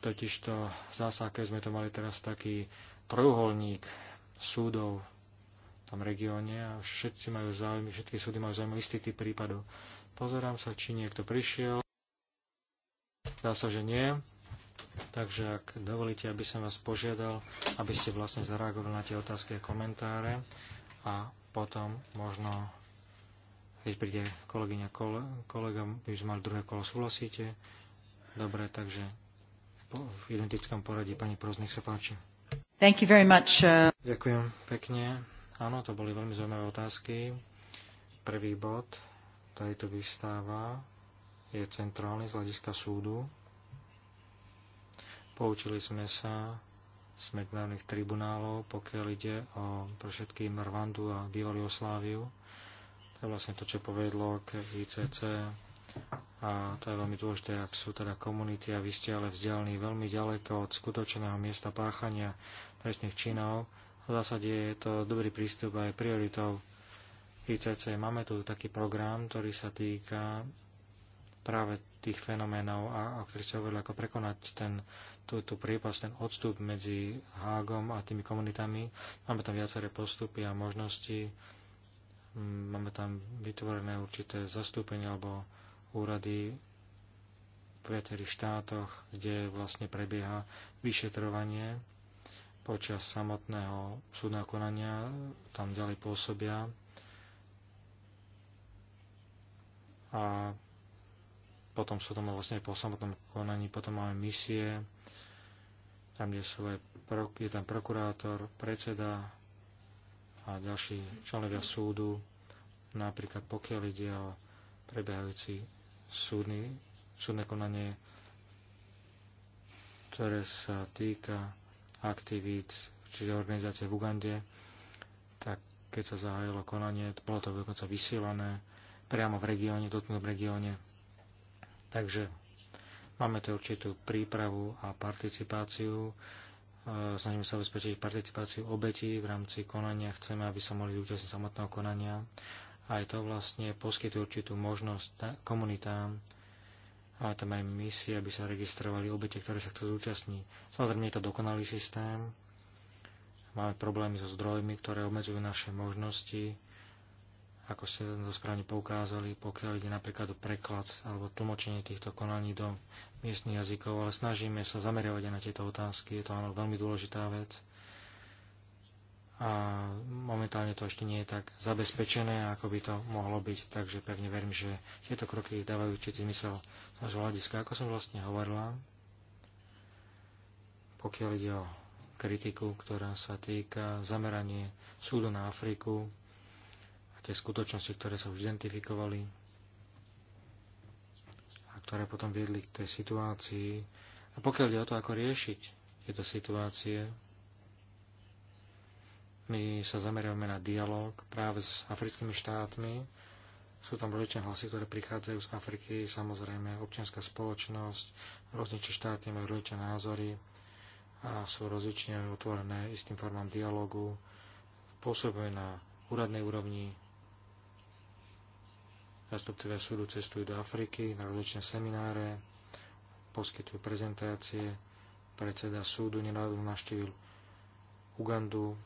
Totiž to zásah, keď sme to mali teraz taký trojuholník súdov v tom regióne a všetci majú záujmy, všetky súdy majú záujem istý typ prípadov. Pozerám sa, či niekto prišiel. Zdá sa, že nie. Takže ak dovolíte, aby som vás požiadal, aby ste vlastne zareagovali na tie otázky a komentáre a potom možno, keď príde kolegyňa, kolega, by sme mali druhé kolo, súhlasíte? Dobre, takže v identickom poradí pani Proz, nech sa páči. Thank you very much. Uh, Ďakujem pekne. Áno, to boli veľmi zaujímavé otázky. Prvý bod, tady tu vystáva, je centrálny z hľadiska súdu. Poučili sme sa z medzinárodných tribunálov, pokiaľ ide o pre všetkým Rwandu a bývalú Osláviu. To je vlastne to, čo povedlo k ICC a to je veľmi dôležité, ak sú teda komunity a vy ste ale vzdialení veľmi ďaleko od skutočného miesta páchania trestných činov. V zásade je to dobrý prístup aj prioritou ICC. Máme tu taký program, ktorý sa týka práve tých fenoménov, a, o ktorých sa hovorilo, ako prekonať ten, tú, tú priepas, ten odstup medzi Hágom a tými komunitami. Máme tam viaceré postupy a možnosti. Mm, máme tam vytvorené určité zastúpenie alebo úrady v viacerých štátoch, kde vlastne prebieha vyšetrovanie počas samotného súdneho konania, tam ďalej pôsobia. A potom sú tam vlastne po samotnom konaní, potom máme misie, tam, kde sú aj, je tam prokurátor, predseda a ďalší členovia súdu, napríklad pokiaľ ide o prebiehajúci súdny, súdne konanie, ktoré sa týka aktivít, čiže organizácie v Ugande, tak keď sa zahájilo konanie, bolo to dokonca vysielané priamo v regióne, dotknutom regióne, Takže máme tu určitú prípravu a participáciu. E, Snažíme sa zabezpečiť participáciu obetí v rámci konania. Chceme, aby sa mohli zúčastniť samotného konania. Aj to vlastne poskytuje určitú možnosť komunitám, a tam aj misie, aby sa registrovali obete, ktoré sa chcú zúčastniť. Samozrejme, je to dokonalý systém. Máme problémy so zdrojmi, ktoré obmedzujú naše možnosti ako ste to správne poukázali, pokiaľ ide napríklad o preklad alebo tlmočenie týchto konaní do miestnych jazykov, ale snažíme sa zameriavať aj na tieto otázky, je to áno, veľmi dôležitá vec. A momentálne to ešte nie je tak zabezpečené, ako by to mohlo byť, takže pevne verím, že tieto kroky dávajú určitý zmysel z nášho hľadiska. Ako som vlastne hovorila, pokiaľ ide o kritiku, ktorá sa týka zameranie súdu na Afriku, tie skutočnosti, ktoré sa už identifikovali a ktoré potom viedli k tej situácii. A pokiaľ ide o to, ako riešiť tieto situácie, my sa zameriavame na dialog práve s africkými štátmi. Sú tam rodičné hlasy, ktoré prichádzajú z Afriky, samozrejme občianská spoločnosť, rôzne štáty majú rodičné názory a sú rozlične otvorené istým formám dialogu. Pôsobujeme na úradnej úrovni, Zastupcovia súdu cestujú do Afriky na rozličné semináre, poskytujú prezentácie. Predseda súdu nedávno navštívil Ugandu,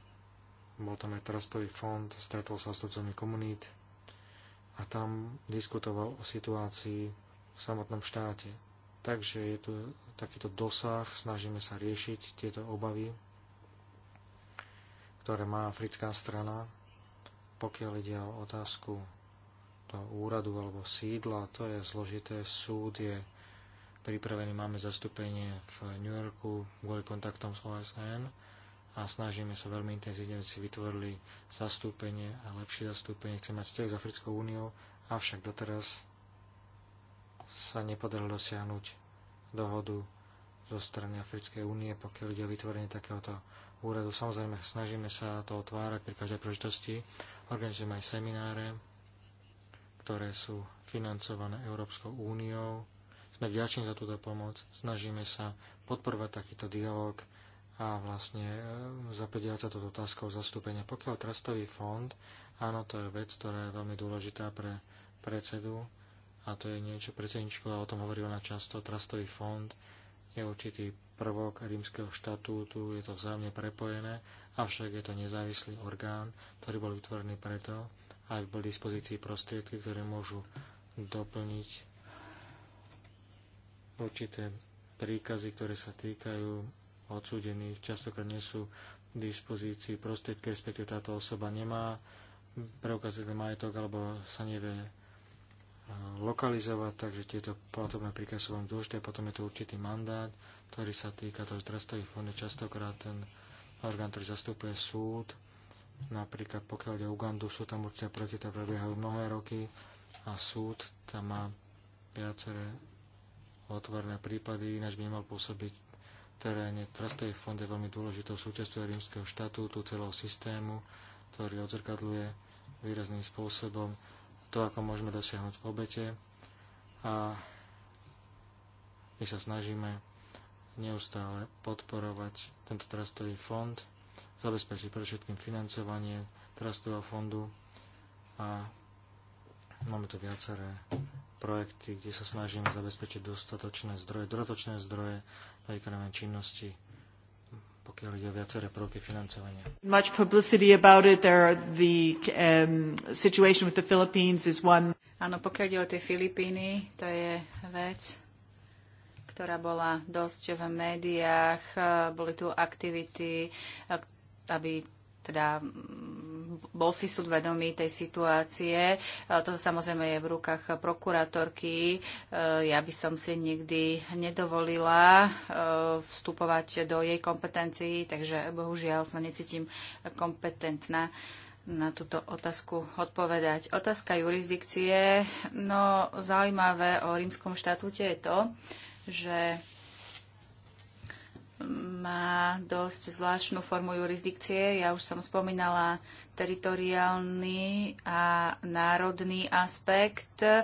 bol tam aj trastový fond, stretol sa s zastupcami komunít a tam diskutoval o situácii v samotnom štáte. Takže je tu takýto dosah, snažíme sa riešiť tieto obavy, ktoré má africká strana, pokiaľ ide o otázku do úradu alebo sídla, to je zložité. Súd je pripravený, máme zastúpenie v New Yorku kvôli kontaktom s OSN a snažíme sa veľmi intenzívne, aby si vytvorili zastúpenie a lepšie zastúpenie. Chceme mať vzťah s Africkou úniou, avšak doteraz sa nepodarilo dosiahnuť dohodu zo strany Africkej únie, pokiaľ ide o vytvorenie takéhoto úradu. Samozrejme, snažíme sa to otvárať pri každej príležitosti, organizujeme aj semináre, ktoré sú financované Európskou úniou. Sme vďační za túto pomoc, snažíme sa podporovať takýto dialog a vlastne e, zapediať sa toto otázkou zastúpenia. Pokiaľ trastový fond, áno, to je vec, ktorá je veľmi dôležitá pre predsedu a to je niečo predsedničko a o tom hovorí ona často. Trastový fond je určitý prvok rímskeho štatútu, je to vzájomne prepojené, avšak je to nezávislý orgán, ktorý bol vytvorený preto, aby boli v dispozícii prostriedky, ktoré môžu doplniť určité príkazy, ktoré sa týkajú odsúdených. Častokrát nie sú v dispozícii prostriedky, respektíve táto osoba nemá preukazateľný majetok alebo sa nevie eh, lokalizovať, takže tieto platobné príkazy sú veľmi dôležité. Potom je tu určitý mandát, ktorý sa týka toho trestových fondov. Častokrát ten orgán, ktorý zastupuje súd, Napríklad pokiaľ ide Ugandu, sú tam určité projekty, ktoré prebiehajú mnohé roky a súd tam má viaceré otvorené prípady, ináč by nemal pôsobiť v teréne. Trastový fond je veľmi dôležitou súčasťou rímskeho štatútu, celého systému, ktorý odzrkadluje výrazným spôsobom to, ako môžeme dosiahnuť v obete. A my sa snažíme neustále podporovať tento trastový fond zabezpečiť pre všetkým financovanie trastového fondu a máme tu viaceré projekty, kde sa snažíme zabezpečiť dostatočné zdroje, dodatočné zdroje na vykonávanie činnosti pokiaľ ide o viaceré prvky financovania. Much publicity about it. There are the um, situation with the Philippines is one. Áno, pokiaľ ide o tie Filipíny, to je vec, ktorá bola dosť v médiách. E, Boli tu aktivity, e, aby teda mm, bol si súd vedomý tej situácie. E, to samozrejme je v rukách prokurátorky. Ja by som si nikdy nedovolila vstupovať do jej kompetencií, takže bohužiaľ sa necítim kompetentná na túto otázku odpovedať. Otázka jurisdikcie. No, zaujímavé o rímskom štatúte je to, že má dosť zvláštnu formu jurisdikcie. Ja už som spomínala teritoriálny a národný aspekt, eh,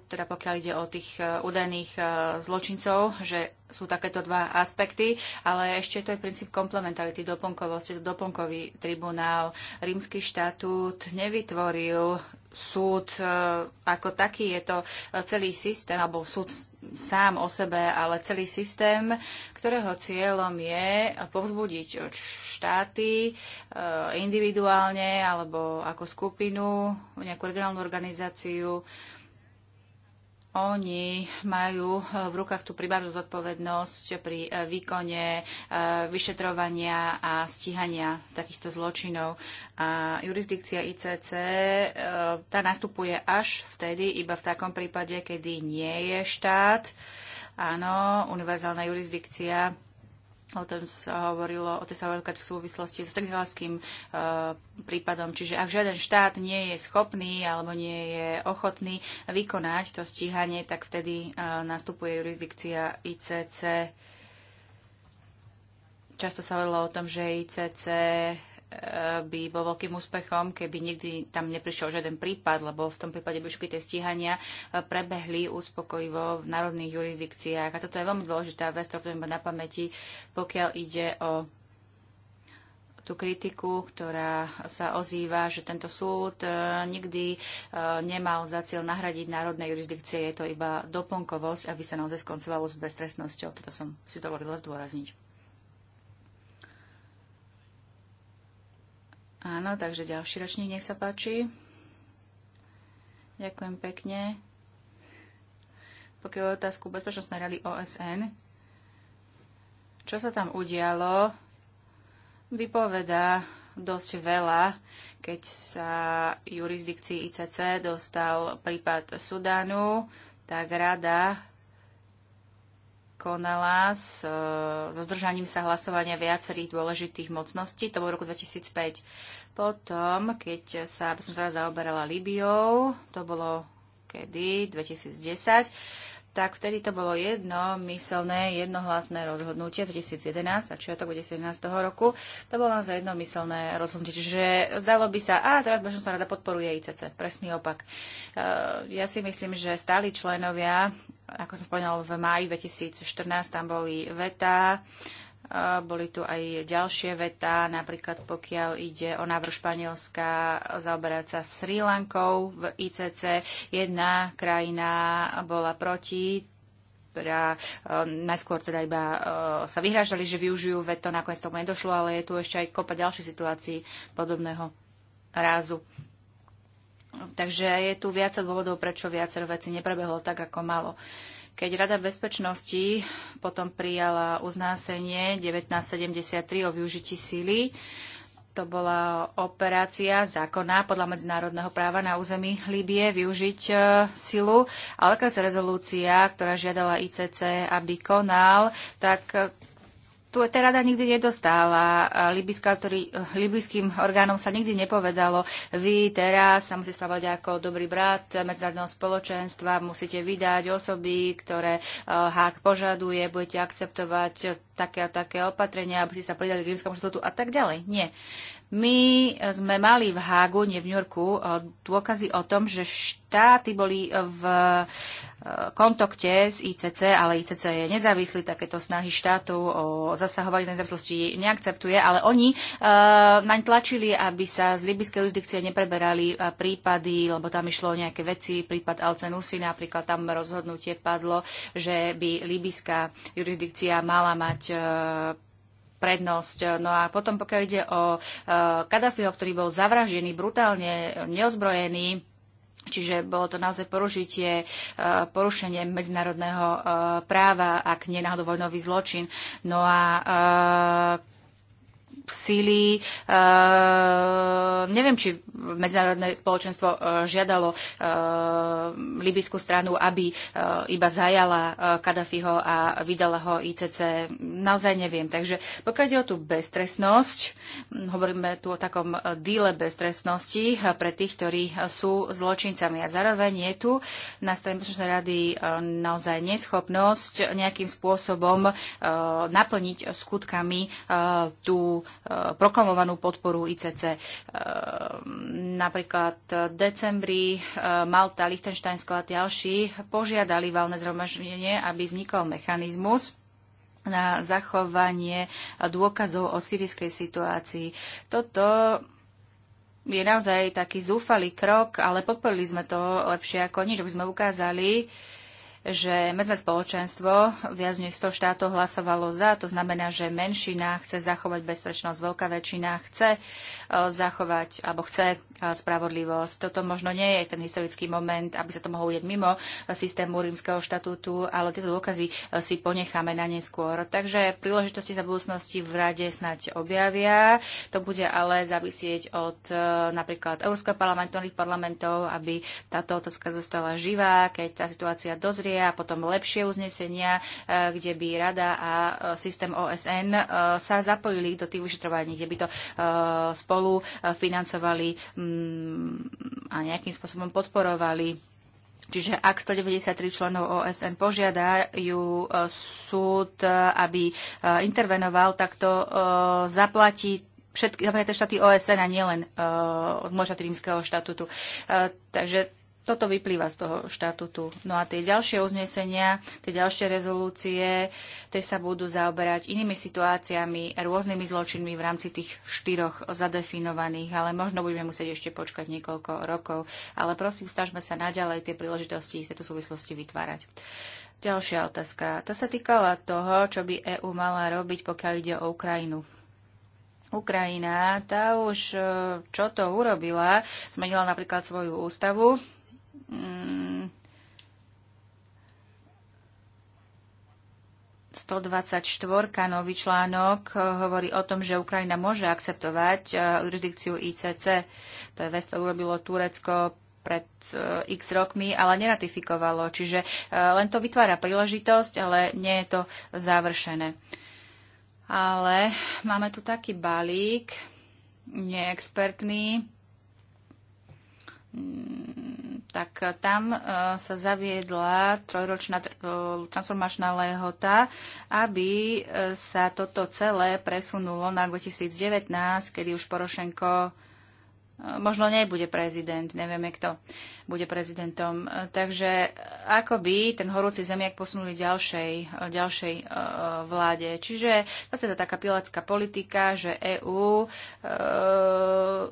teda pokiaľ ide o tých eh, údajných eh, zločincov, že sú takéto dva aspekty, ale ešte to je princíp komplementarity, doplnkovosti, doplnkový tribunál. Rímsky štatút nevytvoril súd e, ako taký, je to e, celý systém, alebo súd sám o sebe, ale celý systém, ktorého cieľom je povzbudiť štáty e, individuálne alebo ako skupinu, nejakú regionálnu organizáciu, oni majú eh, v rukách tú primárnu zodpovednosť pri eh, výkone eh, vyšetrovania a stíhania takýchto zločinov. A jurisdikcia ICC tá nastupuje až vtedy, iba v takom prípade, kedy nie je štát. Áno, univerzálna jurisdikcia O tom sa hovorilo, o tej sa hovorilo v súvislosti s Trngalským uh, e, prípadom. Čiže ak žiaden štát nie je schopný alebo nie je ochotný vykonať to stíhanie, tak vtedy uh, nastupuje jurisdikcia ICC. Často sa hovorilo o tom, že ICC by bol veľkým úspechom, keby nikdy tam neprišiel žiaden prípad, lebo v tom prípade by všetky tie stíhania e, prebehli uspokojivo v národných jurisdikciách. A toto je veľmi dôležitá vec, ktorú treba na pamäti, pokiaľ ide o tú kritiku, ktorá sa ozýva, že tento súd e, nikdy e, nemal za cieľ nahradiť národné jurisdikcie. Je to iba doplnkovosť, aby sa naozaj skoncovalo s beztrestnosťou. Toto som si dovolila zdôrazniť. Áno, takže ďalší ročník, nech sa páči. Ďakujem pekne. Pokiaľ otázku Bezpečnostnej rady OSN, čo sa tam udialo, vypovedá dosť veľa, keď sa jurisdikcii ICC dostal prípad Sudánu, tak rada konala s, e, so zdržaním sa hlasovania viacerých dôležitých mocností. To bolo v roku 2005. Potom, keď sa, som sa zaoberala Libiou, to bolo kedy? 2010 tak vtedy to bolo jednomyselné, jednohlasné rozhodnutie v 2011, začiatok 2011 roku. To bolo naozaj jednomyselné rozhodnutie, čiže zdalo by sa, a teraz sa rada podporuje ICC, presný opak. E, ja si myslím, že stáli členovia ako som spomínal, v máji 2014 tam boli veta, e, boli tu aj ďalšie veta, napríklad pokiaľ ide o návrh Španielska zaoberať sa Sri Lankou v ICC. Jedna krajina bola proti, ktorá teda, e, najskôr teda iba e, sa vyhrážali, že využijú veto, nakoniec tomu nedošlo, ale je tu ešte aj kopa ďalších situácií podobného rázu. Takže je tu viac dôvodov, prečo viacero veci neprebehlo tak, ako malo. Keď Rada bezpečnosti potom prijala uznásenie 1973 o využití síly, to bola operácia zákona podľa medzinárodného práva na území Líbie využiť silu. Ale keď rezolúcia, ktorá žiadala ICC, aby konal, tak tu tá rada nikdy nedostala. Libyským orgánom sa nikdy nepovedalo, vy teraz sa musí správať ako dobrý brat medzinárodného spoločenstva, musíte vydať osoby, ktoré e, hák požaduje, budete akceptovať také a také opatrenia, aby ste sa pridali k rímskom štatútu a tak ďalej. Nie. My sme mali v Hágu, nie v Ňurku, e, dôkazy o tom, že štáty boli v kontakte s ICC, ale ICC je nezávislý, takéto snahy štátu o zasahovanie nezávislosti neakceptuje, ale oni uh, naň tlačili, aby sa z libyskej jurisdikcie nepreberali e, prípady, lebo tam išlo o nejaké veci, prípad Alcenusy, napríklad, tam rozhodnutie padlo, že by libyská jurisdikcia mala mať uh, prednosť. No a potom, pokiaľ ide o Kadafiho, ktorý bol zavraždený brutálne, neozbrojený, Čiže bolo to naozaj porušitie, e, porušenie medzinárodného e, práva, ak nie náhodou vojnový zločin. No a e, síly. E, neviem, či medzinárodné spoločenstvo e, žiadalo e, libyskú stranu, aby e, iba zajala Kadafiho a vydala ho ICC, naozaj neviem. Takže pokiaľ ide o tú bestresnosť, hovoríme tu o takom díle bestresnosti pre tých, ktorí sú zločincami a zároveň je tu na strane bezpečnostnej rady naozaj neschopnosť nejakým spôsobom naplniť skutkami tú proklamovanú podporu ICC napríklad decembri e, Malta, Lichtensteinsko a ďalší požiadali valné zhromaždenie, aby vznikol mechanizmus na zachovanie dôkazov o syrijskej situácii. Toto je naozaj taký zúfalý krok, ale poporili sme to lepšie ako nič, aby sme ukázali, uh, že medzné spoločenstvo viac než 100 štátov hlasovalo za, to znamená, že menšina chce zachovať bezpečnosť, veľká väčšina chce e, zachovať alebo chce e, spravodlivosť. Toto možno nie je ten historický moment, aby sa to mohlo udeť mimo e, systému rímskeho štatútu, ale tieto dôkazy si ponecháme na neskôr. Takže príležitosti za budúcnosti v rade snať objavia. To bude ale závisieť od napríklad Európskeho parlamentu, parlamentov, aby táto otázka zostala živá, keď tá situácia dozrie uznesenia a potom lepšie uznesenia, e, kde by rada a e, systém OSN e, sa zapojili do tých vyšetrovaní, kde by to spolu financovali mm, a nejakým spôsobom podporovali Čiže ak 193 členov OSN požiadajú súd, aby intervenoval, tak to zaplatí všetky Spojené štáty OSN a nielen uh, od Možatrímskeho štatútu. Uh, takže toto vyplýva z toho štatutu. No a tie ďalšie uznesenia, tie ďalšie rezolúcie, tie sa budú zaoberať inými situáciami, rôznymi zločinmi v rámci tých štyroch zadefinovaných, ale možno budeme musieť ešte počkať niekoľko rokov. Ale prosím, stažme sa naďalej tie príležitosti v tejto súvislosti vytvárať. Ďalšia otázka. Tá sa týkala toho, čo by EÚ mala robiť, pokiaľ ide o Ukrajinu. Ukrajina, tá už čo to urobila, zmenila napríklad svoju ústavu, 124. Mm. nový článok eh, hovorí o tom, že Ukrajina môže akceptovať eh, jurisdikciu ICC. To je vec, to urobilo Turecko pred eh, x rokmi, ale neratifikovalo. Čiže len to vytvára príležitosť, ale nie je to završené. Ale máme tu taký balík neexpertný, mm, tak e, tam e, sa zaviedla trojročná e, transformačná lehota, aby sa toto celé presunulo na 2019, kedy už Porošenko možno nebude prezident, nevieme kto. Uh, bude prezidentom. E, takže ako by ten horúci zemiak posunuli ďalšej, e, ďalšej e, vláde. Čiže zase tá taká pilácká politika, že EÚ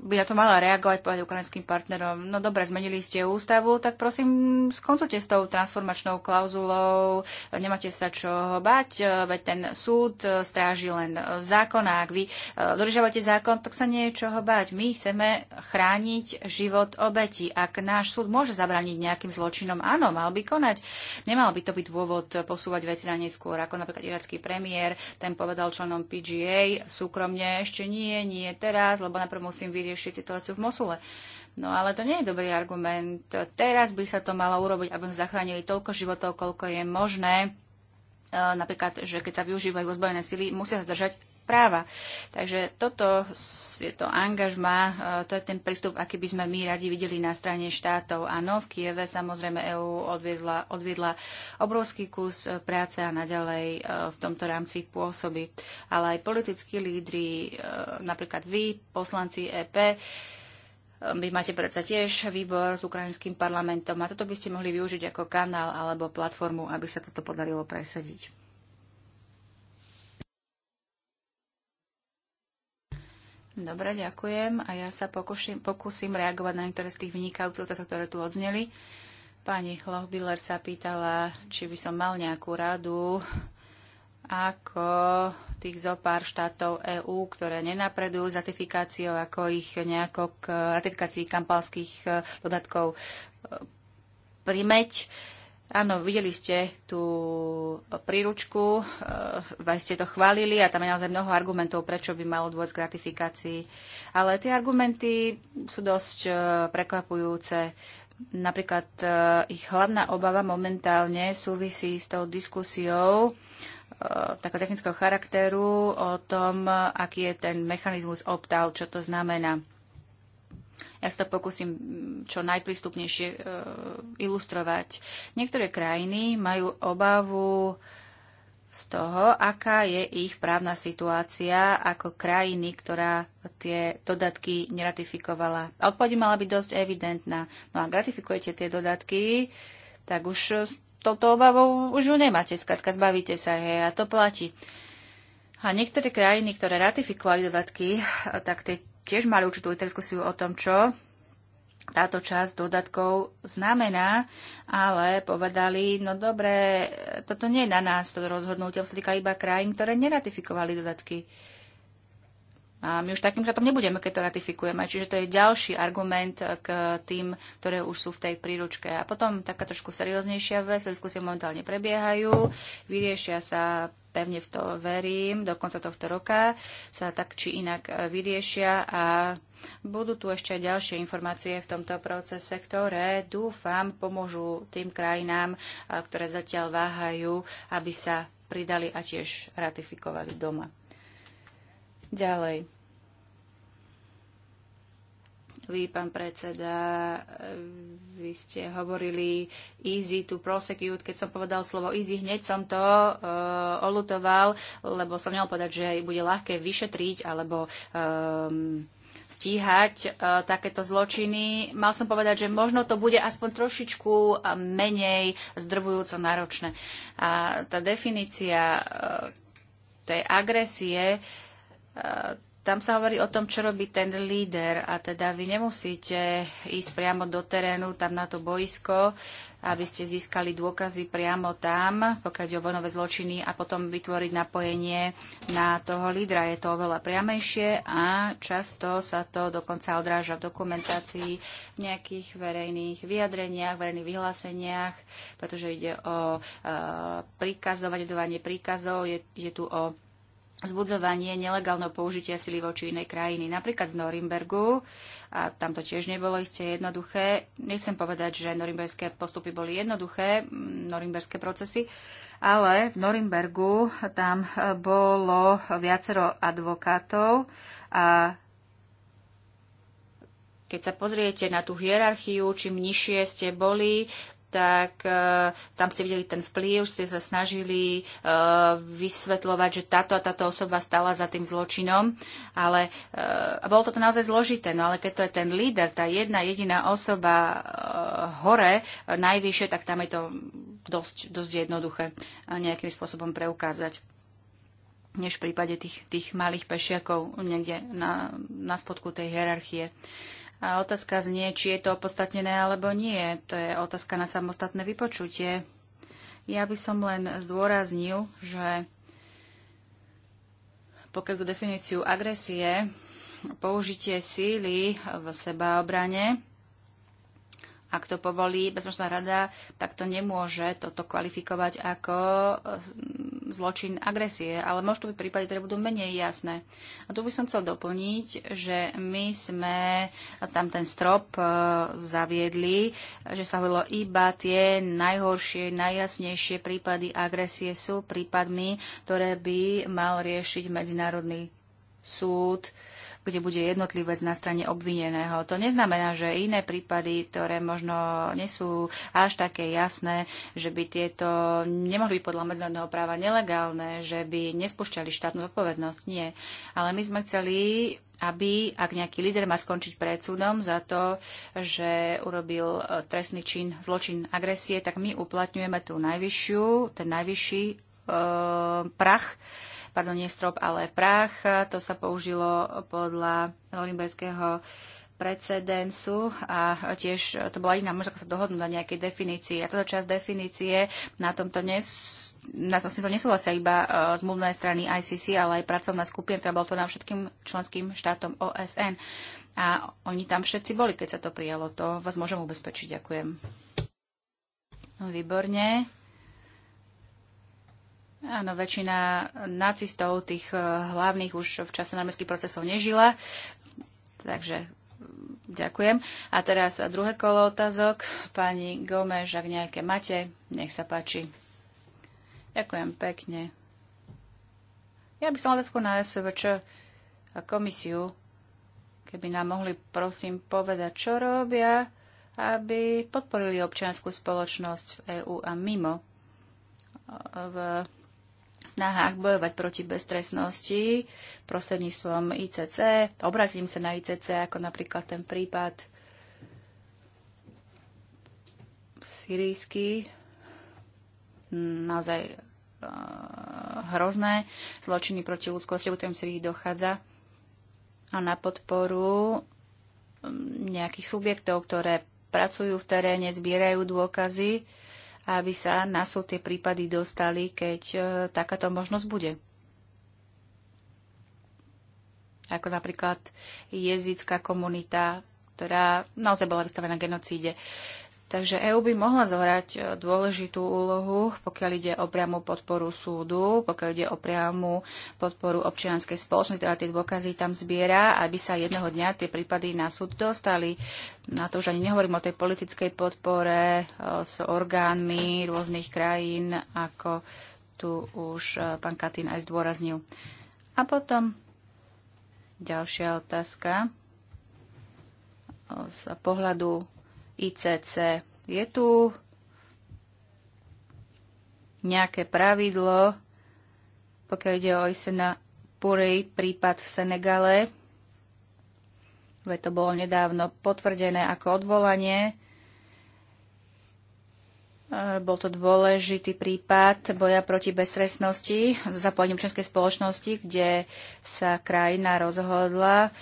by na to mala reagovať povedať ukrajinským partnerom. No dobre, zmenili ste ústavu, tak prosím skoncujte s tou transformačnou klauzulou, nemáte sa čo bať, veď ten súd stráži len zákon a ak vy dodržiavate zákon, tak sa nie je čoho bať. My chceme chrániť život obeti. Ak náš súd súd môže zabrániť nejakým zločinom. Áno, mal by konať. Nemal by to byť dôvod posúvať veci na neskôr, ako napríklad iracký premiér, ten povedal členom PGA súkromne ešte nie, nie teraz, lebo najprv musím vyriešiť situáciu v Mosule. No ale to nie je dobrý argument. Teraz by sa to malo urobiť, aby sme zachránili toľko životov, koľko je možné e, napríklad, že keď sa využívajú ozbrojené sily, musia zdržať práva. Takže toto je to angažma, e, to je ten prístup, aký by sme my radi videli na strane štátov. Áno, v Kieve samozrejme EÚ odviedla, odviedla obrovský kus e, práce a naďalej e, v tomto rámci pôsoby. Ale aj politickí lídri, napríklad vy, poslanci EP, vy máte predsa tiež výbor s ukrajinským parlamentom a toto by ste mohli využiť ako kanál alebo platformu, aby sa toto podarilo presadiť. Dobre, ďakujem. A ja sa pokuším, pokúsim reagovať na niektoré z tých vynikajúcich otázok, ktoré tu odzneli. Pani Lohbiller sa pýtala, či by som mal nejakú radu, ako tých zo pár štátov EÚ, ktoré nenapredujú s ratifikáciou, ako ich nejako k ratifikácii kampalských eh, dodatkov eh, primeť. Uh, Áno, videli ste tú príručku, vás eh, ste to chválili a tam je naozaj mnoho argumentov, prečo by malo dôjsť k ratifikácii. Ale tie argumenty sú dosť eh, prekvapujúce. Napríklad eh, ich hlavná obava momentálne súvisí s tou diskusiou takého technického charakteru o tom, aký je ten mechanizmus opt-out, čo to znamená. Ja sa to pokúsim mm, čo najprístupnejšie e, ilustrovať. Niektoré krajiny majú obavu z toho, aká je ich právna situácia ako krajiny, ktorá tie dodatky neratifikovala. odpoveď mala byť dosť evidentná. No a gratifikujete tie dodatky, tak už s touto obavou už ju nemáte, skratka zbavíte sa jej a to platí. A niektoré krajiny, ktoré ratifikovali dodatky, tak tie tiež mali určitú diskusiu o tom, čo táto časť dodatkov znamená, ale povedali, no dobre, toto nie je na nás, toto rozhodnutie sa týka iba krajín, ktoré neratifikovali dodatky. A my už takým štátom nebudeme, keď to ratifikujeme. Čiže to je ďalší argument k tým, ktoré už sú v tej príručke. A potom taká trošku serióznejšia vec, diskusie momentálne prebiehajú, vyriešia sa pevne v to verím, do konca tohto roka sa tak či inak e, vyriešia a budú tu ešte ďalšie informácie v tomto procese, ktoré dúfam pomôžu tým krajinám, e, ktoré zatiaľ váhajú, aby sa pridali a tiež ratifikovali doma. Ďalej. Vy, pán predseda, vy ste hovorili easy to prosecute. Keď som povedal slovo easy, hneď som to uh, olutoval, lebo som mal povedať, že bude ľahké vyšetriť alebo um, stíhať uh, takéto zločiny. Mal som povedať, že možno to bude aspoň trošičku eh, menej zdrvujúco náročné. A tá definícia uh, tej agresie uh, tam sa hovorí o tom, čo robí ten líder a teda vy nemusíte ísť priamo do terénu, tam na to boisko, aby ste získali dôkazy priamo tam, pokiaľ je o vojnové zločiny a potom vytvoriť napojenie na toho lídra. Je to oveľa priamejšie a často sa to dokonca odráža v dokumentácii, v nejakých verejných vyjadreniach, verejných vyhláseniach, pretože ide o e, príkazov, príkazov, je, je tu o vzbudzovanie nelegálneho použitia sily voči inej krajiny. Napríklad v Norimbergu, a tam to tiež nebolo isté jednoduché, nechcem povedať, že norimberské postupy boli jednoduché, mm, norimberské procesy, ale v Norimbergu tam e, bolo viacero advokátov a keď sa pozriete na tú hierarchiu, čím nižšie ste boli, tak e, tam ste videli ten vplyv, ste sa snažili e, vysvetľovať, že táto a táto osoba stala za tým zločinom, ale e, a bolo to naozaj zložité, no ale keď to je ten líder, tá jedna jediná osoba hore, najvyššie, tak tam je to dosť, dosť jednoduché nejakým spôsobom preukázať než v prípade tých, tých malých pešiakov niekde na, na spodku tej hierarchie. Uh, a otázka znie, či je to opodstatnené alebo nie. To je otázka na samostatné vypočutie. Ja by som len zdôraznil, že pokiaľ tú definíciu agresie, použitie síly v sebaobrane, ak to povolí Bezpečná rada, tak to nemôže toto kvalifikovať ako zločin agresie, ale môžu to byť prípady, ktoré teda budú menej jasné. A tu by som chcel doplniť, že my sme tam ten strop e, zaviedli, že sa hovorilo iba tie najhoršie, najjasnejšie prípady agresie sú prípadmi, ktoré by mal riešiť Medzinárodný súd kde bude jednotlivec na strane obvineného. To neznamená, že iné prípady, ktoré možno nie sú až také jasné, že by tieto nemohli byť podľa medzinárodného práva nelegálne, že by nespúšťali štátnu odpovednosť. Nie. Ale my sme chceli aby, ak nejaký líder má skončiť pred súdom za to, že urobil e, trestný čin, zločin agresie, tak my uplatňujeme tú najvyššiu, ten najvyšší e, prach, pardon, nie strop, ale prach. To sa použilo podľa norimberského precedensu a tiež to bola iná možnosť sa dohodnúť na nejakej definícii. A táto časť definície na tomto nes na to si to nesúhlasia iba z e, zmluvné strany ICC, ale aj pracovná skupina, ktorá bola to na všetkým členským štátom OSN. A oni tam všetci boli, keď sa to prijalo. To vás môžem ubezpečiť. Ďakujem. Výborne. Áno, väčšina nacistov, tých eh, hlavných už v čase námestských procesov nežila, takže ďakujem. A teraz druhé kolo otázok. Pani Gomeš, ak nejaké máte, nech sa páči. Ďakujem pekne. Ja by som otázku na SVČ a komisiu, keby nám mohli prosím povedať, čo robia, aby podporili občianskú spoločnosť v EÚ a mimo eh, v snahách bojovať proti beztresnosti prostredníctvom ICC. Obratím sa na ICC, ako napríklad ten prípad syrijský, naozaj uh, hrozné zločiny proti ľudskosti, u ktorým si Syrii dochádza. A na podporu nejakých subjektov, ktoré pracujú v teréne, zbierajú dôkazy, aby sa na súd tie prípady dostali, keď e, takáto možnosť bude. Ako napríklad jezická komunita, ktorá naozaj bola vystavená genocíde. Uh, Takže EÚ by mohla zohrať e, dôležitú úlohu, pokiaľ ide o priamu podporu súdu, pokiaľ ide o priamu podporu občianskej spoločnosti, ktorá tie dôkazy tam zbiera, aby sa jedného dňa tie prípady na súd dostali. Na to už ani nehovorím o tej politickej podpore e, s orgánmi rôznych krajín, ako tu už e, pán Katín aj zdôraznil. A potom ďalšia otázka z pohľadu ICC. Je tu nejaké pravidlo, pokiaľ ide o Isena Puri, prípad v Senegale, veď to bolo nedávno potvrdené ako odvolanie. E, bol to dôležitý prípad boja proti bezresnosti so zapojením občianskej spoločnosti, kde sa krajina rozhodla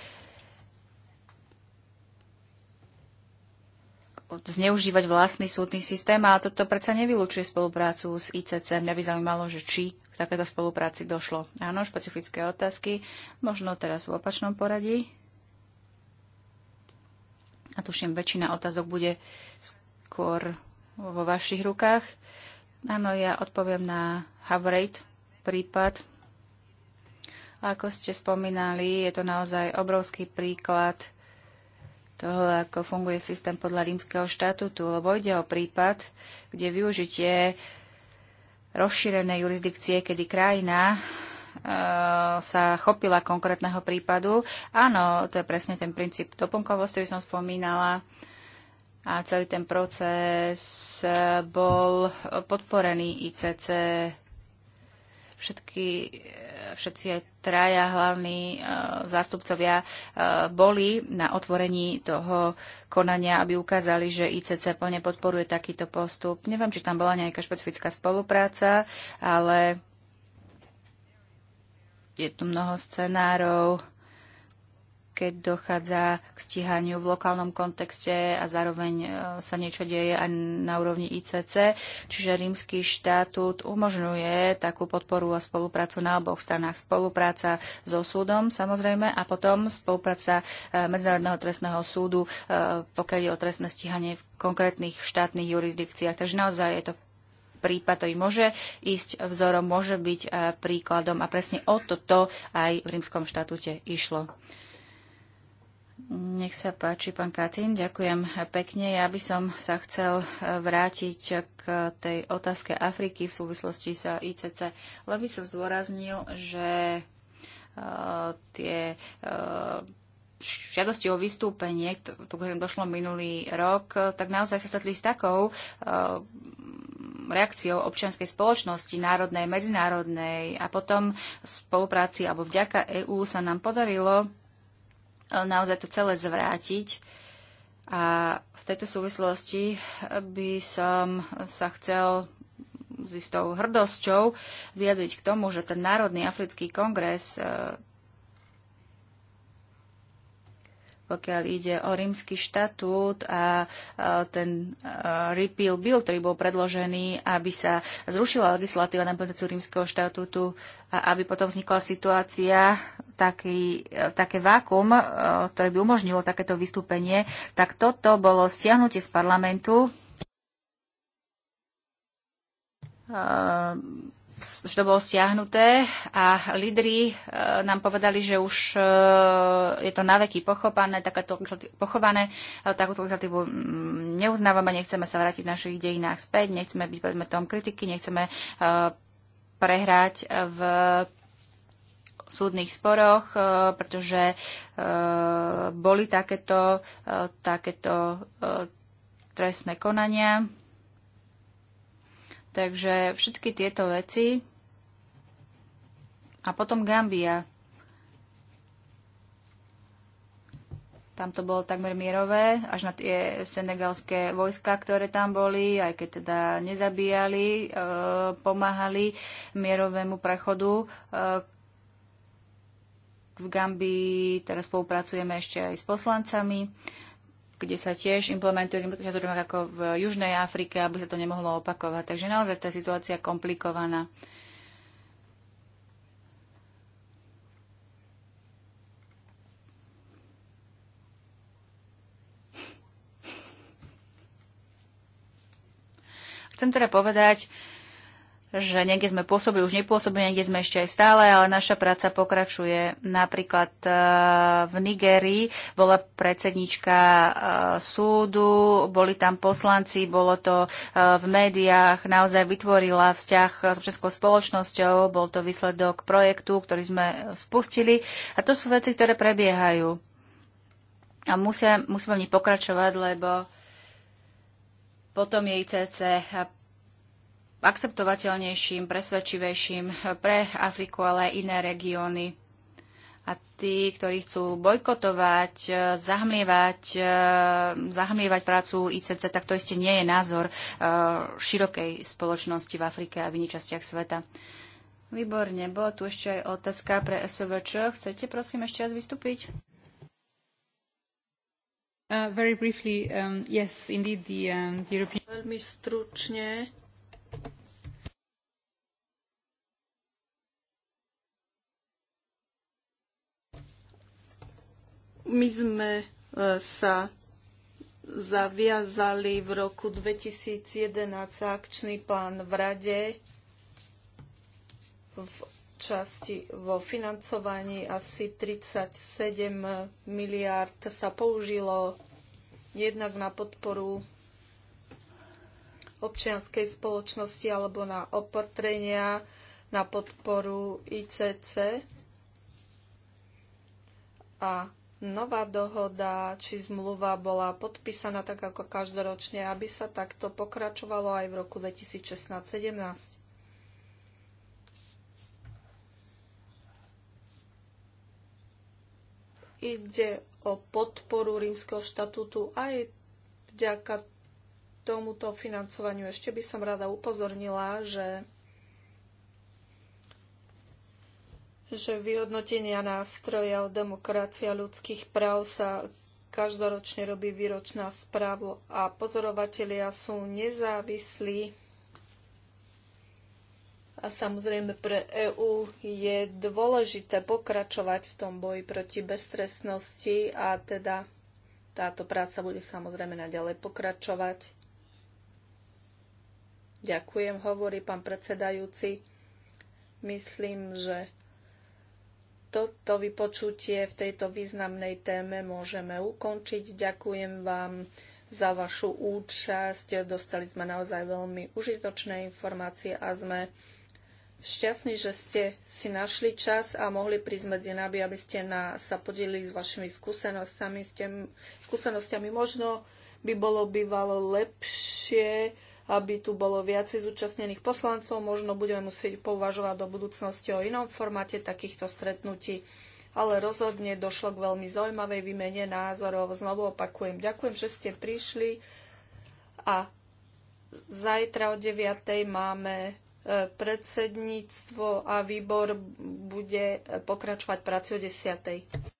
zneužívať vlastný súdny systém, ale toto predsa nevylučuje spoluprácu s ICC. Mňa by zaujímalo, že či k takéto spolupráci došlo. Áno, špecifické otázky, možno teraz v opačnom poradí. A tuším, väčšina otázok bude skôr vo vašich rukách. Áno, ja odpoviem na Havrate prípad. ako ste spomínali, je to naozaj obrovský príklad toho, ako funguje systém podľa rímskeho štatútu, lebo ide o prípad, kde využitie rozšírenej jurisdikcie, kedy krajina e, sa chopila konkrétneho prípadu. Áno, to je presne ten princíp doplnkovosti, ktorý som spomínala. A celý ten proces bol podporený ICC všetky, e, všetci aj traja hlavní e, zástupcovia e, boli na otvorení toho konania, aby ukázali, že ICC plne podporuje takýto postup. Neviem, či tam bola nejaká špecifická spolupráca, ale je tu mnoho scenárov keď dochádza k stíhaniu v lokálnom kontexte a zároveň e, sa niečo deje aj na úrovni ICC. Čiže rímsky štatút umožňuje takú podporu a spoluprácu na oboch stranách. Spolupráca so súdom samozrejme a potom spolupráca e, Medzinárodného trestného súdu, e, pokiaľ je o trestné stíhanie v konkrétnych štátnych jurisdikciách. Takže naozaj je to prípad, ktorý môže ísť vzorom, môže byť príkladom a presne o toto aj v rímskom štatúte išlo. Nech sa páči, pán Katin, ďakujem pekne. Ja by som sa chcel e, vrátiť k tej otázke Afriky v súvislosti s ICC. Len by som zdôraznil, že uh, tie uh, žiadosti o vystúpenie, to ktorým došlo minulý rok, tak naozaj sa stretli s takou uh, reakciou občianskej spoločnosti, národnej, medzinárodnej a potom v spolupráci alebo vďaka EÚ sa nám podarilo naozaj to celé zvrátiť. A v tejto súvislosti by som sa chcel s istou hrdosťou vyjadriť k tomu, že ten Národný africký kongres, e, pokiaľ ide o rímsky štatút a e, ten e, repeal bill, ktorý bol predložený, aby sa zrušila legislatíva na implementáciu rímskeho štatútu a aby potom vznikla situácia, taký, e, také vákum, e, ktoré by umožnilo takéto vystúpenie, tak toto bolo stiahnutie z parlamentu e, že to bolo stiahnuté a lídry nám povedali, že už je to naveky pochopané, takéto pochované, takúto legislatívu mm, neuznávame, nechceme sa vrátiť v našich dejinách späť, nechceme byť predmetom kritiky, nechceme prehrať v súdnych sporoch, e, pretože e, boli takéto, e, takéto trestné konania. Takže všetky tieto veci. A potom Gambia. Tam to bolo takmer mierové, až na tie senegalské vojska, ktoré tam boli, aj keď teda nezabíjali, pomáhali mierovému prechodu v Gambii teraz spolupracujeme ešte aj s poslancami, kde sa tiež implementujú indikátory ako v Južnej Afrike, aby sa to nemohlo opakovať. Takže naozaj tá situácia komplikovaná. Chcem teda povedať, že niekde sme pôsobili, už nepôsobili, niekde sme ešte aj stále, ale naša práca pokračuje. Napríklad e, v Nigerii bola predsednička e, súdu, boli tam poslanci, bolo to e, v médiách, naozaj vytvorila vzťah s všetkou spoločnosťou, bol to výsledok projektu, ktorý sme spustili a to sú veci, ktoré prebiehajú. A musia, musíme v nich pokračovať, lebo potom je CC akceptovateľnejším, presvedčivejším pre Afriku, ale aj iné regióny. A tí, ktorí chcú bojkotovať, e, zahmlievať, e, zahmlievať prácu ICC, tak to iste nie je názor e, širokej spoločnosti v Afrike a v iných častiach sveta. Výborne, bola tu ešte aj otázka pre SVČ. Chcete prosím ešte raz vystúpiť? Uh, very briefly, um, yes, indeed, the, um, the European... Veľmi stručne, My sme e, sa zaviazali v roku 2011 akčný plán v Rade v časti vo financovaní asi 37 miliard sa použilo jednak na podporu občianskej spoločnosti alebo na opatrenia na podporu ICC a nová dohoda či zmluva bola podpísaná tak ako každoročne, aby sa takto pokračovalo aj v roku 2016-17. ide o podporu rímskeho štatútu aj vďaka tomuto financovaniu. Ešte by som rada upozornila, že že vyhodnotenia nástroja o demokracia ľudských práv sa každoročne robí výročná správa a pozorovatelia sú nezávislí. A samozrejme pre EÚ je dôležité pokračovať v tom boji proti beztrestnosti a teda táto práca bude samozrejme naďalej pokračovať. Ďakujem, hovorí pán predsedajúci. Myslím, že toto vypočutie v tejto významnej téme môžeme ukončiť. Ďakujem vám za vašu účasť. Dostali sme naozaj veľmi užitočné informácie a sme šťastní, že ste si našli čas a mohli prísť medzi nami, aby ste na, sa podelili s vašimi skúsenostiami. Ste, skúsenostiami možno by bolo bývalo lepšie aby tu bolo viacej zúčastnených poslancov. Možno budeme musieť pouvažovať do budúcnosti o inom formáte takýchto stretnutí. Ale rozhodne došlo k veľmi zaujímavej výmene názorov. Znovu opakujem, ďakujem, že ste prišli a zajtra o 9.00 máme e, predsedníctvo a výbor bude pokračovať práci o 10.